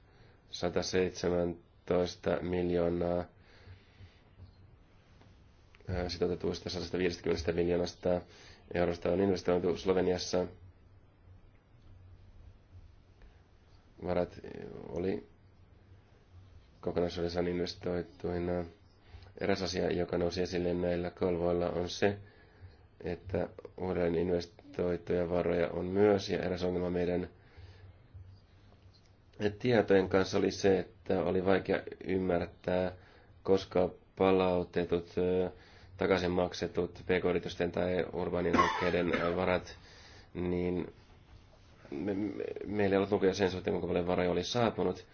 117 miljoonaa sitoutetuista 150 miljoonasta eurosta on investoitu Sloveniassa. Varat oli kokonaisuudessaan investoituina Eräs asia, joka nousi esille näillä kalvoilla, on se, että uuden investoituja varoja on myös, ja eräs ongelma meidän tietojen kanssa oli se, että oli vaikea ymmärtää, koska palautetut, takaisin maksetut pk tai urbanin hankkeiden varat, niin me, me, meillä ei ollut lukuja sen suhteen, kuinka paljon varoja oli saapunut,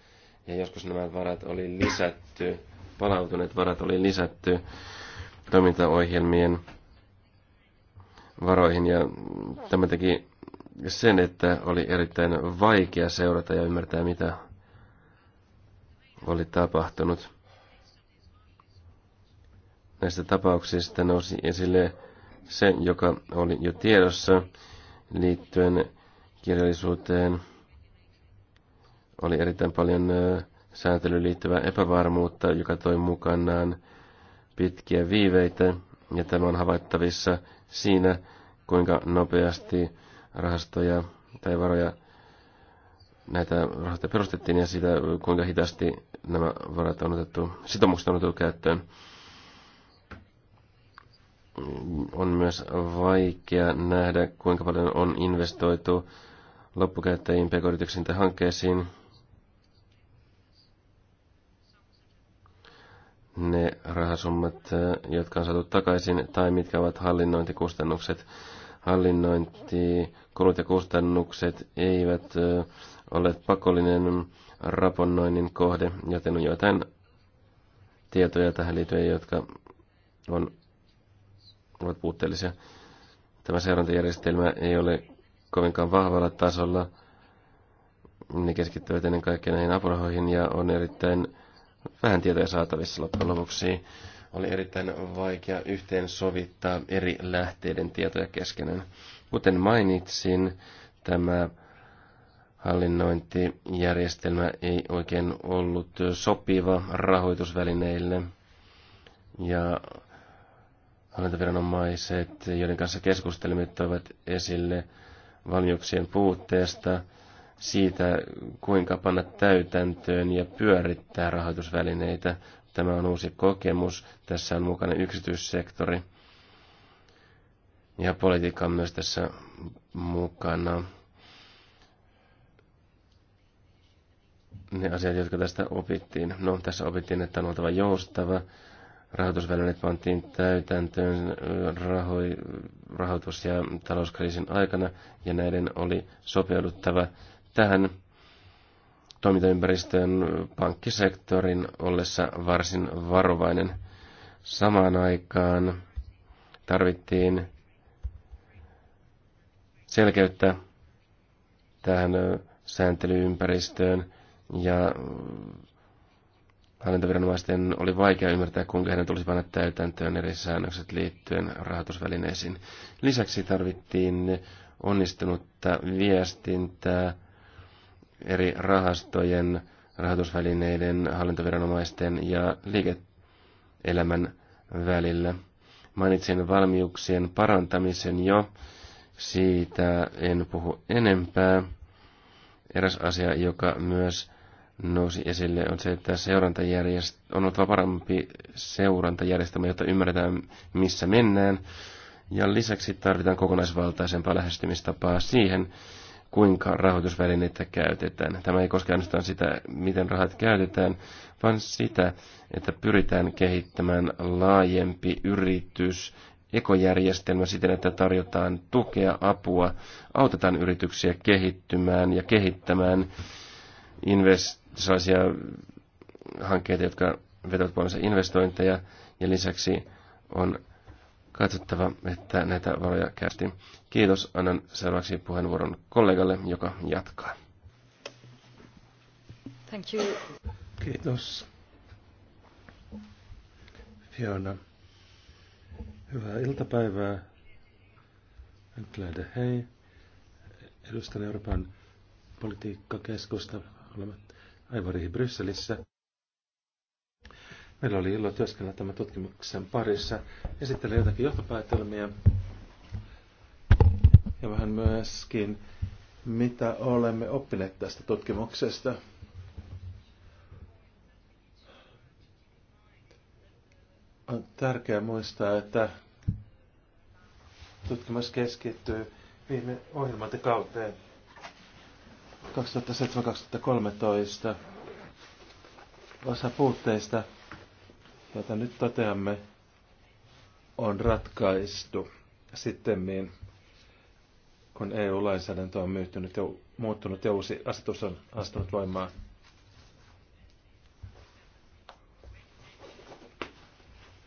ja joskus nämä varat oli lisätty palautuneet varat oli lisätty toimintaohjelmien varoihin ja tämä teki sen, että oli erittäin vaikea seurata ja ymmärtää, mitä oli tapahtunut. Näistä tapauksista nousi esille se, joka oli jo tiedossa liittyen kirjallisuuteen. Oli erittäin paljon säätelyyn liittyvää epävarmuutta, joka toi mukanaan pitkiä viiveitä, ja tämä on havaittavissa siinä, kuinka nopeasti rahastoja tai varoja näitä rahastoja perustettiin ja sitä, kuinka hitaasti nämä varat on otettu, sitoumukset on otettu käyttöön. On myös vaikea nähdä, kuinka paljon on investoitu loppukäyttäjiin, pk tai hankkeisiin, ne rahasummat, jotka on saatu takaisin, tai mitkä ovat hallinnointikustannukset. Hallinnointi, kulut ja kustannukset eivät ole pakollinen raponnoinnin kohde, joten on joitain tietoja tähän liittyen, jotka on, ovat puutteellisia. Tämä seurantajärjestelmä ei ole kovinkaan vahvalla tasolla. Ne keskittyvät ennen kaikkea näihin apurahoihin ja on erittäin vähän tietoja saatavissa loppujen lopuksi. Oli erittäin vaikea yhteensovittaa eri lähteiden tietoja keskenään. Kuten mainitsin, tämä hallinnointijärjestelmä ei oikein ollut sopiva rahoitusvälineille. Ja hallintaviranomaiset, joiden kanssa keskustelimme, toivat esille valmiuksien puutteesta – siitä, kuinka panna täytäntöön ja pyörittää rahoitusvälineitä. Tämä on uusi kokemus. Tässä on mukana yksityissektori. Ja politiikka on myös tässä mukana. Ne asiat, jotka tästä opittiin. No, tässä opittiin, että on oltava joustava. Rahoitusvälineet pantiin täytäntöön raho- rahoitus- ja talouskriisin aikana, ja näiden oli sopeuduttava tähän toimintaympäristön pankkisektorin ollessa varsin varovainen. Samaan aikaan tarvittiin selkeyttä tähän sääntelyympäristöön ja hallintoviranomaisten oli vaikea ymmärtää, kuinka heidän tulisi panna täytäntöön eri säännökset liittyen rahoitusvälineisiin. Lisäksi tarvittiin onnistunutta viestintää eri rahastojen, rahoitusvälineiden, hallintoviranomaisten ja liike-elämän välillä. Mainitsin valmiuksien parantamisen jo, siitä en puhu enempää. Eräs asia, joka myös nousi esille, on se, että seurantajärjest... on oltava parempi seurantajärjestelmä, jotta ymmärretään, missä mennään. Ja lisäksi tarvitaan kokonaisvaltaisempaa lähestymistapaa siihen, kuinka rahoitusvälineitä käytetään. Tämä ei koske ainoastaan sitä, miten rahat käytetään, vaan sitä, että pyritään kehittämään laajempi yritys, ekojärjestelmä siten, että tarjotaan tukea, apua, autetaan yrityksiä kehittymään ja kehittämään invest- sellaisia hankkeita, jotka vetävät puolensa investointeja, ja lisäksi on katsottava, että näitä varoja käytetään. Kiitos. Annan seuraavaksi puheenvuoron kollegalle, joka jatkaa. Thank you. Kiitos. Fiona. Hyvää iltapäivää. Enklede, hei. Edustan Euroopan politiikkakeskusta. Olemme aivan Brysselissä. Meillä oli ilo työskennellä tämän tutkimuksen parissa. Esittelen jotakin johtopäätelmiä ja vähän myöskin, mitä olemme oppineet tästä tutkimuksesta. On tärkeää muistaa, että tutkimus keskittyy viime kauteen 2007-2013. Osa puutteista, joita nyt toteamme, on ratkaistu sitten kun EU-lainsäädäntö on myyttynyt ja muuttunut ja uusi asetus on astunut voimaan.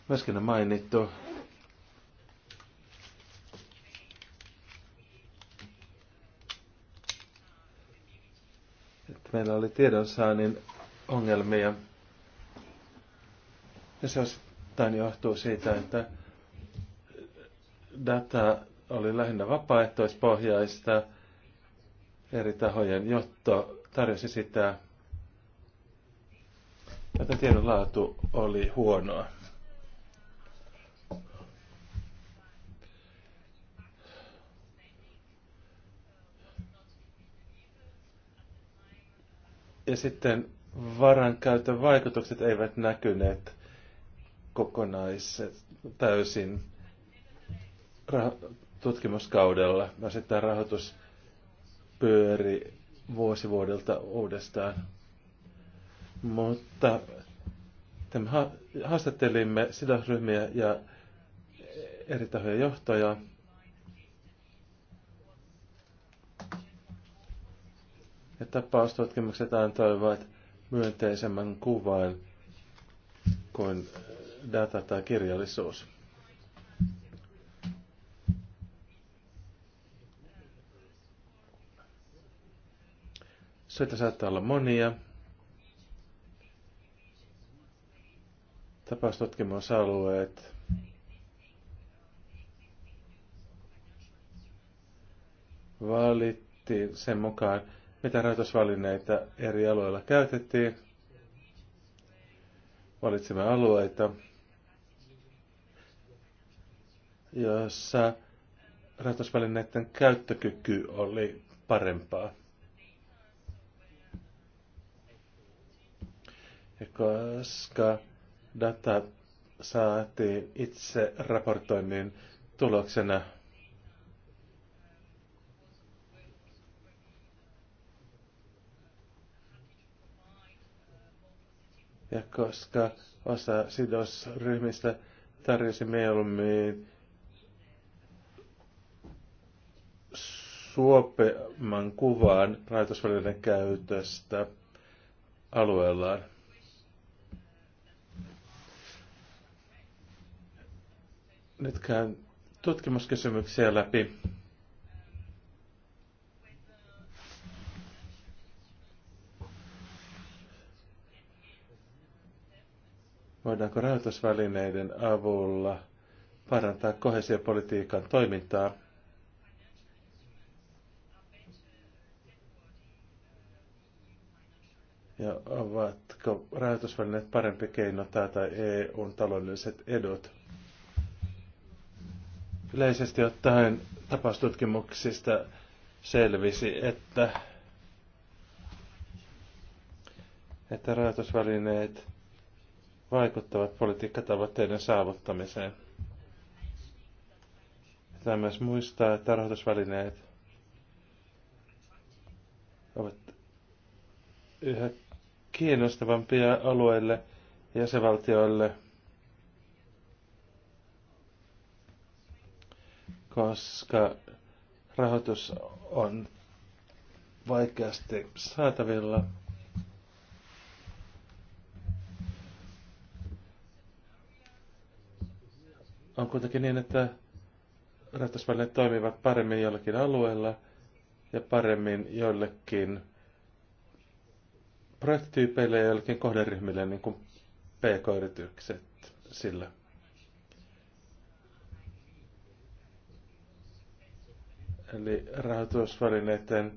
Myöskin on mainittu että meillä oli tiedonsaannin ongelmia. Ja se osittain johtuu siitä, että data oli lähinnä vapaaehtoispohjaista eri tahojen, jotta tarjosi sitä, että tiedon laatu oli huonoa. Ja sitten varankäytön vaikutukset eivät näkyneet kokonaiset täysin tutkimuskaudella. Mä sitten rahoitus pyöri vuosi vuodelta uudestaan. Mutta me haastattelimme sidosryhmiä ja eri tahojen johtajaa. Ja tapaustutkimukset antoivat myönteisemmän kuvan kuin data tai kirjallisuus. Syitä saattaa olla monia. Tapaustutkimusalueet. Valittiin sen mukaan, mitä rajoitusvälineitä eri alueilla käytettiin. Valitsimme alueita, jossa rahoitusvälineiden käyttökyky oli parempaa. koska data saatiin itse raportoinnin tuloksena, Ja koska osa sidosryhmistä tarjosi mieluummin suopeamman kuvan rajoitusvälineiden käytöstä alueellaan. Nyt käyn tutkimuskysymyksiä läpi. Voidaanko rahoitusvälineiden avulla parantaa kohesiopolitiikan toimintaa? Ja ovatko rahoitusvälineet parempi keino tai EUn taloudelliset edut? Yleisesti ottaen tapaustutkimuksista selvisi, että, että rajoitusvälineet vaikuttavat politiikkatavoitteiden saavuttamiseen. Pitää myös muistaa, että rahoitusvälineet ovat yhä kiinnostavampia alueille ja jäsenvaltioille – koska rahoitus on vaikeasti saatavilla. On kuitenkin niin, että rahoitusvälineet toimivat paremmin jollakin alueella ja paremmin joillekin projektityypeille ja joillekin kohderyhmille, niin kuin pk-yritykset sillä. Eli rahoitusvälineiden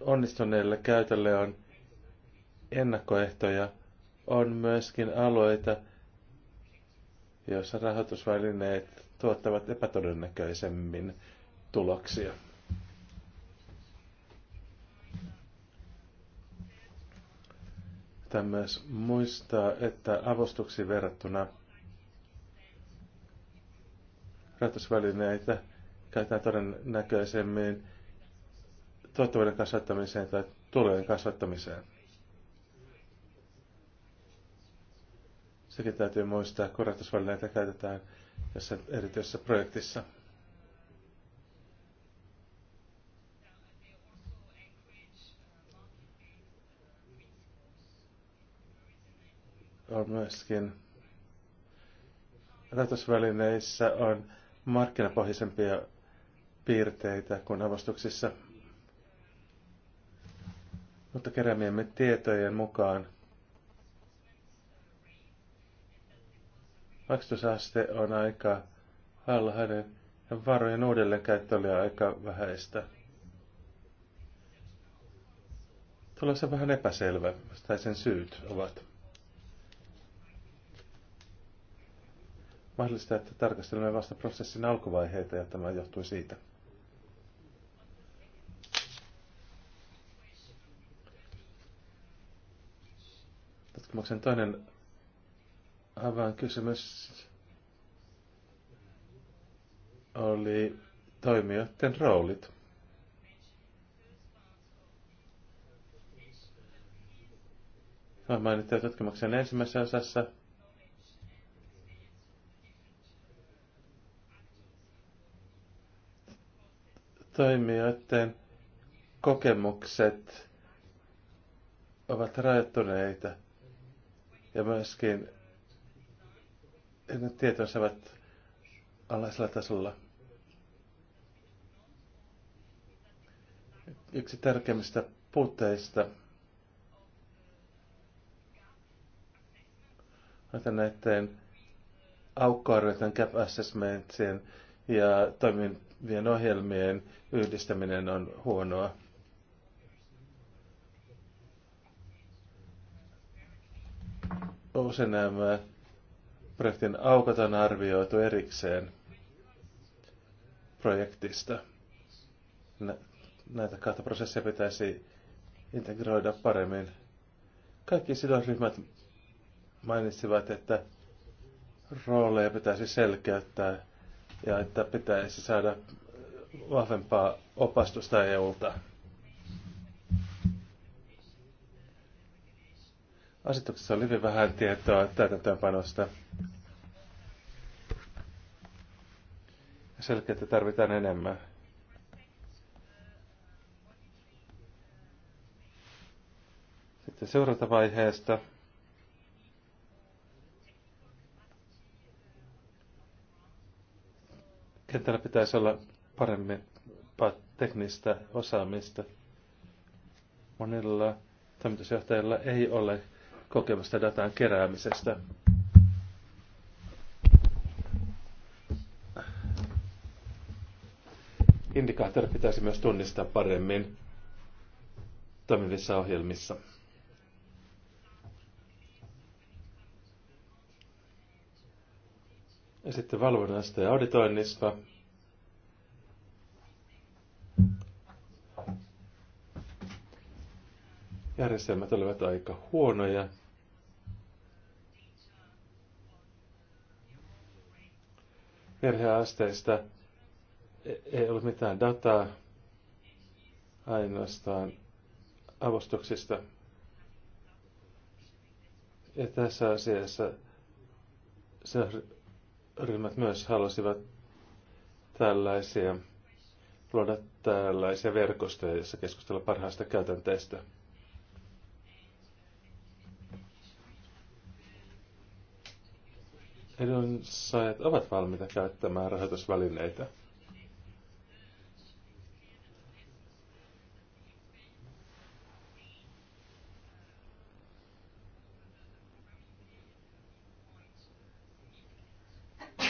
onnistuneelle käytölle on ennakkoehtoja. On myöskin alueita, joissa rahoitusvälineet tuottavat epätodennäköisemmin tuloksia. Pitää myös muistaa, että avustuksiin verrattuna rahoitusvälineitä – käytetään todennäköisemmin tuottavuuden kasvattamiseen tai tulojen kasvattamiseen. Sekin täytyy muistaa, korotusvälineitä käytetään tässä erityisessä projektissa. On myöskin rahoitusvälineissä on markkinapohjaisempia piirteitä kuin avastuksissa. Mutta keräämiemme tietojen mukaan maksatusaste on aika alhainen ja varojen uudelleenkäyttö oli aika vähäistä. Tulossa vähän epäselvä, tai sen syyt ovat. Mahdollista, että tarkastelemme vasta prosessin alkuvaiheita ja tämä johtui siitä. tutkimuksen toinen kysymys oli toimijoiden roolit. Mä mainittiin tutkimuksen ensimmäisessä osassa. Toimijoiden kokemukset ovat rajoittuneita – ja myöskin nyt tietonsa ovat alaisella tasolla. Yksi tärkeimmistä puutteista on näiden aukkoarvioiden gap assessmentsien ja toimivien ohjelmien yhdistäminen on huonoa. Usein nämä projektin aukot on arvioitu erikseen projektista. Näitä kahta prosessia pitäisi integroida paremmin. Kaikki sidosryhmät mainitsivat, että rooleja pitäisi selkeyttää ja että pitäisi saada vahvempaa opastusta EUlta. Asetuksessa oli hyvin vähän tietoa täytäntöönpanosta. että tarvitaan enemmän. Sitten vaiheesta. Kentällä pitäisi olla paremmin teknistä osaamista. Monilla toimitusjohtajilla ei ole kokemusta datan keräämisestä. Indikaattorit pitäisi myös tunnistaa paremmin toimivissa ohjelmissa. Ja sitten valvonnasta ja auditoinnista. Järjestelmät olivat aika huonoja perheasteista e-, ei ollut mitään dataa, ainoastaan avustuksista. Ja tässä asiassa ryhmät myös halusivat tällaisia, luoda tällaisia verkostoja, joissa keskustella parhaista käytänteistä. edunsaajat ovat valmiita käyttämään rahoitusvälineitä.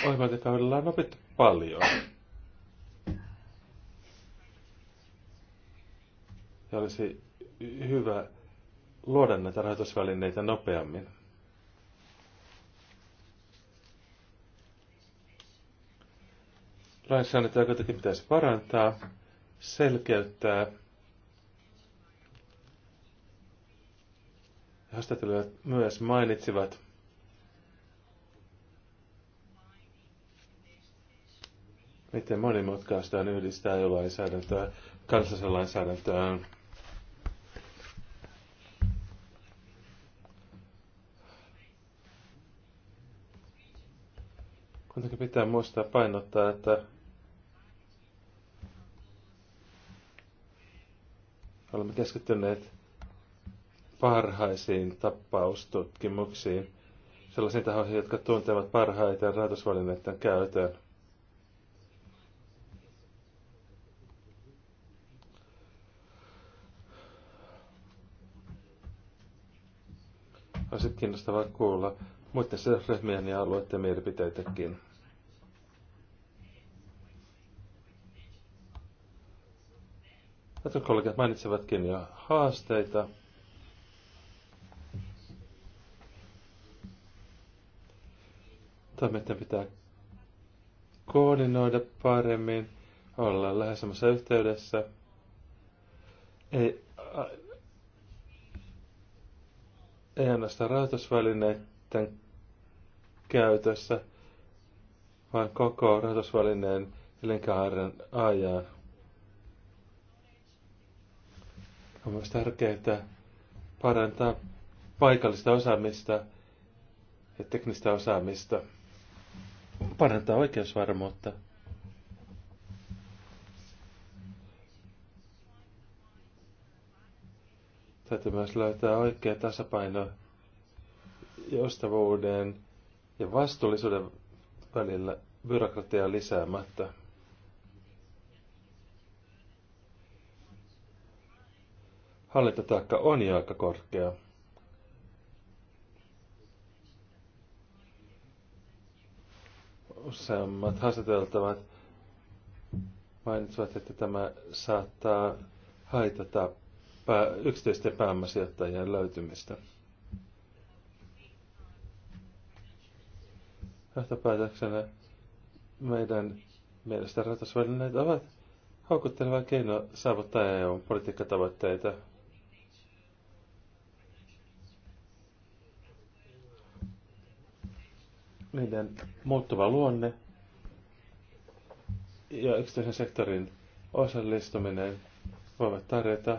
Ohjelmointikaudella on opittu paljon. Ja olisi hyvä luoda näitä rahoitusvälineitä nopeammin. lainsäädäntöä kuitenkin pitäisi parantaa, selkeyttää. Haastattelijat myös mainitsivat, miten monimutkaista on yhdistää jo lainsäädäntöä kansallisen lainsäädäntöön. Kuitenkin pitää muistaa painottaa, että Olemme keskittyneet parhaisiin tappaustutkimuksiin, sellaisiin tahoihin, jotka tuntevat parhaiten rahoitusvälineiden käytön. Olisi kiinnostavaa kuulla muiden ryhmien ja alueiden mielipiteitäkin. Jotkut kollegat mainitsevatkin jo haasteita. Toimittajan pitää koordinoida paremmin, olla läheisemmässä yhteydessä. Ei, ei ainoastaan rahoitusvälineiden käytössä, vaan koko rahoitusvälineen elinkaaren ajan. On myös tärkeää parantaa paikallista osaamista ja teknistä osaamista. Parantaa oikeusvarmuutta. Täytyy myös löytää oikea tasapaino joustavuuden ja vastuullisuuden välillä byrokratiaa lisäämättä. hallintotaakka on jo aika korkea. Useammat haastateltavat mainitsivat, että tämä saattaa haitata pää, yksityisten pääomasijoittajien löytymistä. Johtopäätöksenä meidän mielestä ratasvälineet ovat houkutteleva keino saavuttaa eu politiikkatavoitteita – niiden muuttuva luonne ja yksityisen sektorin osallistuminen voivat tarjota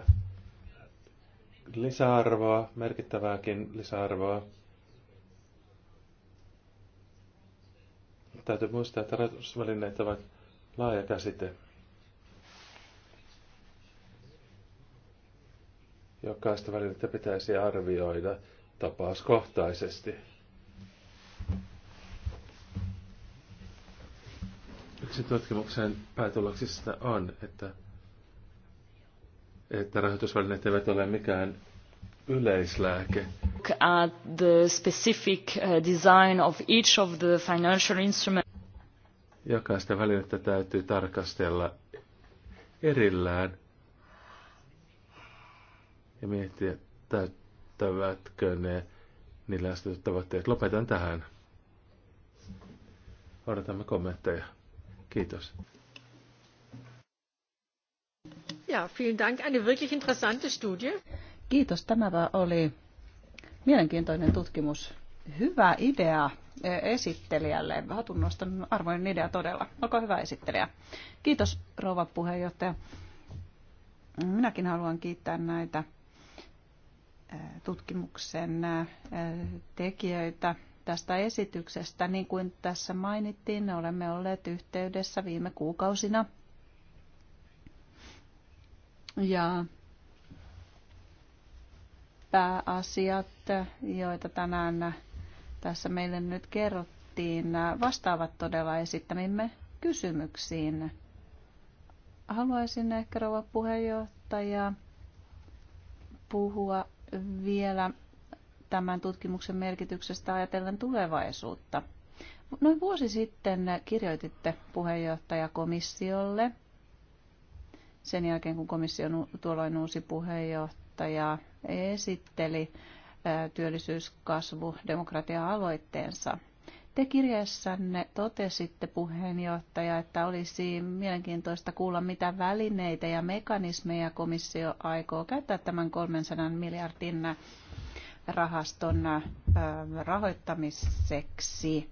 lisäarvoa, merkittävääkin lisäarvoa. Täytyy muistaa, että rahoitusvälineet ovat laaja käsite, jokaista välinettä pitäisi arvioida tapauskohtaisesti. Yksi tutkimuksen päätuloksista on, että, että rahoitusvälineet eivät ole mikään yleislääke. At the specific uh, design of each of the financial instruments. Jokaista välinettä täytyy tarkastella erillään ja miettiä, täyttävätkö ne niillä asetut tavoitteet. Lopetan tähän. Odotamme kommentteja. Kiitos. Ja, vielen Dank. Eine wirklich interessante Studie. Kiitos. Tämä oli mielenkiintoinen tutkimus. Hyvä idea e, esittelijälle. Hatunnoston arvoinen idea todella. Olkaa hyvä esittelijä. Kiitos rouva puheenjohtaja. Minäkin haluan kiittää näitä e, tutkimuksen e, tekijöitä tästä esityksestä. Niin kuin tässä mainittiin, olemme olleet yhteydessä viime kuukausina. Ja pääasiat, joita tänään tässä meille nyt kerrottiin, vastaavat todella esittämimme kysymyksiin. Haluaisin ehkä rouva puheenjohtaja puhua vielä tämän tutkimuksen merkityksestä ajatellen tulevaisuutta. Noin vuosi sitten kirjoititte puheenjohtajakomissiolle, sen jälkeen kun komission tuolloin uusi puheenjohtaja esitteli työllisyyskasvu demokratia-aloitteensa. Te kirjeessänne totesitte puheenjohtaja, että olisi mielenkiintoista kuulla, mitä välineitä ja mekanismeja komissio aikoo käyttää tämän 300 miljardin rahaston äh, rahoittamiseksi.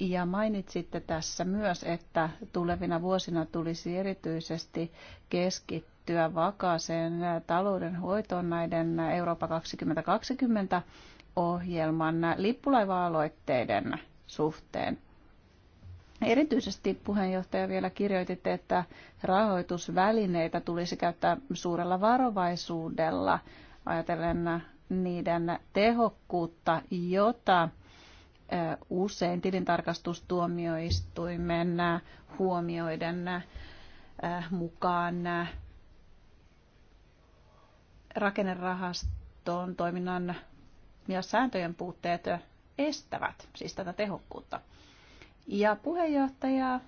Ja mainitsitte tässä myös, että tulevina vuosina tulisi erityisesti keskittyä vakaaseen äh, taloudenhoitoon näiden äh, Eurooppa 2020 ohjelman lippulaiva-aloitteiden suhteen. Erityisesti puheenjohtaja vielä kirjoititte, että rahoitusvälineitä tulisi käyttää suurella varovaisuudella ajatellen niiden tehokkuutta, jota usein tilintarkastustuomioistuimen huomioiden mukaan rakennerahaston toiminnan ja sääntöjen puutteet estävät siis tätä tehokkuutta. Ja puheenjohtaja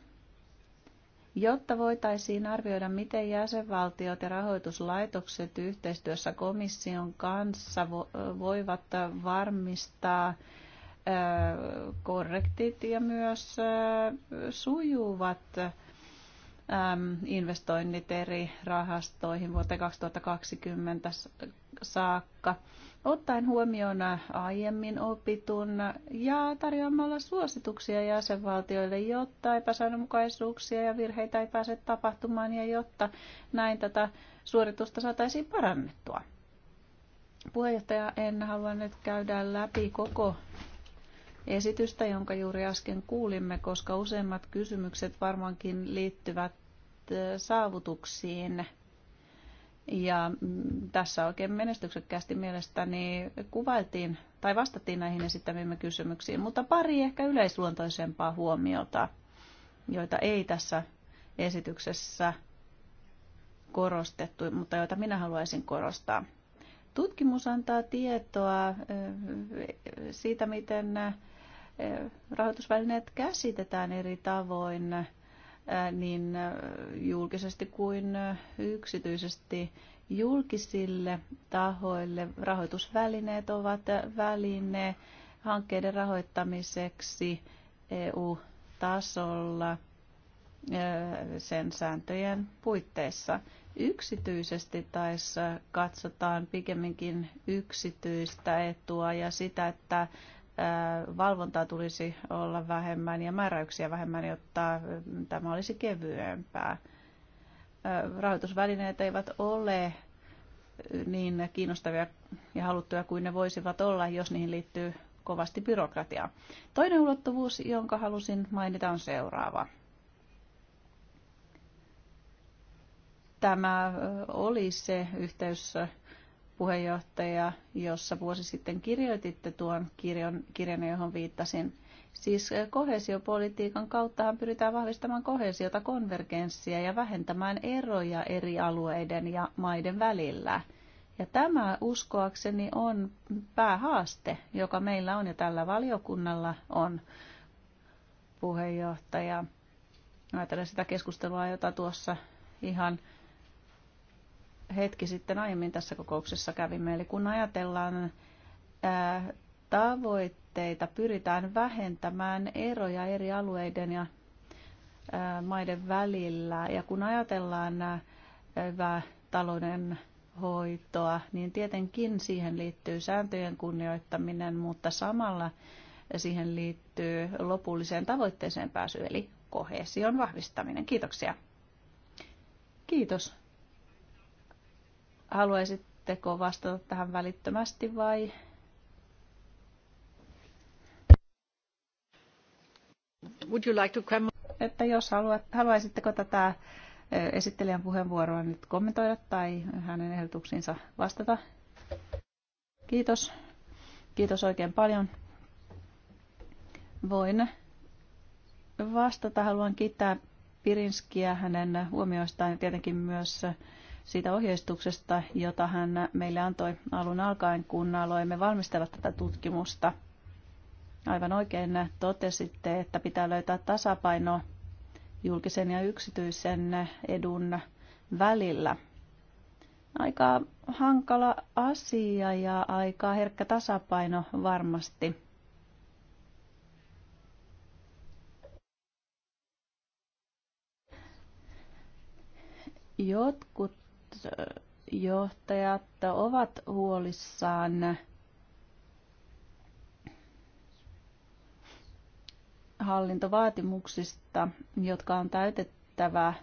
jotta voitaisiin arvioida, miten jäsenvaltiot ja rahoituslaitokset yhteistyössä komission kanssa voivat varmistaa korrektit ja myös sujuvat Ähm, investoinnit eri rahastoihin vuoteen 2020 saakka, ottaen huomioon äh, aiemmin opitun ja tarjoamalla suosituksia jäsenvaltioille, jotta epäsäännönmukaisuuksia ja virheitä ei pääse tapahtumaan ja jotta näin tätä suoritusta saataisiin parannettua. Puheenjohtaja, en halua nyt käydä läpi koko esitystä, jonka juuri äsken kuulimme, koska useimmat kysymykset varmaankin liittyvät saavutuksiin. Ja mm, tässä oikein menestyksekkäästi mielestäni kuvailtiin tai vastattiin näihin esittämiimme kysymyksiin, mutta pari ehkä yleisluontoisempaa huomiota, joita ei tässä esityksessä korostettu, mutta joita minä haluaisin korostaa. Tutkimus antaa tietoa siitä, miten rahoitusvälineet käsitetään eri tavoin niin julkisesti kuin yksityisesti julkisille tahoille rahoitusvälineet ovat väline hankkeiden rahoittamiseksi EU-tasolla sen sääntöjen puitteissa. Yksityisesti taisi katsotaan pikemminkin yksityistä etua ja sitä, että valvontaa tulisi olla vähemmän ja määräyksiä vähemmän, jotta tämä olisi kevyempää. Rahoitusvälineet eivät ole niin kiinnostavia ja haluttuja kuin ne voisivat olla, jos niihin liittyy kovasti byrokratiaa. Toinen ulottuvuus, jonka halusin mainita, on seuraava. Tämä oli se yhteys puheenjohtaja, jossa vuosi sitten kirjoititte tuon kirjan, kirjan johon viittasin. Siis eh, kohesiopolitiikan kauttahan pyritään vahvistamaan kohesiota, konvergenssia ja vähentämään eroja eri alueiden ja maiden välillä. Ja tämä uskoakseni on päähaaste, joka meillä on ja tällä valiokunnalla on puheenjohtaja. Ajatellen sitä keskustelua, jota tuossa ihan hetki sitten aiemmin tässä kokouksessa kävimme. Eli kun ajatellaan ää, tavoitteita, pyritään vähentämään eroja eri alueiden ja ää, maiden välillä. Ja kun ajatellaan ää, hyvää talouden hoitoa, niin tietenkin siihen liittyy sääntöjen kunnioittaminen, mutta samalla siihen liittyy lopulliseen tavoitteeseen pääsy, eli kohesion vahvistaminen. Kiitoksia. Kiitos Haluaisitteko vastata tähän välittömästi vai? Would you like to come? Että jos haluat, haluaisitteko tätä esittelijän puheenvuoroa nyt kommentoida tai hänen ehdotuksiinsa vastata? Kiitos. Kiitos oikein paljon. Voin vastata. Haluan kiittää Pirinskiä hänen huomioistaan ja tietenkin myös siitä ohjeistuksesta, jota hän meille antoi alun alkaen, kun aloimme valmistella tätä tutkimusta. Aivan oikein totesitte, että pitää löytää tasapaino julkisen ja yksityisen edun välillä. Aika hankala asia ja aika herkkä tasapaino varmasti. Jotkut johtajat ovat huolissaan hallintovaatimuksista, jotka on täytettävä.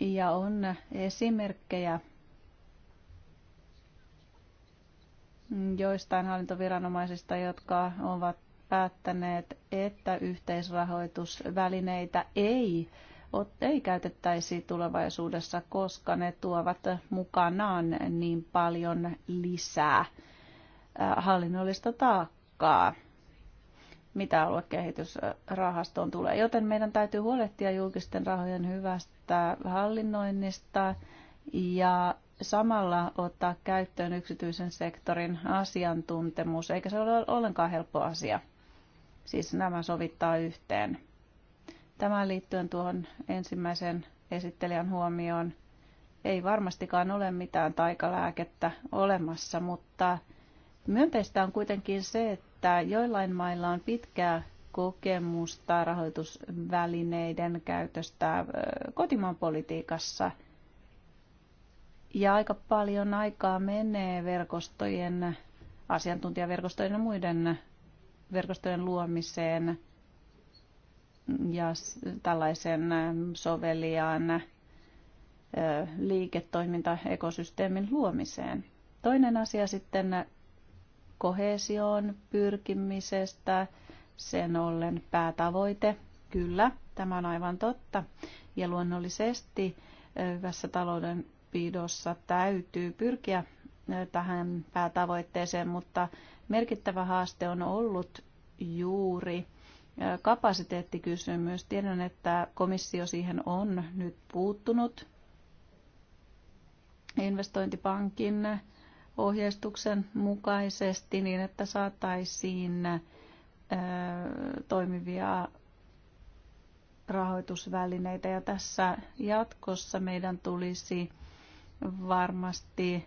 Ja on esimerkkejä joistain hallintoviranomaisista, jotka ovat päättäneet, että yhteisrahoitusvälineitä ei ei käytettäisi tulevaisuudessa, koska ne tuovat mukanaan niin paljon lisää äh, hallinnollista taakkaa mitä aluekehitysrahastoon tulee. Joten meidän täytyy huolehtia julkisten rahojen hyvästä hallinnoinnista ja samalla ottaa käyttöön yksityisen sektorin asiantuntemus, eikä se ole ollenkaan helppo asia. Siis nämä sovittaa yhteen. Tämän liittyen tuohon ensimmäisen esittelijän huomioon ei varmastikaan ole mitään taikalääkettä olemassa, mutta myönteistä on kuitenkin se, että joillain mailla on pitkää kokemusta rahoitusvälineiden käytöstä kotimaan politiikassa. Ja aika paljon aikaa menee verkostojen, asiantuntijaverkostojen ja muiden verkostojen luomiseen – ja tällaisen sovelliaan liiketoimintaekosysteemin luomiseen. Toinen asia sitten kohesioon pyrkimisestä, sen ollen päätavoite. Kyllä, tämä on aivan totta. Ja luonnollisesti hyvässä taloudenpidossa täytyy pyrkiä tähän päätavoitteeseen, mutta merkittävä haaste on ollut juuri kapasiteettikysymys. Tiedän, että komissio siihen on nyt puuttunut investointipankin ohjeistuksen mukaisesti niin, että saataisiin toimivia rahoitusvälineitä. Ja tässä jatkossa meidän tulisi varmasti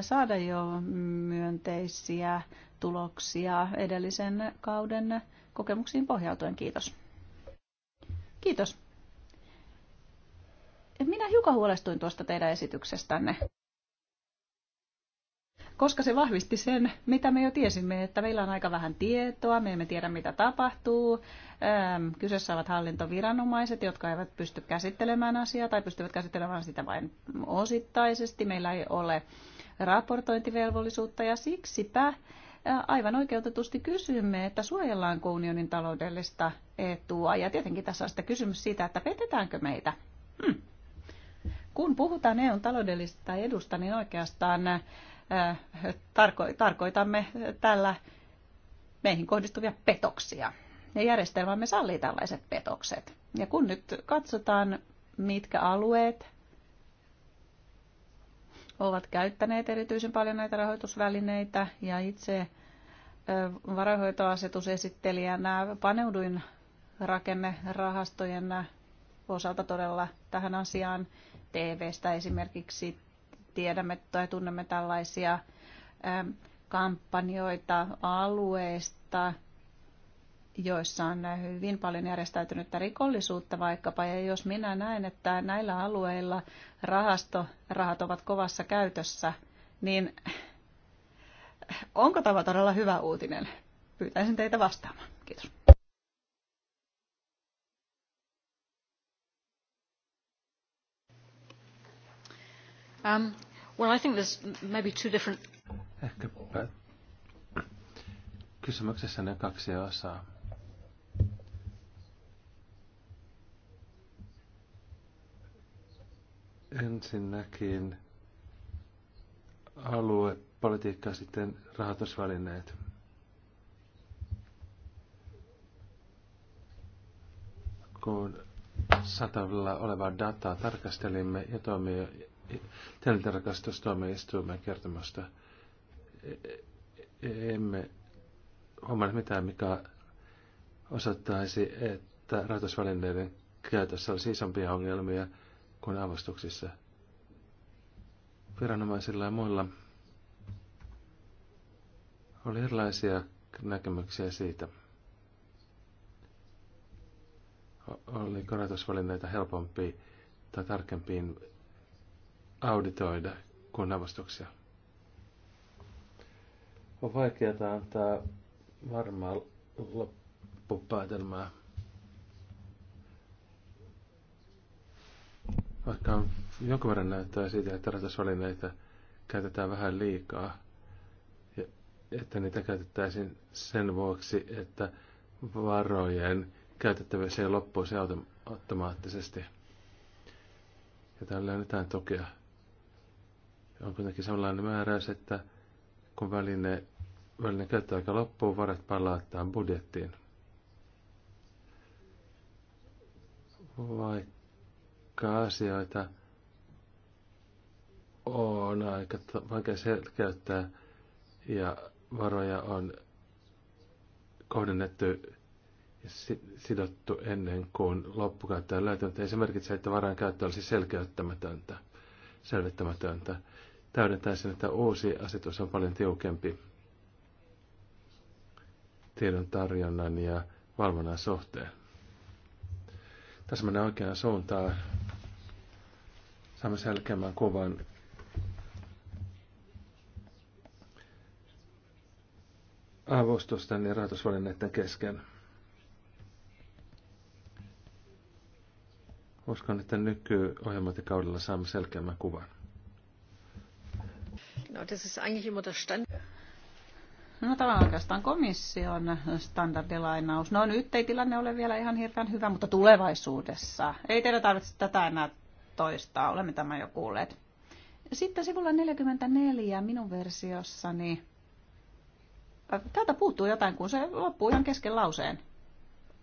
saada jo myönteisiä tuloksia edellisen kauden kokemuksiin pohjautuen. Kiitos. Kiitos. Minä hiukan huolestuin tuosta teidän esityksestänne, koska se vahvisti sen, mitä me jo tiesimme, että meillä on aika vähän tietoa, me emme tiedä mitä tapahtuu. Kyseessä ovat hallintoviranomaiset, jotka eivät pysty käsittelemään asiaa tai pystyvät käsittelemään sitä vain osittaisesti. Meillä ei ole raportointivelvollisuutta ja siksipä aivan oikeutetusti kysymme, että suojellaanko unionin taloudellista etua. Ja tietenkin tässä on sitä kysymys siitä, että petetäänkö meitä. Hmm. Kun puhutaan EUn taloudellisesta edusta, niin oikeastaan äh, tarko- tarkoitamme tällä meihin kohdistuvia petoksia. Ja järjestelmämme sallii tällaiset petokset. Ja kun nyt katsotaan, mitkä alueet ovat käyttäneet erityisen paljon näitä rahoitusvälineitä ja itse varainhoitoasetusesittelijänä paneuduin rakennerahastojen osalta todella tähän asiaan. TV-stä esimerkiksi tiedämme tai tunnemme tällaisia kampanjoita alueista, joissa on hyvin paljon järjestäytynyttä rikollisuutta vaikkapa, ja jos minä näen, että näillä alueilla rahastorahat ovat kovassa käytössä, niin onko tämä todella hyvä uutinen? Pyytäisin teitä vastaamaan. Kiitos. Um, well, I think there's maybe two different... Ehkäpä kysymyksessä on kaksi osaa Ensinnäkin aluepolitiikka ja sitten rahoitusvälineet. Kun satavilla olevaa dataa tarkastelimme ja toimii tilintarkastustuomioistuimen kertomusta, e- e- emme huomannut mitään, mikä osoittaisi, että rahoitusvälineiden käytössä olisi isompia ongelmia – kuin avustuksissa. Viranomaisilla ja muilla oli erilaisia näkemyksiä siitä, oli rajoitusvälineitä helpompi tai tarkempiin auditoida kuin avustuksia. On vaikeaa antaa varmaa loppupäätelmää. Vaikka on jonkun verran näyttää siitä, että rahoitusvälineitä käytetään vähän liikaa, ja että niitä käytettäisiin sen vuoksi, että varojen käytettävyys ei loppuisi automaattisesti. Ja tällä jotain tukea. On kuitenkin sellainen määräys, että kun väline, väline käyttöaika loppuu, varat palauttaa budjettiin. Vaikka asioita on aika vaikea selkeyttää ja varoja on kohdennettu sidottu ennen kuin loppukäyttäjä on löytynyt. Ei se merkitse, että varan käyttö olisi selkeyttämätöntä, selvittämätöntä. Täydentää sen, että uusi asetus on paljon tiukempi tiedon tarjonnan ja valvonnan suhteen. Tässä menee oikeaan suuntaan saamme selkeämmän kuvan avustusten ja rahoitusvälineiden kesken. Uskon, että nykyohjelmointikaudella saamme selkeämmän kuvan. No, das ist eigentlich immer Stand. No tavallaan oikeastaan komission standardilainaus. No nyt ei tilanne ole vielä ihan hirveän hyvä, mutta tulevaisuudessa. Ei teidän tarvitse tätä enää toistaa. Olemme tämän jo kuulleet. Sitten sivulla 44 minun versiossani. Äh, täältä puuttuu jotain, kun se loppuu ihan kesken lauseen.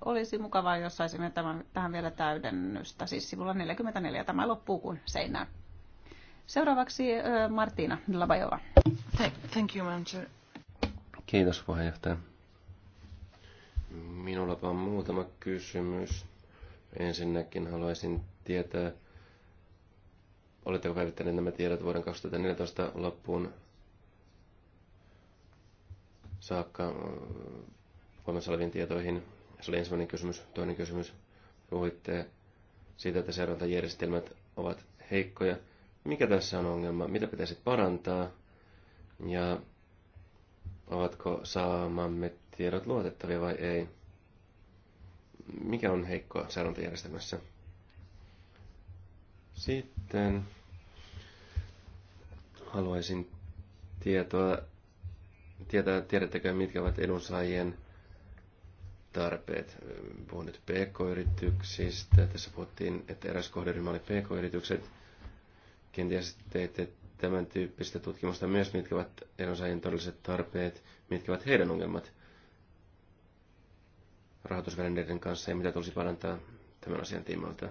Olisi mukavaa, jos saisimme tämän, tähän vielä täydennystä. Siis sivulla 44 tämä loppuu kuin seinään. Seuraavaksi äh, Martina Labajova. Thank you, manager. Kiitos puheenjohtaja. Minulla on muutama kysymys. Ensinnäkin haluaisin tietää, Oletteko päivittäneet nämä tiedot vuoden 2014 loppuun saakka äh, voimassa oleviin tietoihin? Se oli ensimmäinen kysymys. Toinen kysymys. Puhuitte siitä, että seurantajärjestelmät ovat heikkoja. Mikä tässä on ongelma? Mitä pitäisi parantaa? Ja ovatko saamamme tiedot luotettavia vai ei? Mikä on heikkoa seurantajärjestelmässä? Sitten haluaisin tietoa, tietää, tiedättekö mitkä ovat edunsaajien tarpeet. Puhun nyt pk-yrityksistä. Tässä puhuttiin, että eräs kohderyhmä oli pk-yritykset. Kenties teitte tämän tyyppistä tutkimusta myös, mitkä ovat edunsaajien todelliset tarpeet, mitkä ovat heidän ongelmat rahoitusvälineiden kanssa ja mitä tulisi parantaa tämän asian tiimoilta.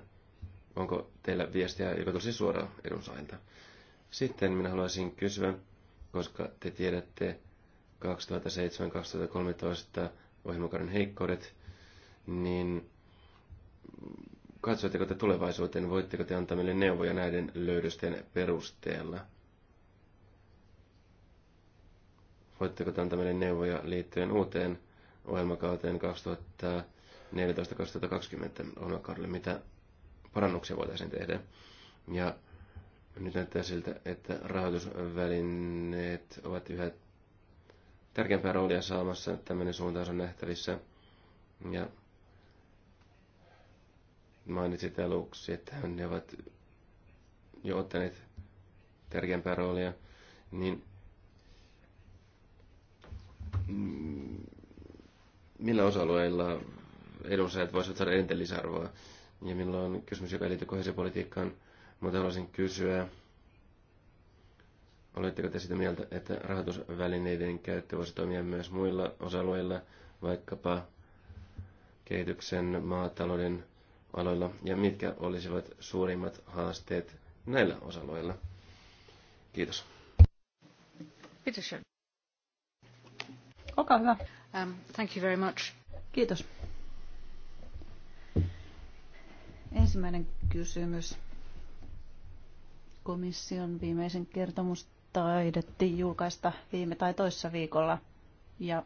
Onko teillä viestiä, joka tosi suoraan edunsaajilta? Sitten minä haluaisin kysyä, koska te tiedätte 2007-2013 ohjelmakauden heikkoudet, niin katsoitteko te tulevaisuuteen, voitteko te antaa meille neuvoja näiden löydösten perusteella? Voitteko te antaa meille neuvoja liittyen uuteen ohjelmakauteen 2014-2020 ohjelmakaudelle, mitä parannuksia voitaisiin tehdä. Ja nyt näyttää siltä, että rahoitusvälineet ovat yhä tärkeämpää roolia saamassa. Tämmöinen suuntaus on nähtävissä. Ja mainitsit aluksi, että ne ovat jo ottaneet tärkeämpää roolia, niin mm, millä osa-alueilla edunsaajat voisivat saada eniten lisäarvoa? ja minulla on kysymys, joka liittyy kohesiopolitiikkaan, mutta haluaisin kysyä, oletteko te sitä mieltä, että rahoitusvälineiden käyttö voisi toimia myös muilla osa-alueilla, vaikkapa kehityksen, maatalouden aloilla, ja mitkä olisivat suurimmat haasteet näillä osa-alueilla? Kiitos. Kiitos. Olkaa hyvä. Um, thank you very much. Kiitos. Ensimmäinen kysymys. Komission viimeisen kertomus taidettiin julkaista viime tai toissa viikolla. Ja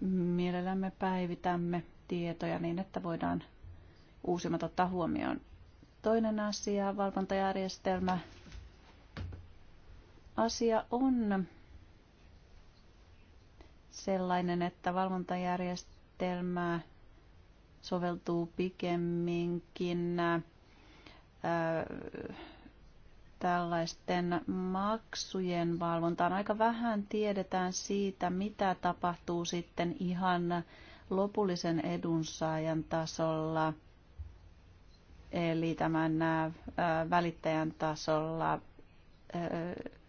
mielellämme päivitämme tietoja niin, että voidaan uusimmat ottaa huomioon. Toinen asia, valvontajärjestelmä. Asia on sellainen, että valvontajärjestelmää soveltuu pikemminkin tällaisten maksujen valvontaan. Aika vähän tiedetään siitä, mitä tapahtuu sitten ihan lopullisen edunsaajan tasolla, eli tämän välittäjän tasolla.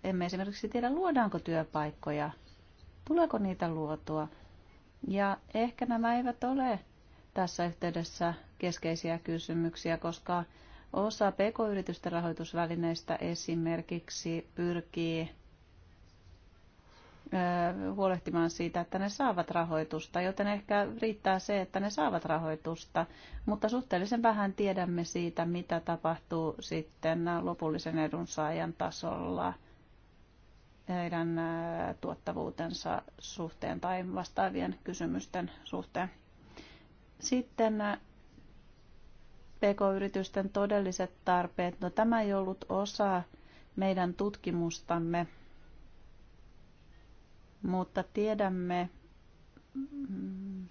Emme esimerkiksi tiedä, luodaanko työpaikkoja Tuleeko niitä luotua? Ja ehkä nämä eivät ole tässä yhteydessä keskeisiä kysymyksiä, koska osa pk-yritysten rahoitusvälineistä esimerkiksi pyrkii huolehtimaan siitä, että ne saavat rahoitusta, joten ehkä riittää se, että ne saavat rahoitusta, mutta suhteellisen vähän tiedämme siitä, mitä tapahtuu sitten lopullisen edunsaajan tasolla – heidän tuottavuutensa suhteen tai vastaavien kysymysten suhteen. Sitten PK-yritysten todelliset tarpeet. No, tämä ei ollut osa meidän tutkimustamme, mutta tiedämme mm,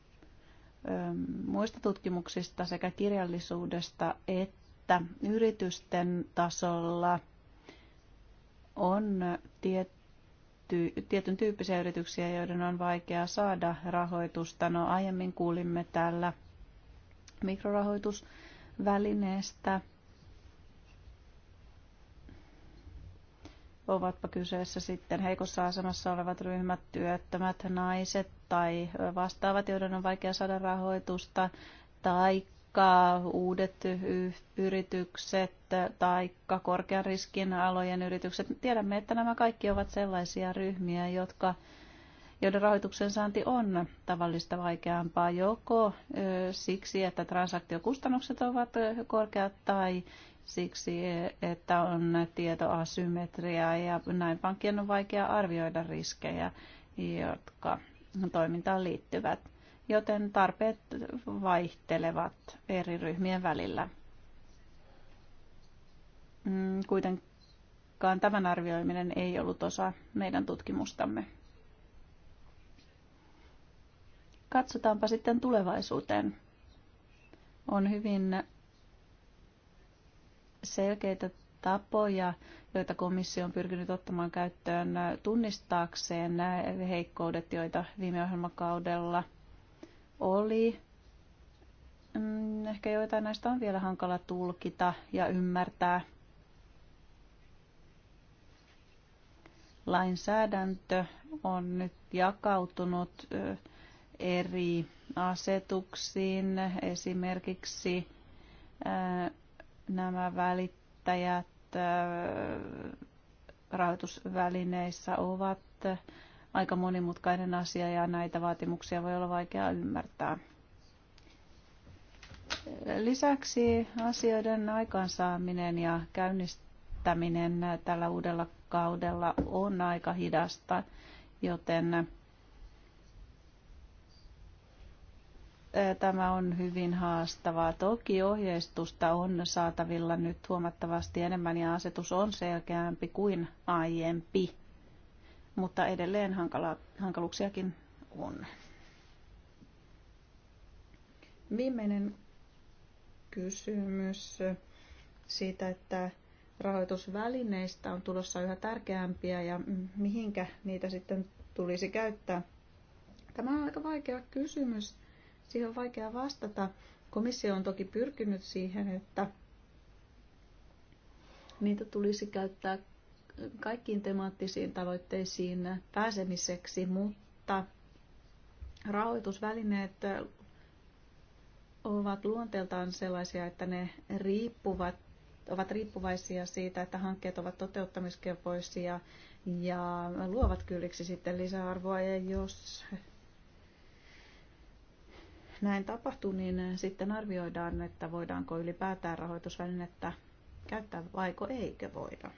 muista tutkimuksista sekä kirjallisuudesta, että yritysten tasolla on tietty tietty, tietyn tyyppisiä yrityksiä, joiden on vaikea saada rahoitusta. No aiemmin kuulimme täällä mikrorahoitusvälineestä. Ovatpa kyseessä sitten heikossa asemassa olevat ryhmät, työttömät, naiset tai vastaavat, joiden on vaikea saada rahoitusta, tai koska uudet yritykset tai korkean riskin alojen yritykset, tiedämme, että nämä kaikki ovat sellaisia ryhmiä, jotka joiden rahoituksen saanti on tavallista vaikeampaa joko siksi, että transaktiokustannukset ovat korkeat tai siksi, e, että on tietoasymmetriaa ja näin pankkien on vaikea arvioida riskejä, jotka toimintaan liittyvät joten tarpeet vaihtelevat eri ryhmien välillä. Mm, kuitenkaan tämän arvioiminen ei ollut osa meidän tutkimustamme. Katsotaanpa sitten tulevaisuuteen. On hyvin selkeitä tapoja, joita komissio on pyrkinyt ottamaan käyttöön tunnistaakseen heikkoudet, joita viime ohjelmakaudella – oli. Mm, ehkä joitain näistä on vielä hankala tulkita ja ymmärtää. Lainsäädäntö on nyt jakautunut eri asetuksiin, esimerkiksi nämä välittäjät rahoitusvälineissä ovat aika monimutkainen asia ja näitä vaatimuksia voi olla vaikea ymmärtää. Lisäksi asioiden aikaansaaminen ja käynnistäminen tällä uudella kaudella on aika hidasta, joten eh, tämä on hyvin haastavaa. Toki ohjeistusta on saatavilla nyt huomattavasti enemmän ja asetus on selkeämpi kuin aiempi mutta edelleen hankala, hankaluuksiakin on. Viimeinen kysymys siitä, että rahoitusvälineistä on tulossa yhä tärkeämpiä ja mihinkä niitä sitten tulisi käyttää. Tämä on aika vaikea kysymys. Siihen on vaikea vastata. Komissio on toki pyrkinyt siihen, että niitä tulisi käyttää kaikkiin temaattisiin tavoitteisiin pääsemiseksi, mutta rahoitusvälineet ovat luonteeltaan sellaisia, että ne riippuvat, ovat riippuvaisia siitä, että hankkeet ovat toteuttamiskelpoisia ja luovat kylliksi sitten lisäarvoa. Ja jos näin tapahtuu, niin sitten arvioidaan, että voidaanko ylipäätään rahoitusvälinettä käyttää vaiko eikö voida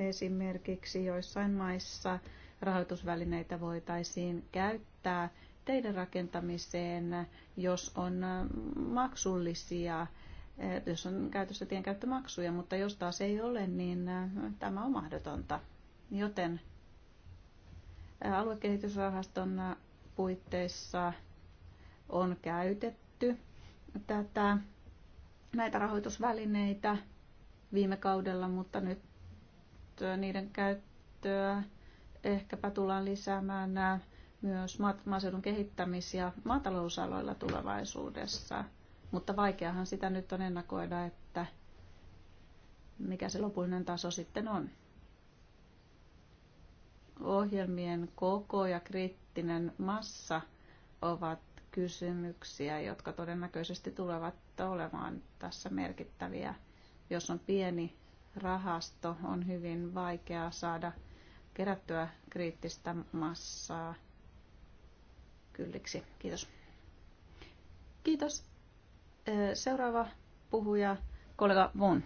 esimerkiksi joissain maissa rahoitusvälineitä voitaisiin käyttää teidän rakentamiseen, jos on maksullisia, jos on käytössä tienkäyttömaksuja, mutta jos taas ei ole, niin tämä on mahdotonta. Joten aluekehitysrahaston puitteissa on käytetty tätä, näitä rahoitusvälineitä viime kaudella, mutta nyt niiden käyttöä ehkäpä tullaan lisäämään nämä äh, myös maaseudun kehittämisiä maatalousaloilla tulevaisuudessa. Mutta vaikeahan sitä nyt on ennakoida, että mikä se lopullinen taso sitten on. Ohjelmien koko ja kriittinen massa ovat kysymyksiä, jotka todennäköisesti tulevat olemaan tässä merkittäviä. Jos on pieni rahasto on hyvin vaikea saada kerättyä kriittistä massaa kylliksi. Kiitos. Kiitos. Seuraava puhuja, kollega Von.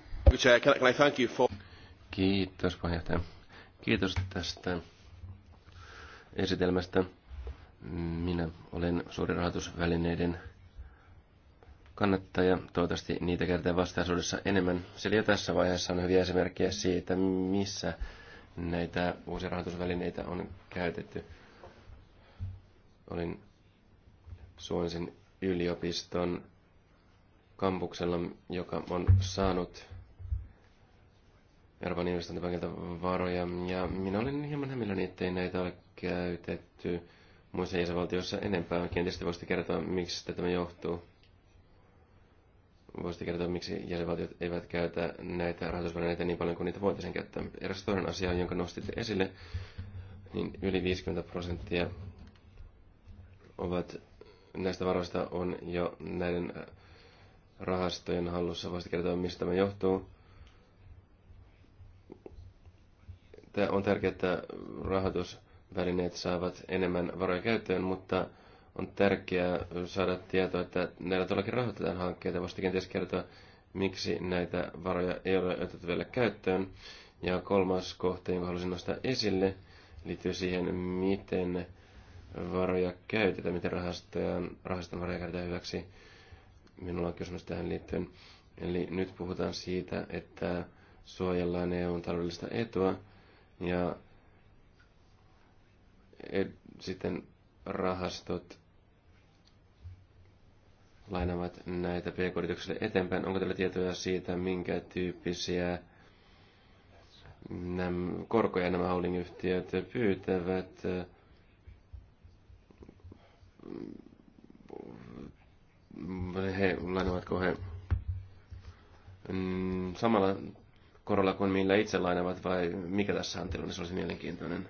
Kiitos puheenjohtaja. Kiitos tästä esitelmästä. Minä olen suuri rahoitusvälineiden kannattaja. Toivottavasti niitä kertaa vastaisuudessa enemmän. Sillä jo tässä vaiheessa on hyviä esimerkkejä siitä, missä näitä uusia rahoitusvälineitä on käytetty. Olin Suomisen yliopiston kampuksella, joka on saanut Euroopan investointipankilta varoja, ja minä olin hieman hämilläni, ettei näitä ole käytetty muissa jäsenvaltioissa enempää. Kenties voisitte kertoa, miksi tämä johtuu. Voisitte kertoa, miksi jäsenvaltiot eivät käytä näitä rahoitusvälineitä niin paljon kuin niitä voitaisiin käyttää. Eräs toinen asia, jonka nostitte esille, niin yli 50 prosenttia ovat, näistä varoista on jo näiden rahastojen hallussa. Voisitte kertoa, mistä tämä johtuu. Tämä on tärkeää, että rahoitusvälineet saavat enemmän varoja käyttöön, mutta on tärkeää saada tietoa, että näillä todellakin rahoitetaan hankkeita. Voisi kenties kertoa, miksi näitä varoja ei ole otettu vielä käyttöön. Ja kolmas kohta, jonka haluaisin nostaa esille, liittyy siihen, miten varoja käytetään, miten rahastoja, rahaston varoja käytetään hyväksi. Minulla on kysymys tähän liittyen. Eli nyt puhutaan siitä, että suojellaan EUn taloudellista etua ja et, sitten rahastot lainaavat näitä pk-yrityksille eteenpäin. Onko teillä tietoja siitä, minkä tyyppisiä nämä korkoja nämä holdingyhtiöt pyytävät? He lainaavatko he mm, samalla korolla kuin millä itse lainaavat vai mikä tässä on tilanne? Se olisi mielenkiintoinen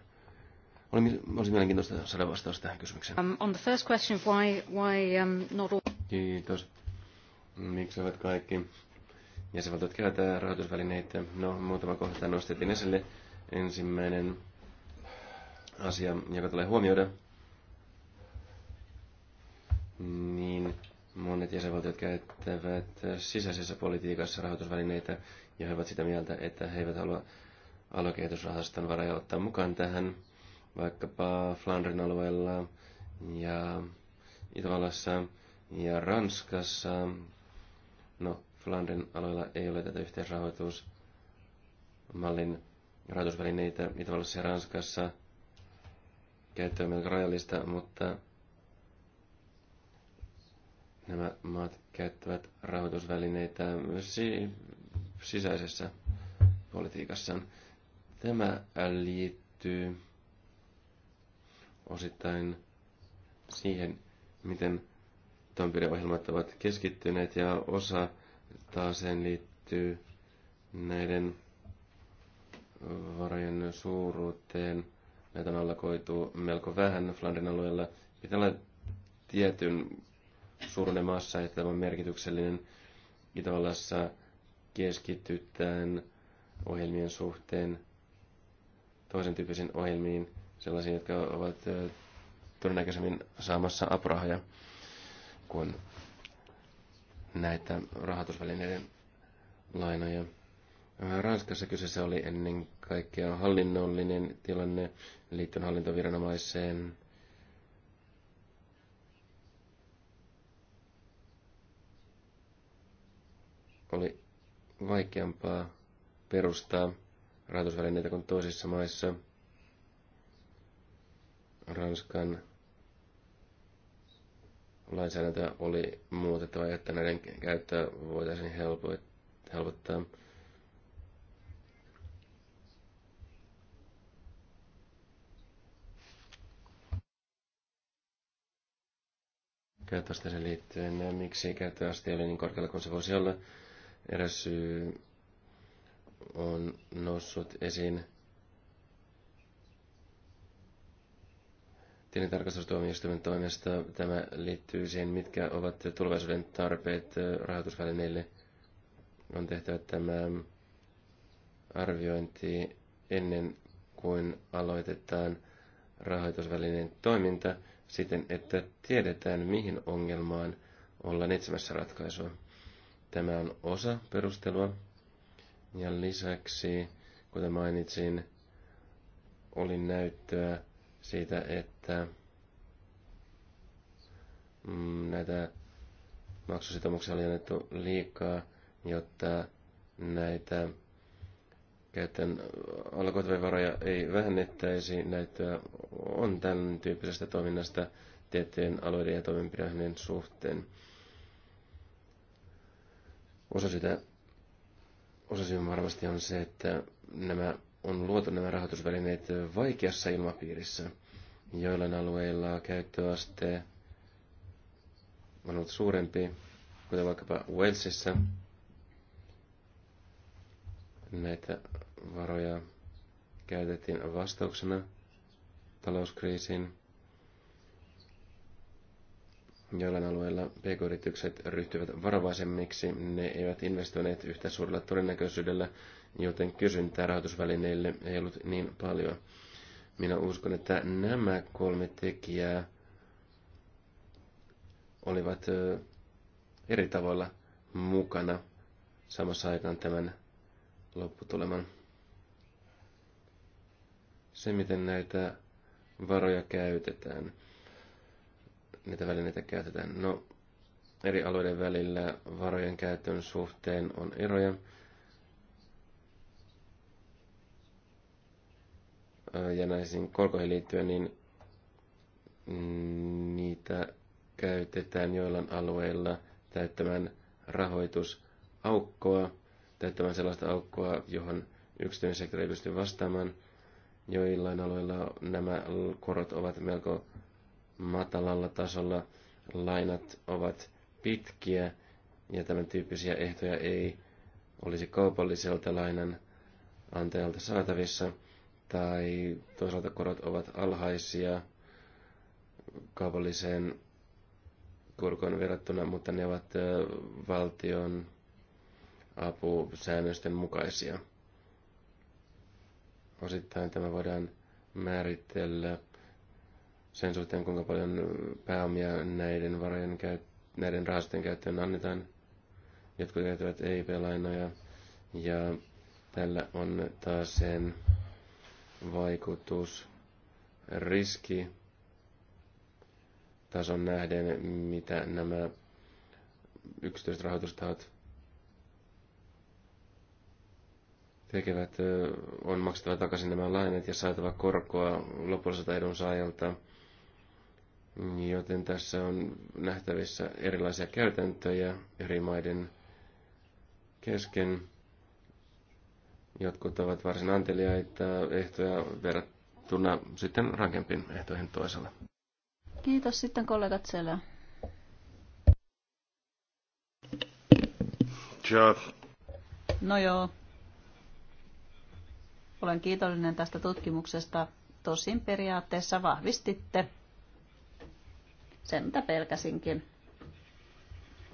olisi mielenkiintoista saada vastaus tähän kysymykseen. Um, on the first question, why, why um, not all... Kiitos. Miksi ovat kaikki jäsenvaltiot käyttää rahoitusvälineitä? No, muutama kohta nostettiin esille. Ensimmäinen asia, joka tulee huomioida, niin monet jäsenvaltiot käyttävät sisäisessä politiikassa rahoitusvälineitä ja he ovat sitä mieltä, että he eivät halua aluekehitysrahaston varoja ottaa mukaan tähän vaikkapa Flandrin alueella ja Itävallassa ja Ranskassa. No, Flandrin alueella ei ole tätä yhteisrahoitusmallin rahoitusvälineitä Itävallassa ja Ranskassa. on melko rajallista, mutta nämä maat käyttävät rahoitusvälineitä myös sisäisessä politiikassaan. Tämä liittyy osittain siihen, miten toimenpideohjelmat ovat keskittyneet ja osa taas sen liittyy näiden varojen suuruuteen. Näitä on allakoitu melko vähän Flandrin alueella. Pitää olla tietyn suuruuden massa, että tämä on merkityksellinen. Itävallassa keskitytään ohjelmien suhteen toisen tyyppisiin ohjelmiin, sellaisia, jotka ovat todennäköisemmin saamassa apurahoja kuin näitä rahoitusvälineiden lainoja. Ranskassa kyseessä oli ennen kaikkea hallinnollinen tilanne liittyen hallintoviranomaiseen. Oli vaikeampaa perustaa rahoitusvälineitä kuin toisissa maissa – Ranskan lainsäädäntö oli muutettava, että näiden käyttöä voitaisiin helpottaa. Käyttöasteeseen liittyen, miksi käyttöaste oli niin korkealla kuin se voisi olla. Eräs syy on noussut esiin tilintarkastustuomioistuimen toimesta. Tämä liittyy siihen, mitkä ovat tulevaisuuden tarpeet rahoitusvälineille. On tehtävä tämä arviointi ennen kuin aloitetaan rahoitusvälineen toiminta siten, että tiedetään, mihin ongelmaan ollaan etsimässä ratkaisua. Tämä on osa perustelua. Ja lisäksi, kuten mainitsin, oli näyttöä siitä, että mm, näitä maksusitoumuksia oli annettu liikaa, jotta näitä käytön alkoituvia varoja ei vähennettäisi. Näyttöä on tämän tyyppisestä toiminnasta tiettyjen alueiden ja toimenpideohjelmien suhteen. Osa sitä osasyy varmasti on se, että nämä on luotu nämä rahoitusvälineet vaikeassa ilmapiirissä. Joillain alueilla käyttöaste on ollut suurempi, kuten vaikkapa Walesissa. Näitä varoja käytettiin vastauksena talouskriisiin. Joillain alueilla pk-yritykset ryhtyivät varovaisemmiksi, ne eivät investoineet yhtä suurella todennäköisyydellä joten kysyntää rahoitusvälineille ei ollut niin paljon. Minä uskon, että nämä kolme tekijää olivat eri tavoilla mukana samassa aikaan tämän lopputuleman. Se, miten näitä varoja käytetään, näitä välineitä käytetään. No, eri alueiden välillä varojen käytön suhteen on eroja. Äh, ja naisiin korkoihin liittyen, niin mm, niitä käytetään joillain alueilla täyttämään rahoitusaukkoa, täyttämään sellaista aukkoa, johon yksityinen sektori ei pysty vastaamaan. Joillain alueilla nämä korot ovat melko matalalla tasolla, lainat ovat pitkiä ja tämän tyyppisiä ehtoja ei olisi kaupalliselta lainan antajalta saatavissa – tai toisaalta korot ovat alhaisia kaupalliseen korkoon verrattuna, mutta ne ovat valtion apusäännösten mukaisia. Osittain tämä voidaan määritellä sen suhteen, kuinka paljon pääomia näiden, varojen käyt- näiden rahastojen käyttöön annetaan. Jotkut käyttävät EIP-lainoja ja tällä on taas sen vaikutus, riski, tason nähden, mitä nämä yksityiset rahoitustahot tekevät, on maksettava takaisin nämä lainat ja saatava korkoa lopulliselta edunsaajalta. Joten tässä on nähtävissä erilaisia käytäntöjä eri maiden kesken. Jotkut ovat varsin anteliaita ehtoja verrattuna sitten rankempiin ehtoihin toisella. Kiitos sitten kollegat siellä. Ciao. No joo. Olen kiitollinen tästä tutkimuksesta. Tosin periaatteessa vahvistitte sen, mitä pelkäsinkin.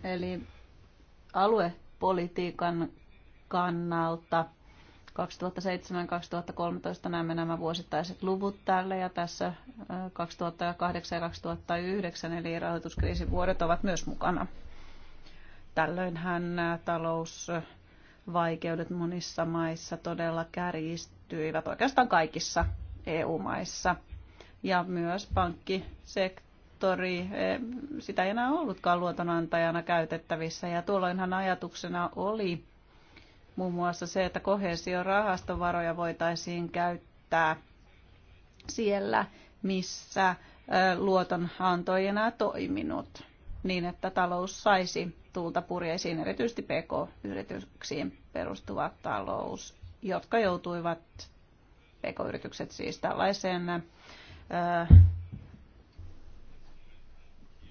Eli aluepolitiikan kannalta 2007-2013 näemme nämä vuosittaiset luvut täällä ja tässä 2008 ja 2009 eli rahoituskriisin vuodet ovat myös mukana. Tällöinhän talousvaikeudet monissa maissa todella kärjistyivät oikeastaan kaikissa EU-maissa ja myös pankkisektori sitä ei enää ollutkaan luotonantajana käytettävissä. Ja tuolloinhan ajatuksena oli muun muassa se, että kohesiorahastovaroja voitaisiin käyttää siellä, missä luotonantojana toiminut, niin että talous saisi tuulta purjeisiin, erityisesti pk-yrityksiin perustuva talous, jotka joutuivat pk-yritykset siis tällaiseen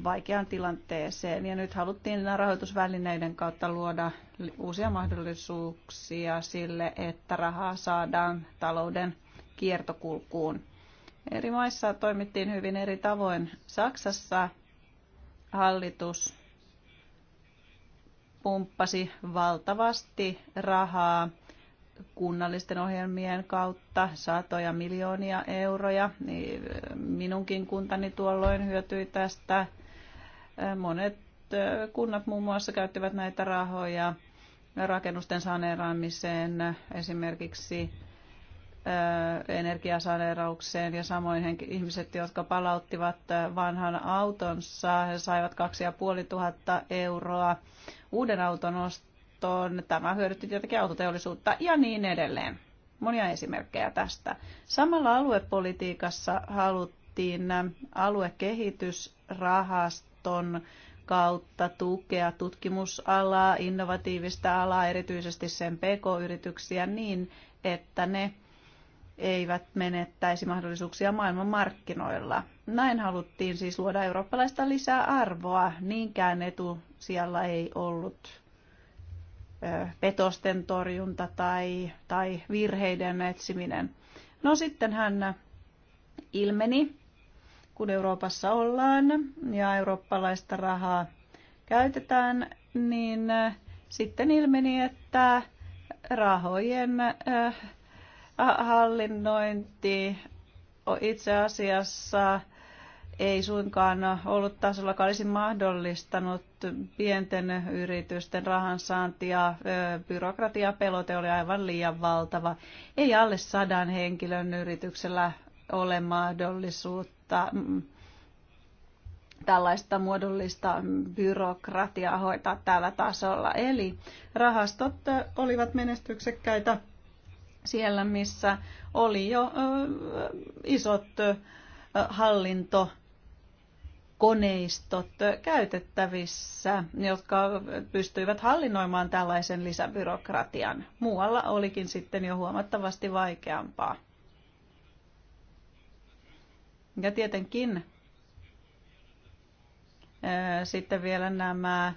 vaikeaan tilanteeseen. Ja nyt haluttiin rahoitusvälineiden kautta luoda uusia mahdollisuuksia sille, että rahaa saadaan talouden kiertokulkuun. Eri maissa toimittiin hyvin eri tavoin. Saksassa hallitus pumppasi valtavasti rahaa kunnallisten ohjelmien kautta satoja miljoonia euroja. Minunkin kuntani tuolloin hyötyi tästä Monet kunnat muun muassa käyttivät näitä rahoja rakennusten saneeraamiseen, esimerkiksi energiasaneeraukseen ja samoin ihmiset, jotka palauttivat vanhan autonsa, he saivat 2500 euroa uuden auton ostoon. Tämä hyödytti tietenkin autoteollisuutta ja niin edelleen. Monia esimerkkejä tästä. Samalla aluepolitiikassa haluttiin aluekehitysrahasta verkoston kautta tukea tutkimusalaa, innovatiivista alaa, erityisesti sen pk-yrityksiä niin, että ne eivät menettäisi mahdollisuuksia maailmanmarkkinoilla. Näin haluttiin siis luoda eurooppalaista lisää arvoa. Niinkään etu siellä ei ollut petosten torjunta tai, tai virheiden etsiminen. No sitten hän ilmeni kun Euroopassa ollaan ja eurooppalaista rahaa käytetään, niin äh, sitten ilmeni, että rahojen äh, hallinnointi itse asiassa ei suinkaan ollut tasolla, joka olisi mahdollistanut pienten yritysten rahansaantia. Byrokratia pelote oli aivan liian valtava. Ei alle sadan henkilön yrityksellä ole mahdollisuutta tarvetta mm, tällaista muodollista byrokratiaa hoitaa tällä tasolla. Eli rahastot olivat menestyksekkäitä siellä, missä oli jo isot hallinto koneistot käytettävissä, jotka pystyivät hallinnoimaan tällaisen lisäbyrokratian. Muualla olikin sitten jo huomattavasti vaikeampaa. Ja tietenkin sitten vielä nämä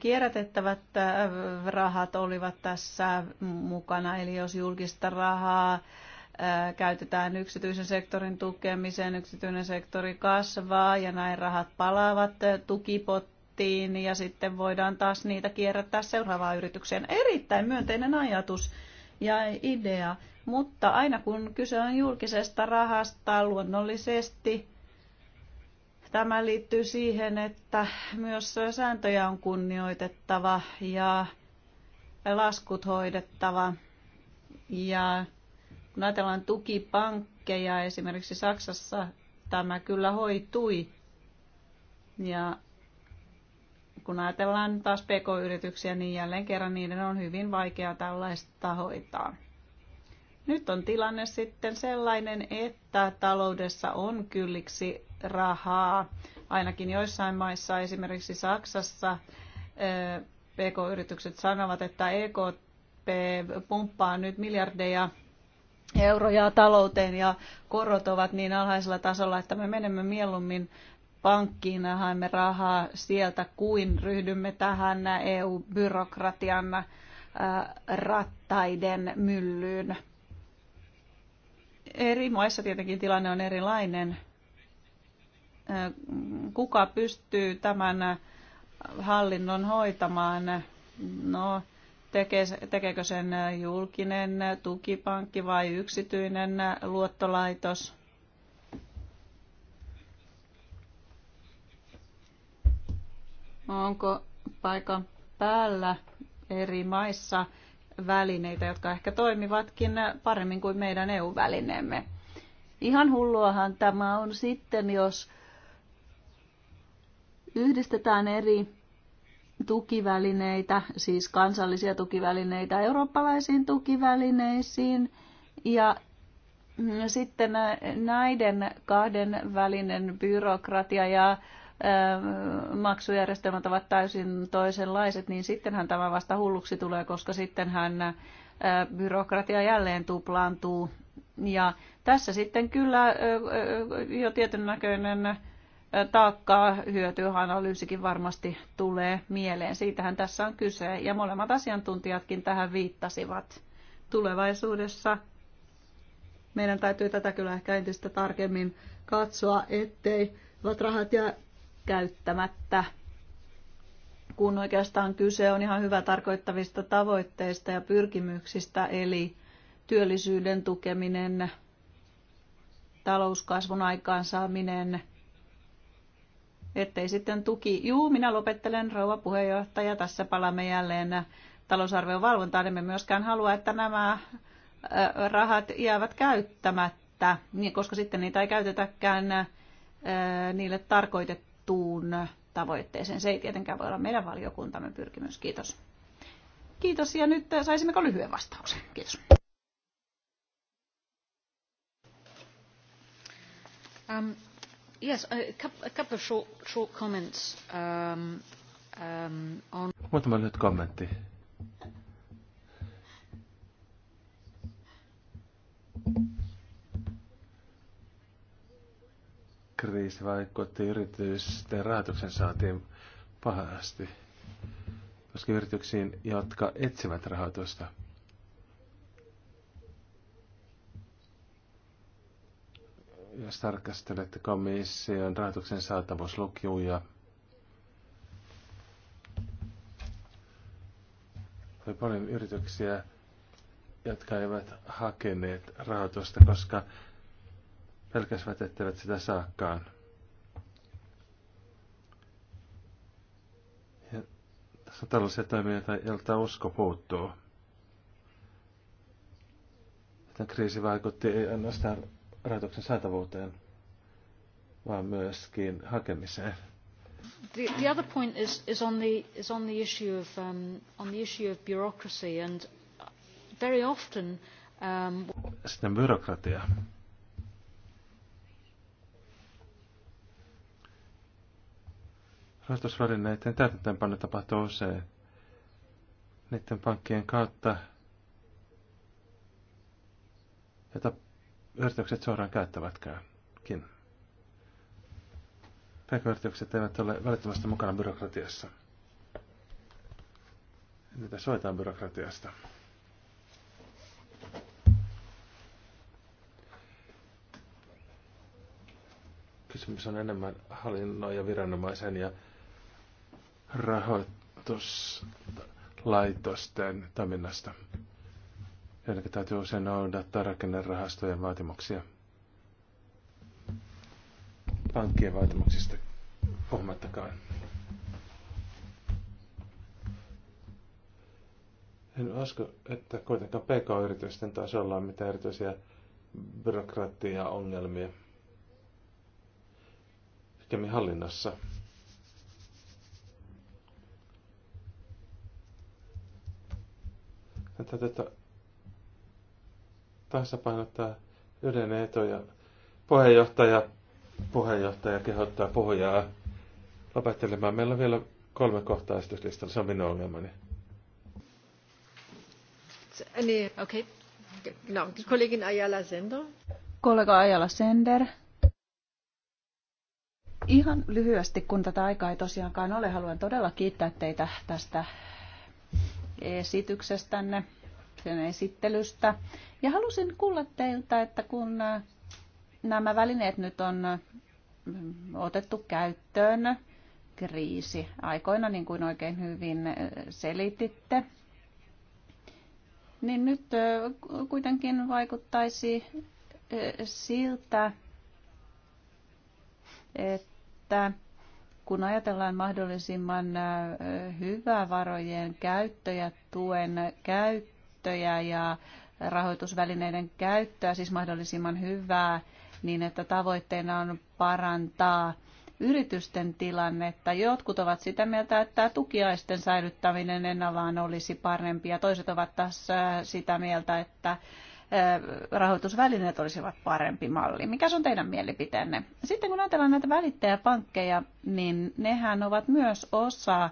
kierrätettävät rahat olivat tässä mukana, eli jos julkista rahaa käytetään yksityisen sektorin tukemiseen, yksityinen sektori kasvaa ja näin rahat palaavat tukipottiin ja sitten voidaan taas niitä kierrättää seuraavaan yritykseen. Erittäin myönteinen ajatus ja idea, mutta aina kun kyse on julkisesta rahasta, luonnollisesti tämä liittyy siihen, että myös sääntöjä on kunnioitettava ja laskut hoidettava. Ja kun ajatellaan tukipankkeja, esimerkiksi Saksassa tämä kyllä hoitui. Ja kun ajatellaan taas pk-yrityksiä, niin jälleen kerran niiden on hyvin vaikea tällaista hoitaa. Nyt on tilanne sitten sellainen, että taloudessa on kylliksi rahaa. Ainakin joissain maissa, esimerkiksi Saksassa, pk-yritykset sanovat, että EKP pumppaa nyt miljardeja euroja talouteen ja korot ovat niin alhaisella tasolla, että me menemme mieluummin pankkiin haemme rahaa sieltä, kuin ryhdymme tähän EU-byrokratian rattaiden myllyyn. Eri maissa tietenkin tilanne on erilainen. Kuka pystyy tämän hallinnon hoitamaan? No, tekeekö sen julkinen tukipankki vai yksityinen luottolaitos? Onko paikan päällä eri maissa välineitä, jotka ehkä toimivatkin paremmin kuin meidän EU-välineemme? Ihan hulluahan tämä on sitten, jos yhdistetään eri tukivälineitä, siis kansallisia tukivälineitä eurooppalaisiin tukivälineisiin ja sitten näiden kahden välinen byrokratia ja maksujärjestelmät ovat täysin toisenlaiset, niin sittenhän tämä vasta hulluksi tulee, koska sittenhän byrokratia jälleen tuplaantuu. Ja tässä sitten kyllä jo tietyn näköinen taakkaa hyötyanalyysikin varmasti tulee mieleen. Siitähän tässä on kyse, ja molemmat asiantuntijatkin tähän viittasivat. Tulevaisuudessa meidän täytyy tätä kyllä ehkä entistä tarkemmin katsoa, ettei rahat jää käyttämättä, kun oikeastaan kyse on ihan hyvä tarkoittavista tavoitteista ja pyrkimyksistä, eli työllisyyden tukeminen, talouskasvun aikaansaaminen, ettei sitten tuki, juu, minä lopettelen rouva puheenjohtaja, tässä palaamme jälleen talousarvion valvontaan, emme myöskään halua, että nämä rahat jäävät käyttämättä, niin, koska sitten niitä ei käytetäkään niille tarkoitettu sovittuun tavoitteeseen. Se ei tietenkään voi olla meidän valiokuntamme pyrkimys. Kiitos. Kiitos ja nyt saisimmeko lyhyen vastauksen? Kiitos. Um, yes, a couple of short, short comments um, um, on... Muutama lyhyt kommentti kriisi vaikutti yritysten rahoituksen saantiin pahasti, koska yrityksiin, jotka etsivät rahoitusta. Jos tarkastelette komission rahoituksen saatavuuslukuja, oli paljon yrityksiä, jotka eivät hakeneet rahoitusta, koska pelkäsivät, etteivät sitä saakaan. Ja tässä on tällaisia toimijoita, joilta usko puuttuu. Tämä kriisi vaikutti ei ainoastaan rahoituksen saatavuuteen, vaan myöskin hakemiseen. The, the other point is, is, on, the, is on, the issue of, um, on the issue of bureaucracy and very often um... Sitten byrokratia rahoitusvälineiden täytäntöönpano tapahtuu usein niiden pankkien kautta, jota yritykset suoraan käyttävätkäänkin. Pekoyritykset eivät ole välittömästi mukana byrokratiassa. Niitä soitaan byrokratiasta. Kysymys on enemmän hallinnon ja viranomaisen ja rahoituslaitosten toiminnasta, Eli täytyy usein noudattaa rakennerahastojen vaatimuksia. Pankkien vaatimuksista puhumattakaan. En usko, että kuitenkaan PK-yritysten tasolla on mitään erityisiä byrokratia-ongelmia. Pikemmin hallinnassa. Tätä tässä tasapainottaa yleinen etu ja puheenjohtaja, puheenjohtaja kehottaa puhujaa lopettelemaan. Meillä on vielä kolme kohtaa esityslistalla, se on minun ongelmani. Niin, okei. Okay. No, kollegin Ajala Sender. Kollega Ajala Sender. Ihan lyhyesti, kun tätä aikaa ei tosiaankaan ole, haluan todella kiittää teitä tästä esityksestänne, sen esittelystä. Ja halusin kuulla teiltä, että kun äh, nämä välineet nyt on äh, otettu käyttöön kriisi aikoina, niin kuin oikein hyvin äh, selititte, niin nyt kuitenkin vaikuttaisi siltä, että kun ajatellaan mahdollisimman äh, hyvää varojen käyttöjä, tuen käyttöjä ja rahoitusvälineiden käyttöä, siis mahdollisimman hyvää, niin että tavoitteena on parantaa yritysten tilannetta. Jotkut ovat sitä mieltä, että tukiaisten säilyttäminen ennallaan olisi parempi ja toiset ovat taas äh, sitä mieltä, että rahoitusvälineet olisivat parempi malli. Mikä on teidän mielipiteenne? Sitten kun ajatellaan näitä välittäjäpankkeja, niin nehän ovat myös osa,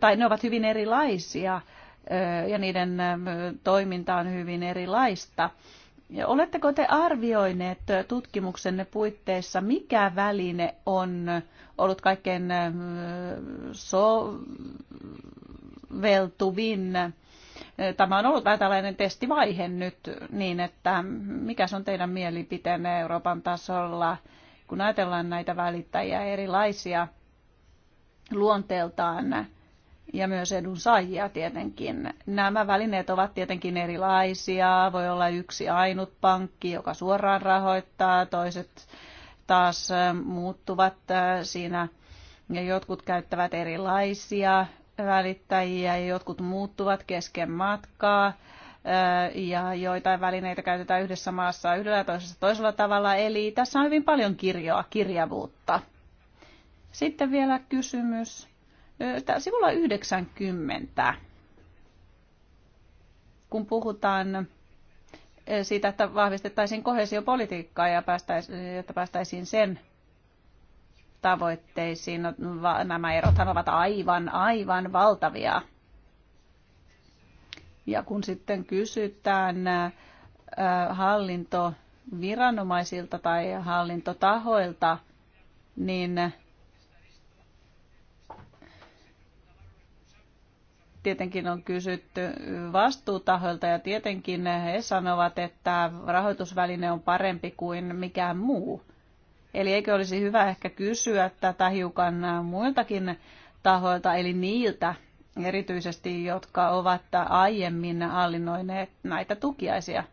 tai ne ovat hyvin erilaisia, ja niiden toiminta on hyvin erilaista. Oletteko te arvioineet tutkimuksenne puitteissa, mikä väline on ollut kaikkein soveltuvin Tämä on ollut vähän tällainen testivaihe nyt niin, että mikä on teidän mielipiteenne Euroopan tasolla, kun ajatellaan näitä välittäjiä erilaisia luonteeltaan ja myös edunsaajia tietenkin. Nämä välineet ovat tietenkin erilaisia. Voi olla yksi ainut pankki, joka suoraan rahoittaa, toiset taas muuttuvat äh, siinä ja jotkut käyttävät erilaisia välittäjiä ja jotkut muuttuvat kesken matkaa ja joitain välineitä käytetään yhdessä maassa yhdellä toisessa toisella tavalla. Eli tässä on hyvin paljon kirjoa, kirjavuutta. Sitten vielä kysymys. Tää sivulla 90, kun puhutaan siitä, että vahvistettaisiin kohesiopolitiikkaa ja päästäisiin, että päästäisiin sen tavoitteisiin. No, nämä erothan ovat aivan, aivan valtavia. Ja kun sitten kysytään hallintoviranomaisilta tai hallintotahoilta, niin tietenkin on kysytty vastuutahoilta ja tietenkin he sanovat, että rahoitusväline on parempi kuin mikään muu. Eli eikö olisi hyvä ehkä kysyä tätä hiukan muiltakin tahoilta, eli niiltä erityisesti, jotka ovat aiemmin hallinnoineet näitä tukiaisia.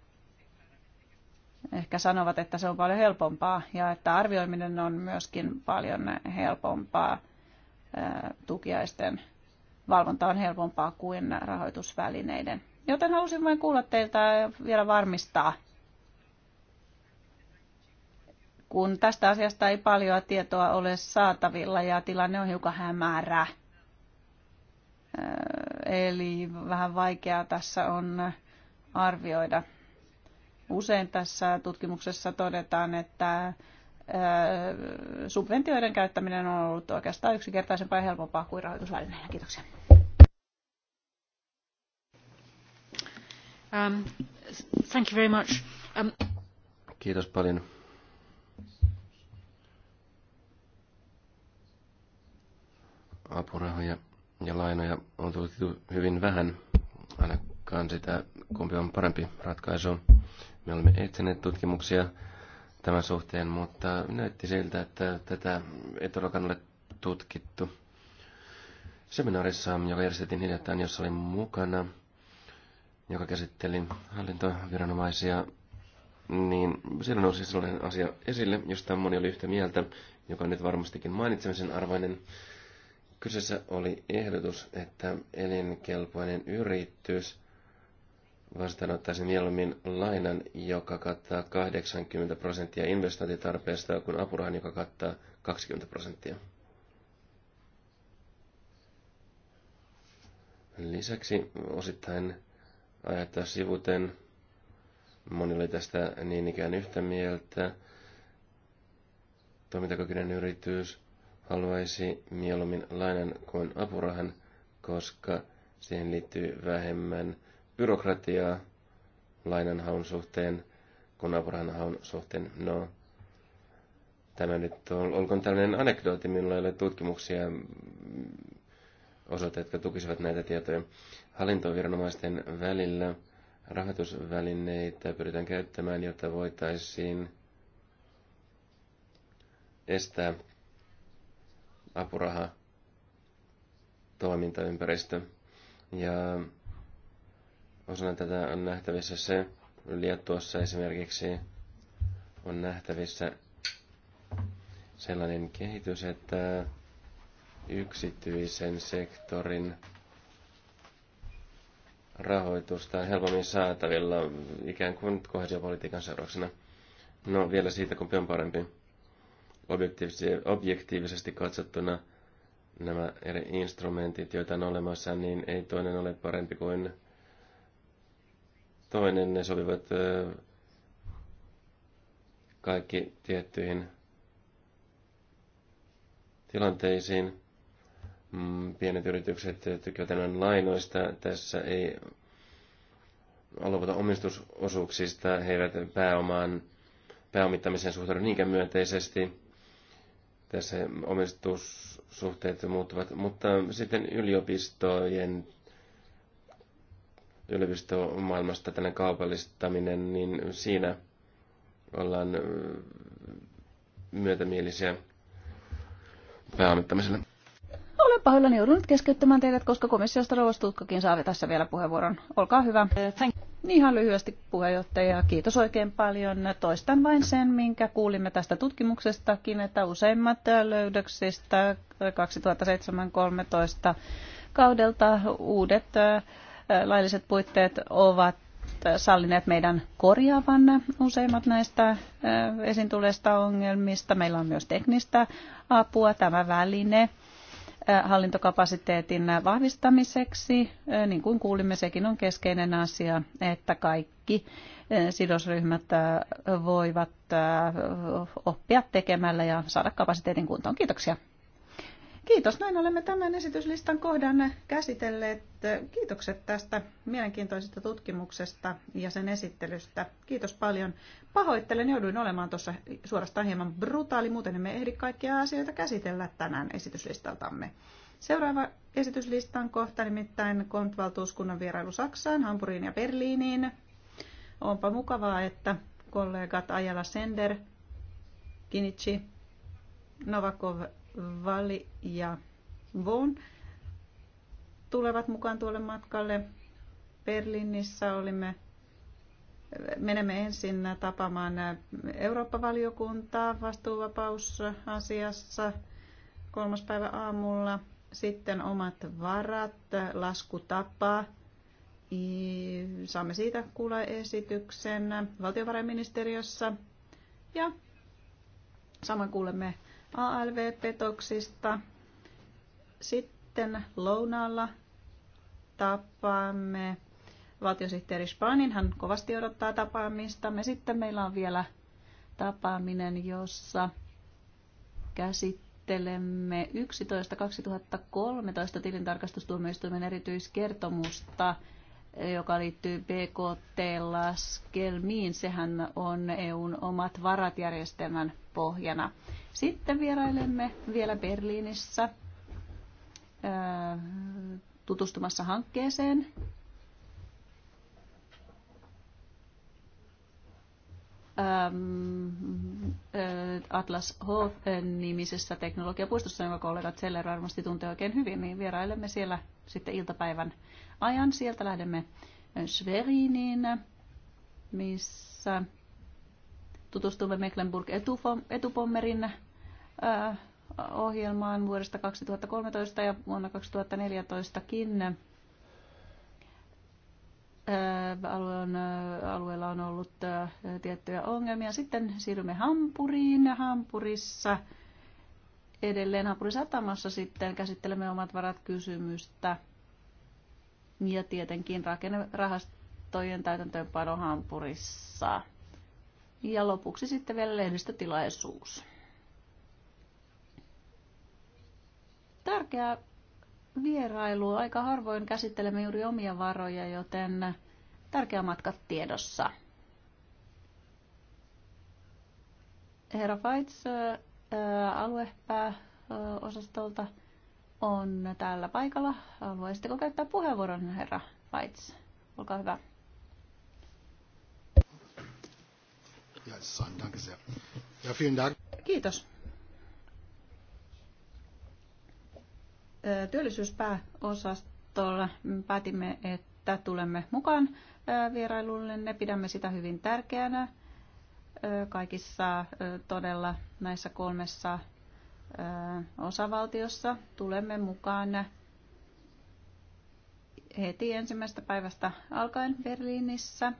Ehkä sanovat, että se on paljon helpompaa ja että arvioiminen on myöskin paljon helpompaa tukiaisten valvonta on helpompaa kuin rahoitusvälineiden. Joten halusin vain kuulla teiltä vielä varmistaa, kun tästä asiasta ei paljon tietoa ole saatavilla ja tilanne on hiukan hämärä. Eli vähän vaikeaa tässä on arvioida. Usein tässä tutkimuksessa todetaan, että subventioiden käyttäminen on ollut oikeastaan yksinkertaisempaa ja helpompaa kuin rahoitusvälineenä. Kiitoksia. Um, thank you very much. Um... Kiitos paljon. apurahoja ja lainoja on tulkittu hyvin vähän, ainakaan sitä kumpi on parempi ratkaisu. Me olemme etsineet tutkimuksia tämän suhteen, mutta näytti siltä, että tätä ei todellakaan ole tutkittu. Seminaarissa, joka järjestettiin hiljattain, jossa olin mukana, joka käsitteli hallintoviranomaisia, niin siellä nousi sellainen asia esille, josta moni oli yhtä mieltä, joka on nyt varmastikin mainitsemisen arvoinen. Kyseessä oli ehdotus, että elinkelpoinen yritys vastaanottaisi mieluummin lainan, joka kattaa 80 prosenttia investointitarpeesta, kuin apurahan, joka kattaa 20 prosenttia. Lisäksi osittain ajattaa sivuten, moni oli tästä niin ikään yhtä mieltä, toimintakykyinen yritys – haluaisi mieluummin lainan kuin apurahan, koska siihen liittyy vähemmän byrokratiaa lainanhaun suhteen kuin apurahanhaun suhteen. No, tämä nyt on, olkoon tällainen anekdooti, minulla ei ole tutkimuksia mm, osoite, jotka tukisivat näitä tietoja. Hallintoviranomaisten välillä rahoitusvälineitä pyritään käyttämään, jotta voitaisiin estää apuraha, toimintaympäristö. Ja osana tätä on nähtävissä se, Liettuossa esimerkiksi on nähtävissä sellainen kehitys, että yksityisen sektorin rahoitusta on helpommin saatavilla ikään kuin kohesiopolitiikan seurauksena. No vielä siitä, kun on parempi objektiivisesti, objektiivisesti katsottuna nämä eri instrumentit, joita on olemassa, niin ei toinen ole parempi kuin toinen. Ne sopivat kaikki tiettyihin tilanteisiin. Mm, pienet yritykset tykkäävät tämän lainoista. Tässä ei luovuta omistusosuuksista. He eivät pääomaan, pääomittamisen suhtaudu niinkään myönteisesti tässä omistussuhteet muuttuvat, mutta sitten yliopistojen yliopistomaailmasta tänne kaupallistaminen, niin siinä ollaan myötämielisiä pääomittamiselle. Olen pahoillani joudunut keskeyttämään teidät, koska komissiosta Rovostutkakin saa tässä vielä puheenvuoron. Olkaa hyvä. Ihan lyhyesti puheenjohtaja, kiitos oikein paljon. Toistan vain sen, minkä kuulimme tästä tutkimuksestakin, että useimmat löydöksistä 2007-2013 kaudelta uudet lailliset puitteet ovat sallineet meidän korjaavan useimmat näistä esiin tulleista ongelmista. Meillä on myös teknistä apua, tämä väline hallintokapasiteetin vahvistamiseksi. Niin kuin kuulimme, sekin on keskeinen asia, että kaikki sidosryhmät voivat oppia tekemällä ja saada kapasiteetin kuntoon. Kiitoksia. Kiitos, näin olemme tämän esityslistan kohdan käsitelleet. Kiitokset tästä mielenkiintoisesta tutkimuksesta ja sen esittelystä. Kiitos paljon. Pahoittelen, jouduin olemaan tuossa suorastaan hieman brutaali, muuten emme ehdi kaikkia asioita käsitellä tänään esityslistaltamme. Seuraava esityslistan kohta nimittäin Kont-valtuuskunnan vierailu Saksaan, Hampuriin ja Berliiniin. Onpa mukavaa, että kollegat Ajala Sender, Kinichi, Novakov Vali ja Von tulevat mukaan tuolle matkalle. Berliinissä olimme, menemme ensin tapaamaan Eurooppa-valiokuntaa vastuuvapausasiassa kolmas päivä aamulla. Sitten omat varat, laskutapa. Saamme siitä kuulla esityksen valtiovarainministeriössä. Ja saman kuulemme ALV-petoksista. Sitten lounaalla tapaamme valtiosihteeri Spanin, hän kovasti odottaa tapaamista. Me sitten meillä on vielä tapaaminen, jossa käsittelemme 11.2013 tilintarkastustuomioistuimen erityiskertomusta – joka liittyy BKT-laskelmiin. Sehän on EUn omat varat järjestelmän pohjana. Sitten vierailemme vielä Berliinissä tutustumassa hankkeeseen, Atlas Hof-nimisessä teknologiapuistossa, jonka kollegat Seller varmasti tuntee oikein hyvin, niin vierailemme siellä sitten iltapäivän ajan. Sieltä lähdemme Schweriniin, missä tutustumme Mecklenburg etupommerin äh, ohjelmaan vuodesta 2013 ja vuonna 2014kin. Äh, äh, alueella on ollut tiettyjä ongelmia. Sitten siirrymme Hampuriin. Hampurissa edelleen Hampurin satamassa sitten käsittelemme omat varat kysymystä ja tietenkin rakennerahastojen täytäntöönpano Hampurissa. Ja lopuksi sitten vielä lehdistötilaisuus. Tärkeää vierailu. Aika harvoin käsittelemme juuri omia varoja, joten tärkeä matka tiedossa. Herra Faits, aluepääosastolta on täällä paikalla. Voisitteko käyttää puheenvuoron, herra Vaits? Olkaa hyvä. Kiitos. Työllisyyspääosastolla päätimme, että tulemme mukaan vierailulle. Ne pidämme sitä hyvin tärkeänä kaikissa todella näissä kolmessa osavaltiossa tulemme mukaan heti ensimmäistä päivästä alkaen Berliinissä.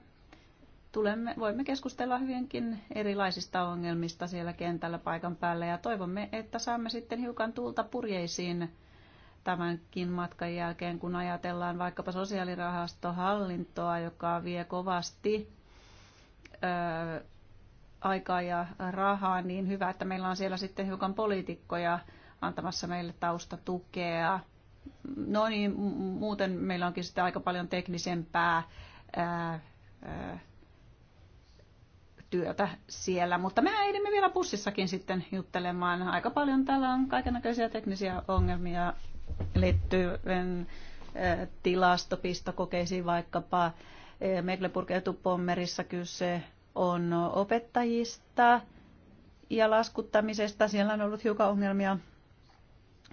Tulemme, voimme keskustella hyvinkin erilaisista ongelmista siellä kentällä paikan päällä ja toivomme, että saamme sitten hiukan tulta purjeisiin tämänkin matkan jälkeen, kun ajatellaan vaikkapa sosiaalirahastohallintoa, joka vie kovasti aikaa ja rahaa, niin hyvä, että meillä on siellä sitten hiukan poliitikkoja antamassa meille taustatukea. No niin, muuten meillä onkin sitten aika paljon teknisempää ää, ää, työtä siellä, mutta me ehdimme vielä bussissakin sitten juttelemaan. Aika paljon täällä on kaikenlaisia teknisiä ongelmia liittyen tilastopistokokeisiin vaikkapa. Mecklenburg etupommerissa kyse on opettajista ja laskuttamisesta. Siellä on ollut hiukan ongelmia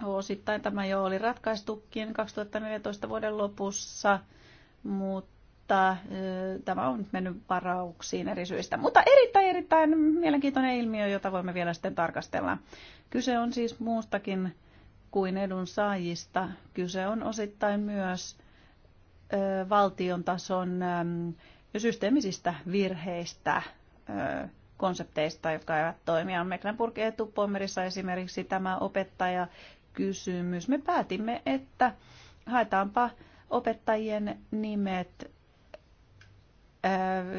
osittain. Tämä jo oli ratkaistukin 2014 vuoden lopussa, mutta tämä on mennyt varauksiin eri syistä. Mutta erittäin, erittäin mielenkiintoinen ilmiö, jota voimme vielä sitten tarkastella. Kyse on siis muustakin kuin edunsaajista. Kyse on osittain myös valtion tason systeemisistä virheistä, konsepteista, jotka eivät toimia. Mecklenburg etupommerissa esimerkiksi tämä opettaja kysymys. Me päätimme, että haetaanpa opettajien nimet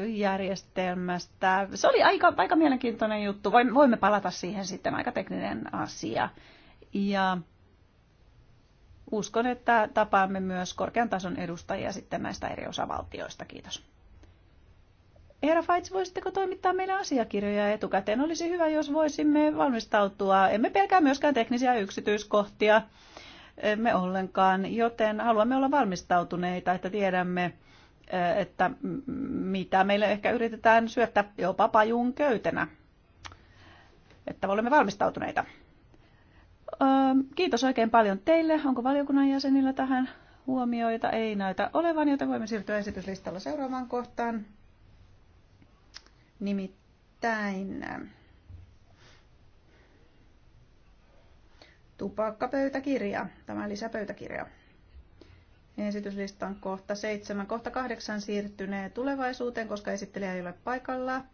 järjestelmästä. Se oli aika, aika mielenkiintoinen juttu. Voimme palata siihen sitten, aika tekninen asia. Ja uskon, että tapaamme myös korkean tason edustajia sitten näistä eri osavaltioista. Kiitos. Herra Faits, voisitteko toimittaa meille asiakirjoja etukäteen? Olisi hyvä, jos voisimme valmistautua. Emme pelkää myöskään teknisiä yksityiskohtia me ollenkaan, joten haluamme olla valmistautuneita, että tiedämme, eh, että mitä meille ehkä yritetään syöttää jopa pajuun köytenä, että olemme valmistautuneita. Kiitos oikein paljon teille. Onko valiokunnan jäsenillä tähän huomioita? Ei näytä olevan, joten voimme siirtyä esityslistalla seuraavaan kohtaan. Nimittäin äh, tupakkapöytäkirja, tämä lisäpöytäkirja. Esityslistan kohta 7. Kohta 8 siirtynee tulevaisuuteen, koska esittelijä ei ole paikalla.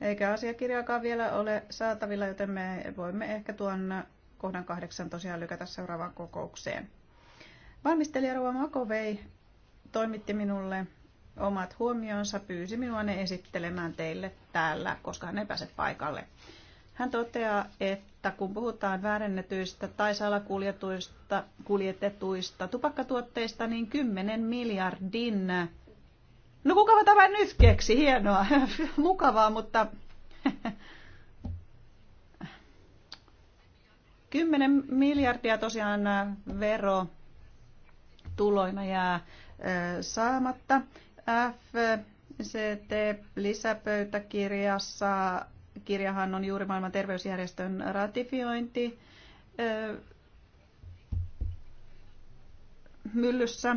Eikä asiakirjaakaan vielä ole saatavilla, joten me voimme ehkä tuon kohdan 8 tosiaan lykätä seuraavaan kokoukseen. Valmistelija Rova Makovei toimitti minulle omat huomionsa, pyysi minua ne esittelemään teille täällä, koska hän ei pääse paikalle. Hän toteaa, että kun puhutaan väärennetyistä tai salakuljetuista kuljetetuista tupakkatuotteista, niin 10 miljardin... No kukava tämä nyt keksi, hienoa, mukavaa, mutta 10 miljardia tosiaan verotuloina jää saamatta. F, CT lisäpöytäkirjassa kirjahan on juuri maailman terveysjärjestön ratifiointi myllyssä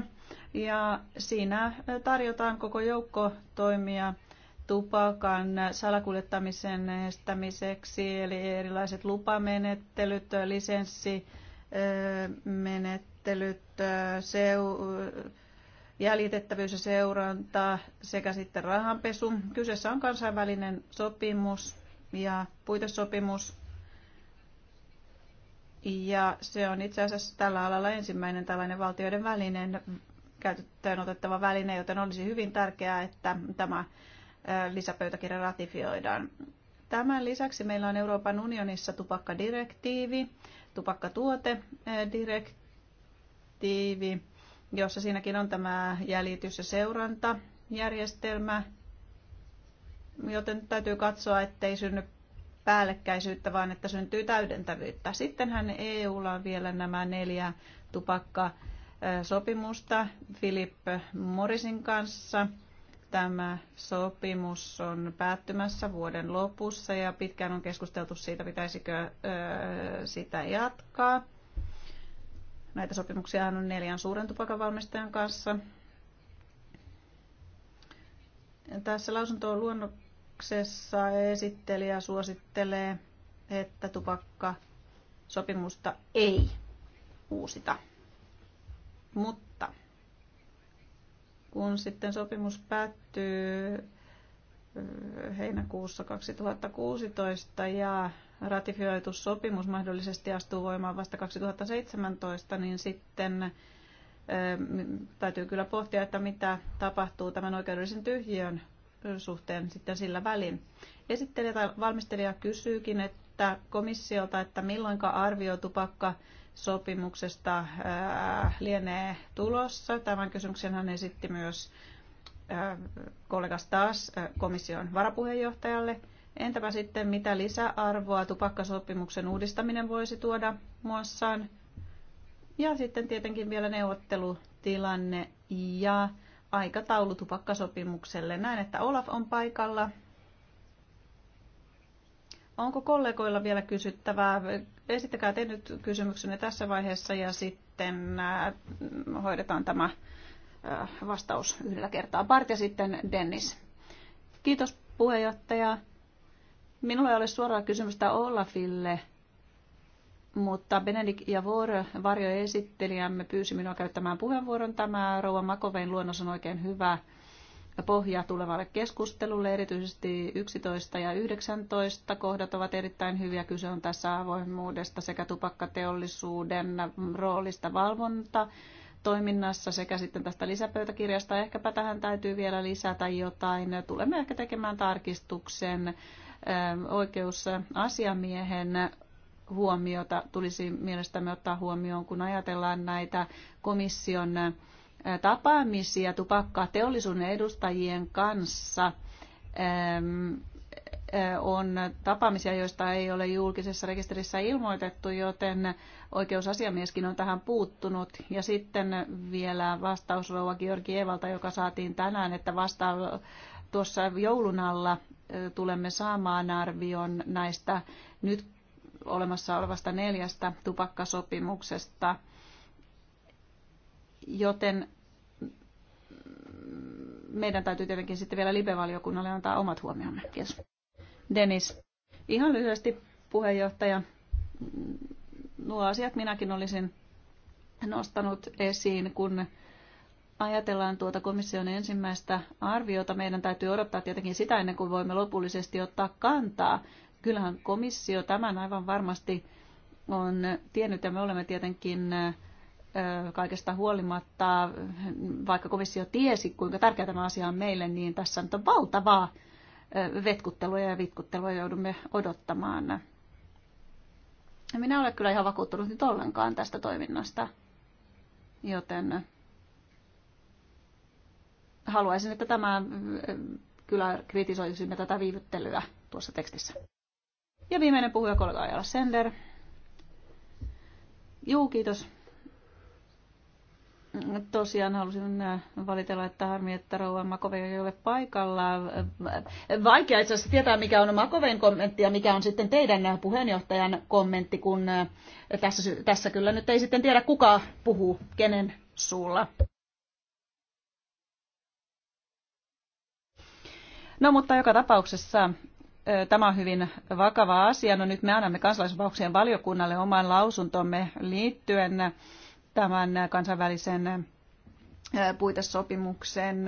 ja siinä tarjotaan koko joukko toimia tupakan salakuljettamisen estämiseksi, eli erilaiset lupamenettelyt, lisenssimenettelyt, seu, jäljitettävyys ja seuranta sekä sitten rahanpesu. Kyseessä on kansainvälinen sopimus ja puitesopimus. Ja se on itse asiassa tällä alalla ensimmäinen tällainen valtioiden välinen käyttöön otettava väline, joten olisi hyvin tärkeää, että tämä lisäpöytäkirja ratifioidaan. Tämän lisäksi meillä on Euroopan unionissa tupakkadirektiivi, tupakkatuotedirektiivi, jossa siinäkin on tämä jäljitys- ja seurantajärjestelmä, joten täytyy katsoa, ettei synny päällekkäisyyttä, vaan että syntyy täydentävyyttä. Sittenhän EUlla on vielä nämä neljä tupakkasopimusta Philip Morrisin kanssa. Tämä sopimus on päättymässä vuoden lopussa ja pitkään on keskusteltu siitä, pitäisikö sitä jatkaa. Näitä sopimuksia on neljän suuren tupakavalmistajan kanssa. Tässä on luonnoksessa esittelijä suosittelee, että tupakka-sopimusta ei uusita. Mutta kun sitten sopimus päättyy heinäkuussa 2016 ja ratifioitu sopimus mahdollisesti astuu voimaan vasta 2017, niin sitten täytyy kyllä pohtia, että mitä tapahtuu tämän oikeudellisen tyhjiön suhteen sitten sillä välin. Esittelijä tai valmistelija kysyykin, että komissiolta, että milloinka arvio tupakka sopimuksesta lienee tulossa. Tämän kysymyksen hän esitti myös kollegas taas komission varapuheenjohtajalle. Entäpä sitten, mitä lisäarvoa tupakkasopimuksen uudistaminen voisi tuoda muassaan? Ja sitten tietenkin vielä neuvottelutilanne ja aikataulu tupakkasopimukselle. Näin, että Olaf on paikalla. Onko kollegoilla vielä kysyttävää? Esittäkää te nyt kysymyksenne tässä vaiheessa ja sitten äh, hoidetaan tämä äh, vastaus yhdellä kertaa. Bart ja sitten Dennis. Kiitos puheenjohtaja. Minulla ei ole suoraa kysymystä Olafille, mutta Benedik Vuor, varjoesittelijämme, pyysi minua käyttämään puheenvuoron. Tämä Rouva Makovein luonnos on oikein hyvä pohja tulevalle keskustelulle. Erityisesti 11 ja 19 kohdat ovat erittäin hyviä. Kyse on tässä avoimuudesta sekä tupakkateollisuuden roolista valvonta toiminnassa sekä sitten tästä lisäpöytäkirjasta. Ehkäpä tähän täytyy vielä lisätä jotain. Tulemme ehkä tekemään tarkistuksen oikeusasiamiehen huomiota tulisi mielestämme ottaa huomioon, kun ajatellaan näitä komission tapaamisia tupakkateollisuuden edustajien kanssa on tapaamisia, joista ei ole julkisessa rekisterissä ilmoitettu, joten oikeusasiamieskin on tähän puuttunut. Ja sitten vielä vastaus Rouva Evalta, joka saatiin tänään, että vasta tuossa joulun alla tulemme saamaan arvion näistä nyt olemassa olevasta neljästä tupakkasopimuksesta, joten meidän täytyy tietenkin sitten vielä live-valiokunnalle antaa omat huomiomme. Kiitos. Dennis, ihan lyhyesti puheenjohtaja. Nuo asiat minäkin olisin nostanut esiin, kun ajatellaan tuota komission ensimmäistä arviota, meidän täytyy odottaa tietenkin sitä ennen kuin voimme lopullisesti ottaa kantaa. Kyllähän komissio tämän aivan varmasti on tiennyt ja me olemme tietenkin kaikesta huolimatta, vaikka komissio tiesi, kuinka tärkeä tämä asia on meille, niin tässä on valtavaa vetkuttelua ja vitkuttelua joudumme odottamaan. Minä olen kyllä ihan vakuuttunut nyt ollenkaan tästä toiminnasta, joten haluaisin, että tämä äh, kyllä kritisoisimme tätä viivyttelyä tuossa tekstissä. Ja viimeinen puhuja kollega Ajala Sender. Juu, kiitos. Tosiaan halusin äh, valitella, että harmi, että rouva Makove ei ole paikalla. Äh, vaikea itse asiassa tietää, mikä on Makoven kommentti ja mikä on sitten teidän puheenjohtajan kommentti, kun tässä, tässä kyllä nyt ei sitten tiedä, kuka puhuu kenen suulla. No mutta joka tapauksessa tämä on hyvin vakava asia. No nyt me annamme kansalaisvapauksien valiokunnalle oman lausuntomme liittyen tämän kansainvälisen puitesopimuksen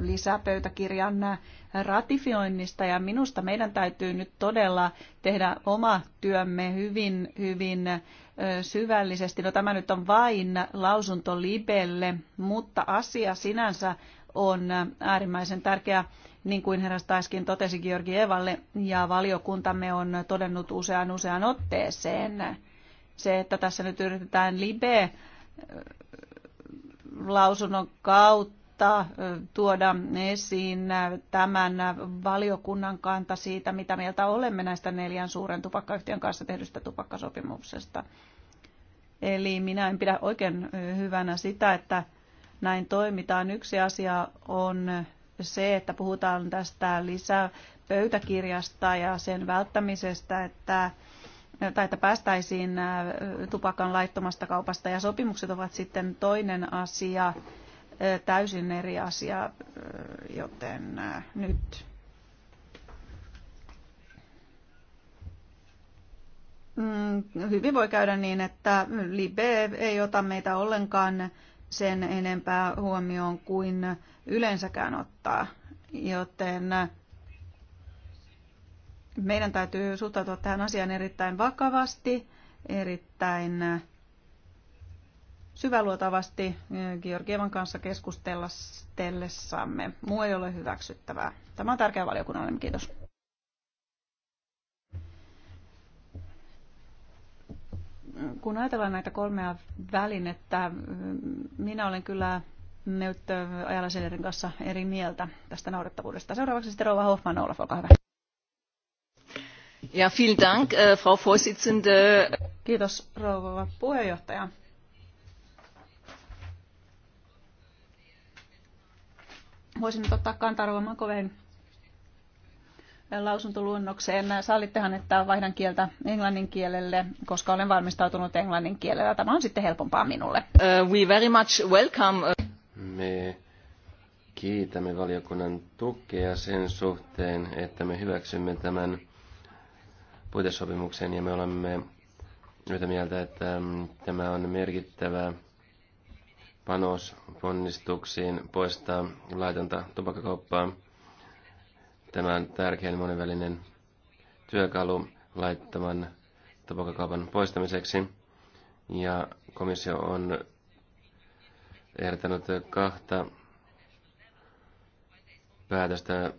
lisäpöytäkirjan ratifioinnista ja minusta meidän täytyy nyt todella tehdä oma työmme hyvin, hyvin syvällisesti. No tämä nyt on vain lausunto Libelle, mutta asia sinänsä on äärimmäisen tärkeä niin kuin herra Staiskin totesi Georgi Evalle, ja valiokuntamme on todennut useaan useaan otteeseen. Se, että tässä nyt yritetään Libe-lausunnon kautta tuoda esiin tämän valiokunnan kanta siitä, mitä mieltä olemme näistä neljän suuren tupakkayhtiön kanssa tehdystä tupakkasopimuksesta. Eli minä en pidä oikein hyvänä sitä, että näin toimitaan. Yksi asia on se, että puhutaan tästä lisäpöytäkirjasta ja sen välttämisestä, että tai että päästäisiin tupakan laittomasta kaupasta ja sopimukset ovat sitten toinen asia, täysin eri asia, joten nyt mm, hyvin voi käydä niin, että Libe ei ota meitä ollenkaan sen enempää huomioon kuin yleensäkään ottaa. Joten meidän täytyy suhtautua tähän asiaan erittäin vakavasti, erittäin syväluotavasti Georgievan kanssa keskustellessamme. Muu ei ole hyväksyttävää. Tämä on tärkeä valiokunnalle. Kiitos. kun ajatellaan näitä kolmea välinettä, mm, minä olen kyllä nyt Ajalasenerin kanssa eri mieltä tästä noudattavuudesta. Seuraavaksi sitten Rova Hoffman, Olaf, olkaa hyvä. Ja, vielen Dank, äh, Frau Vorsitzende. Kiitos, rouva puheenjohtaja. Voisin nyt ottaa kantaa Rova Makoveen lausuntoluonnokseen. Sallittehan, että vaihdan kieltä englannin kielelle, koska olen valmistautunut englannin kielellä. Tämä on sitten helpompaa minulle. Uh, we very much welcome. Uh, me kiitämme valiokunnan tukea sen suhteen, että me hyväksymme tämän puitesopimuksen ja me olemme yhtä mieltä, että mm, tämä on merkittävä panos ponnistuksiin poistaa laitonta tupakkakauppaa tämän tärkeän monivälinen työkalu laittaman tupakakaupan poistamiseksi. Ja komissio on ehdottanut kahta päätöstä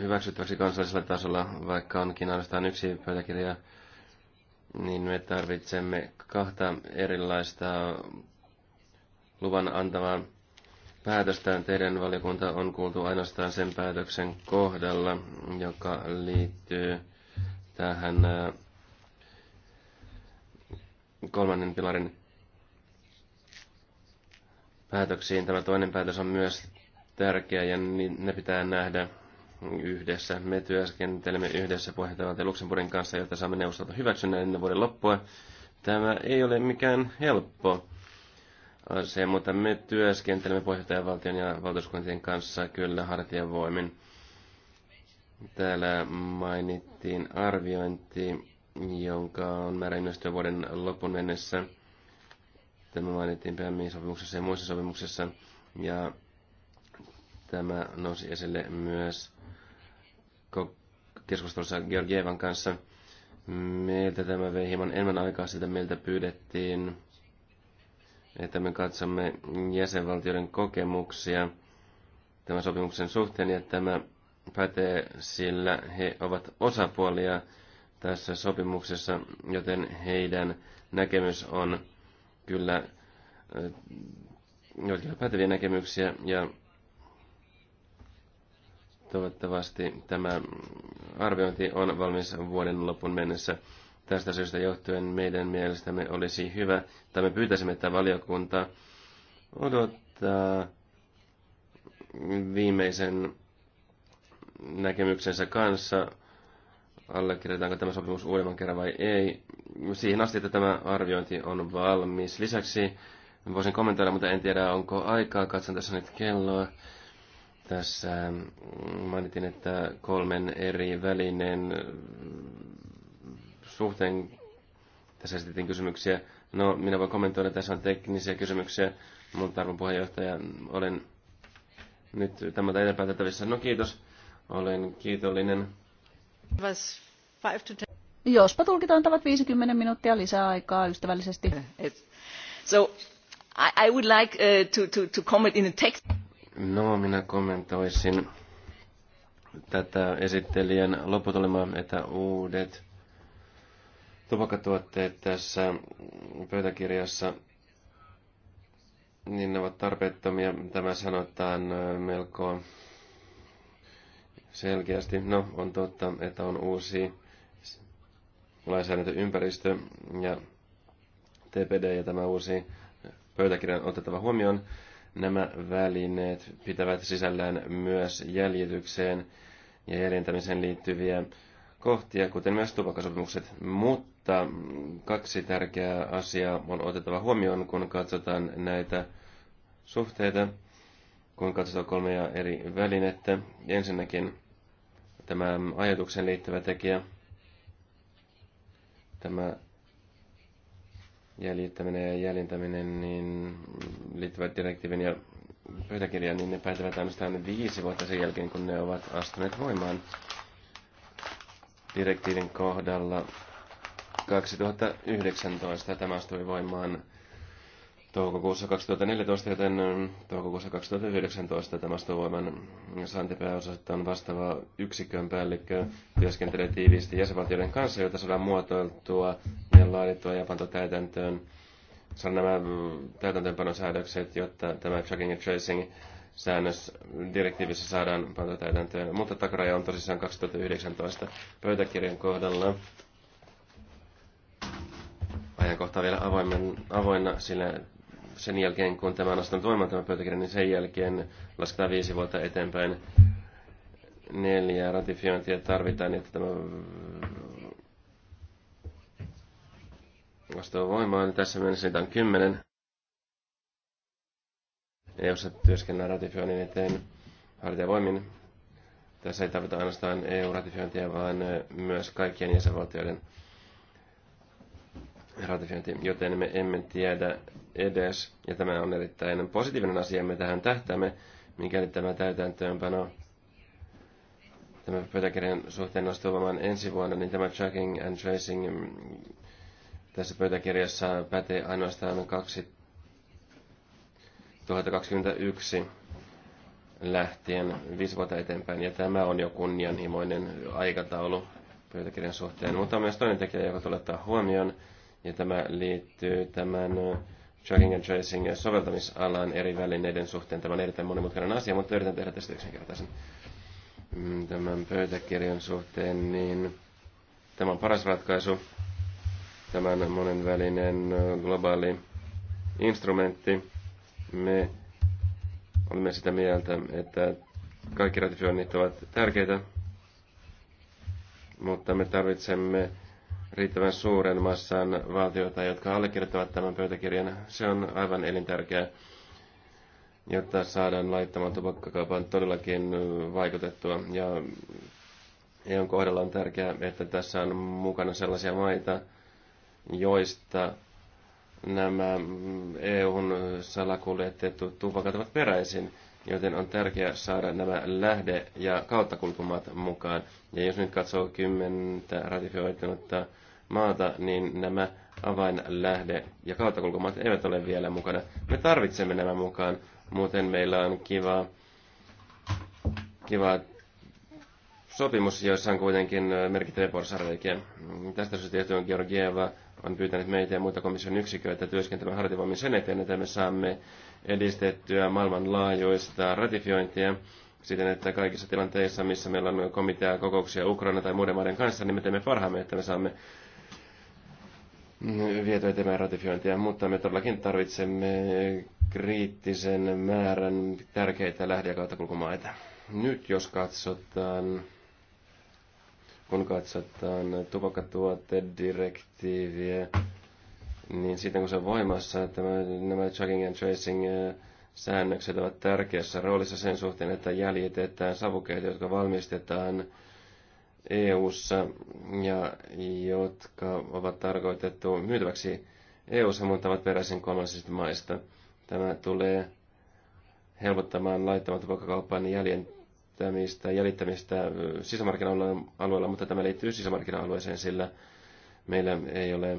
hyväksyttäväksi kansallisella tasolla, vaikka onkin ainoastaan yksi pöytäkirja, niin me tarvitsemme kahta erilaista luvan antavaa päätöstään teidän valiokunta on kuultu ainoastaan sen päätöksen kohdalla, joka liittyy tähän kolmannen pilarin päätöksiin. Tämä toinen päätös on myös tärkeä ja ne pitää nähdä yhdessä. Me työskentelemme yhdessä puheenjohtajavaltio Luxemburgin kanssa, jotta saamme neuvostolta hyväksynnän ennen vuoden loppua. Tämä ei ole mikään helppo se, mutta me työskentelemme valtion ja valtuuskuntien kanssa kyllä hartiavoimin. Täällä mainittiin arviointi, jonka on määrä vuoden lopun mennessä. Tämä mainittiin päämiin-sopimuksessa ja muissa sopimuksissa. Ja tämä nousi esille myös keskustelussa Georgievan kanssa. Meiltä tämä vei hieman enemmän aikaa, siltä meiltä pyydettiin että me katsomme jäsenvaltioiden kokemuksia tämän sopimuksen suhteen, ja tämä pätee, sillä he ovat osapuolia tässä sopimuksessa, joten heidän näkemys on kyllä joitakin päteviä näkemyksiä, ja toivottavasti tämä arviointi on valmis vuoden lopun mennessä. Tästä syystä johtuen meidän mielestämme olisi hyvä, tai me pyytäisimme, että valiokunta odottaa viimeisen näkemyksensä kanssa, allekirjoitetaanko tämä sopimus uudemman kerran vai ei, siihen asti, että tämä arviointi on valmis. Lisäksi voisin kommentoida, mutta en tiedä, onko aikaa. Katson tässä nyt kelloa. Tässä mm, mainitin, että kolmen eri välinen suhteen tässä esitettiin kysymyksiä. No, minä voin kommentoida, tässä on teknisiä kysymyksiä, mutta arvon puheenjohtaja, olen nyt tämä edelläpäätettävissä. No kiitos, olen kiitollinen. Jospa tulkitaan tavat 50 minuuttia lisää aikaa ystävällisesti. So, I, I would like uh, to, to, to comment in the text. No, minä kommentoisin tätä esittelijän lopputulemaa, että uudet tupakkatuotteet tässä pöytäkirjassa, niin ne ovat tarpeettomia. Tämä sanotaan melko selkeästi. No, on totta, että on uusi lainsäädäntöympäristö ja TPD ja tämä uusi on otettava huomioon. Nämä välineet pitävät sisällään myös jäljitykseen ja jäljentämiseen liittyviä kohtia, kuten myös tupakasopimukset, mutta mutta kaksi tärkeää asiaa on otettava huomioon, kun katsotaan näitä suhteita, kun katsotaan kolmea eri välinettä. Ensinnäkin tämä ajatuksen liittyvä tekijä, tämä jäljittäminen ja jäljentäminen niin liittyvät direktiivin ja pöytäkirjaan, niin ne päätävät ainoastaan viisi vuotta sen jälkeen, kun ne ovat astuneet voimaan. Direktiivin kohdalla 2019. Tämä astui voimaan toukokuussa 2014, joten mm, toukokuussa 2019 tämä astui voimaan saantipääosasta on vastaava yksikön päällikkö, työskentelee tiiviisti jäsenvaltioiden kanssa, joita saadaan muotoiltua ja laadittua ja pantua täytäntöön. Saada nämä mm, täytäntöönpanosäädökset, jotta tämä tracking and tracing säännös direktiivissä saadaan pantua täytäntöön, mutta takaraja on tosissaan 2019 pöytäkirjan kohdalla ajankohta vielä avoimen, avoinna, sillä sen jälkeen, kun tämä on astunut voimaan tämä pöytäkirja, niin sen jälkeen lasketaan viisi vuotta eteenpäin. Neljä ratifiointia tarvitaan, niin että tämä astuu voimaan. Tässä mennessä niitä on kymmenen. EU-ssa työskennellään ratifioinnin eteen hartiavoimin. Tässä ei tarvita ainoastaan EU-ratifiointia, vaan myös kaikkien jäsenvaltioiden ratifiointi, joten me emme tiedä edes, ja tämä on erittäin positiivinen asia, me tähän tähtäämme, mikäli tämä täytäntöönpano tämän pöytäkirjan suhteen nostuu voimaan ensi vuonna, niin tämä tracking and tracing mm, tässä pöytäkirjassa pätee ainoastaan 2021 lähtien viisi vuotta eteenpäin, ja tämä on jo kunnianhimoinen aikataulu pöytäkirjan suhteen. Mutta on myös toinen tekijä, joka tulee ottaa huomioon, ja tämä liittyy tämän tracking and tracing soveltamisalan eri välineiden suhteen. Tämä on erittäin monimutkainen asia, mutta yritän tehdä tästä yksinkertaisen mm, tämän pöytäkirjan suhteen, niin tämä on paras ratkaisu, tämän monenvälinen globaali instrumentti. Me olemme sitä mieltä, että kaikki ratifioinnit ovat tärkeitä, mutta me tarvitsemme riittävän suuren massan valtioita, jotka allekirjoittavat tämän pöytäkirjan. Se on aivan elintärkeää, jotta saadaan laittamaan tupakkakaupan todellakin vaikutettua. Ja EUn kohdalla on tärkeää, että tässä on mukana sellaisia maita, joista nämä EUn salakuljetettu tupakat ovat peräisin, joten on tärkeää saada nämä lähde- ja kauttakulkumat mukaan. Ja jos nyt katsoo kymmentä ratifioitunutta maata, niin nämä avainlähde- ja kauttakulkumaat eivät ole vielä mukana. Me tarvitsemme nämä mukaan, muuten meillä on kiva, kiva sopimus, joissa on kuitenkin merkittäviä porsarveikia. Tästä syystä on Georgieva on pyytänyt meitä ja muita komission yksiköitä työskentelemään hartivoimin sen eteen, että me saamme edistettyä maailmanlaajuista ratifiointia siten, että kaikissa tilanteissa, missä meillä on komitea kokouksia Ukraina tai muiden maiden kanssa, niin me teemme parhaamme, että me saamme vietyä ratifiointia, mutta me todellakin tarvitsemme kriittisen määrän tärkeitä lähde- ja kauttakulkumaita. Nyt jos katsotaan, kun katsotaan tupakkatuotedirektiiviä, niin sitten kun se on voimassa, että nämä tracking and tracing säännökset ovat tärkeässä roolissa sen suhteen, että jäljitetään savukeita, jotka valmistetaan – EU:ssa ja jotka ovat tarkoitettu myytäväksi EU:ssa, mutta ovat peräisin kolmansista maista. Tämä tulee helpottamaan laittoman tupakkakaupan jäljentämistä, jäljittämistä äh, sisämarkkina-alueella, mutta tämä liittyy sisämarkkina-alueeseen, sillä meillä ei ole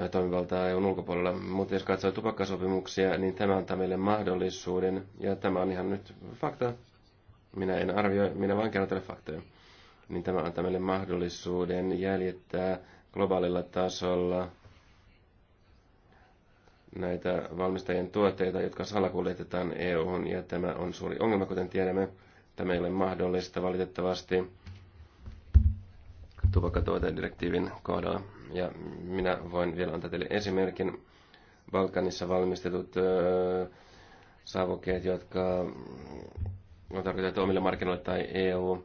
äh, toimivaltaa EUn ulkopuolella. Mutta jos katsoo tupakkasopimuksia, niin tämä antaa meille mahdollisuuden, ja tämä on ihan nyt fakta. Minä en arvioi, minä vain kerron teille faktoja niin tämä antaa meille mahdollisuuden jäljittää globaalilla tasolla näitä valmistajien tuotteita, jotka salakuljetetaan EU-hun, ja tämä on suuri ongelma, kuten tiedämme. Tämä ei ole mahdollista valitettavasti tupakkatuotedirektiivin kohdalla. Ja minä voin vielä antaa teille esimerkin. Balkanissa valmistetut öö, savukkeet, jotka on tarkoitettu omille markkinoille tai EU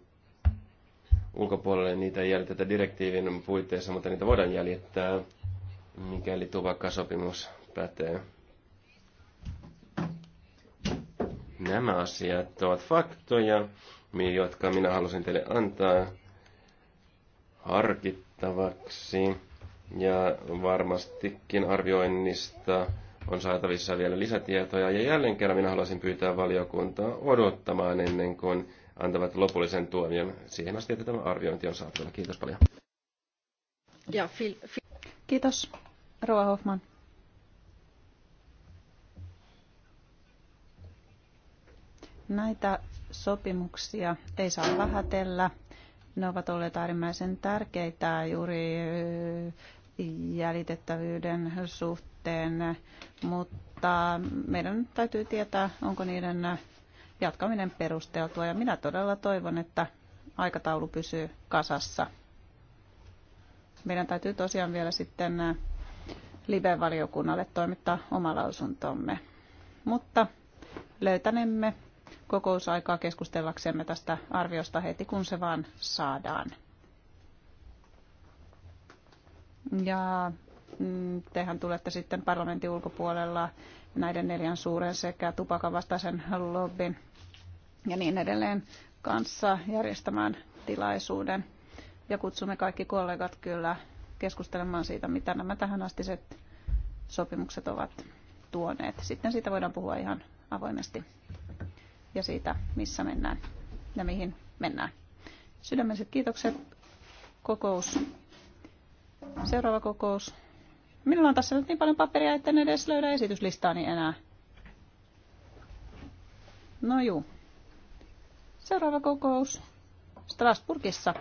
ulkopuolelle. Niitä ei jäljitetä direktiivin puitteissa, mutta niitä voidaan jäljittää, mikäli tupakkasopimus pätee. Nämä asiat ovat faktoja, jotka minä halusin teille antaa harkittavaksi. Ja varmastikin arvioinnista on saatavissa vielä lisätietoja. Ja jälleen kerran minä haluaisin pyytää valiokuntaa odottamaan ennen kuin antavat lopullisen tuomion. Siihen asti, että tämä arviointi on saatu. Kiitos paljon. Ja, fil, fil. Kiitos, Roa Hoffman. Näitä sopimuksia ei saa vähätellä. Ne ovat olleet äärimmäisen tärkeitä juuri jäljitettävyyden suhteen, mutta meidän täytyy tietää, onko niiden jatkaminen perusteltua. Ja minä todella toivon, että aikataulu pysyy kasassa. Meidän täytyy tosiaan vielä sitten live-valiokunnalle toimittaa oma lausuntomme. Mutta löytänemme kokousaikaa keskustellaksemme tästä arviosta heti, kun se vaan saadaan. Ja mm, tehän tulette sitten parlamentin ulkopuolella näiden neljän suuren sekä tupakavastaisen lobbyn ja niin edelleen kanssa järjestämään tilaisuuden. Ja kutsumme kaikki kollegat kyllä keskustelemaan siitä, mitä nämä tähänastiset sopimukset ovat tuoneet. Sitten siitä voidaan puhua ihan avoimesti ja siitä, missä mennään ja mihin mennään. Sydämelliset kiitokset. Kokous. Seuraava kokous Minulla on tässä nyt niin paljon paperia, että en edes löydä esityslistaani enää. No juu. Seuraava kokous Strasburgissa.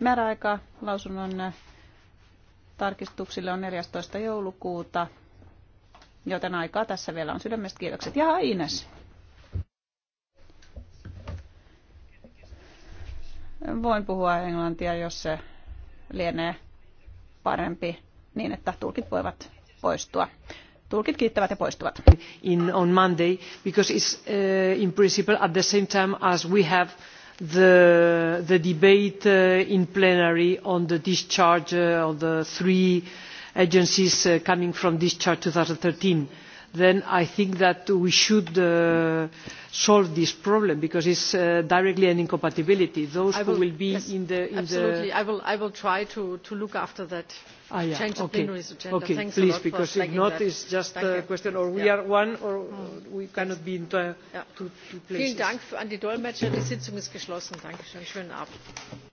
Määräaika lausunnon tarkistuksille on 14. joulukuuta, joten aikaa tässä vielä on sydämestä kiitokset. Ja Ines. Voin puhua englantia, jos se lienee parempi niin, että tulkit voivat poistua. Tulkit kiittävät ja poistuvat. In on Monday, because it's uh, in principle at the same time as we have the, the debate uh, in plenary on the discharge uh, of the three agencies uh, coming from discharge 2013 then i think that we should uh, solve this problem because it is uh, directly an incompatibility. those will, who will be yes, in the. In absolutely the... I, will, i will try to, to look after that ah, yeah. change the okay. plenary's agenda. Okay. thanks please a lot because if not it is just Danke. a question or we yeah. are one or mm. we cannot be in two, yeah. two, two places. vielen dank an die dolmetscher. die sitzung ist geschlossen. danke schönen abend.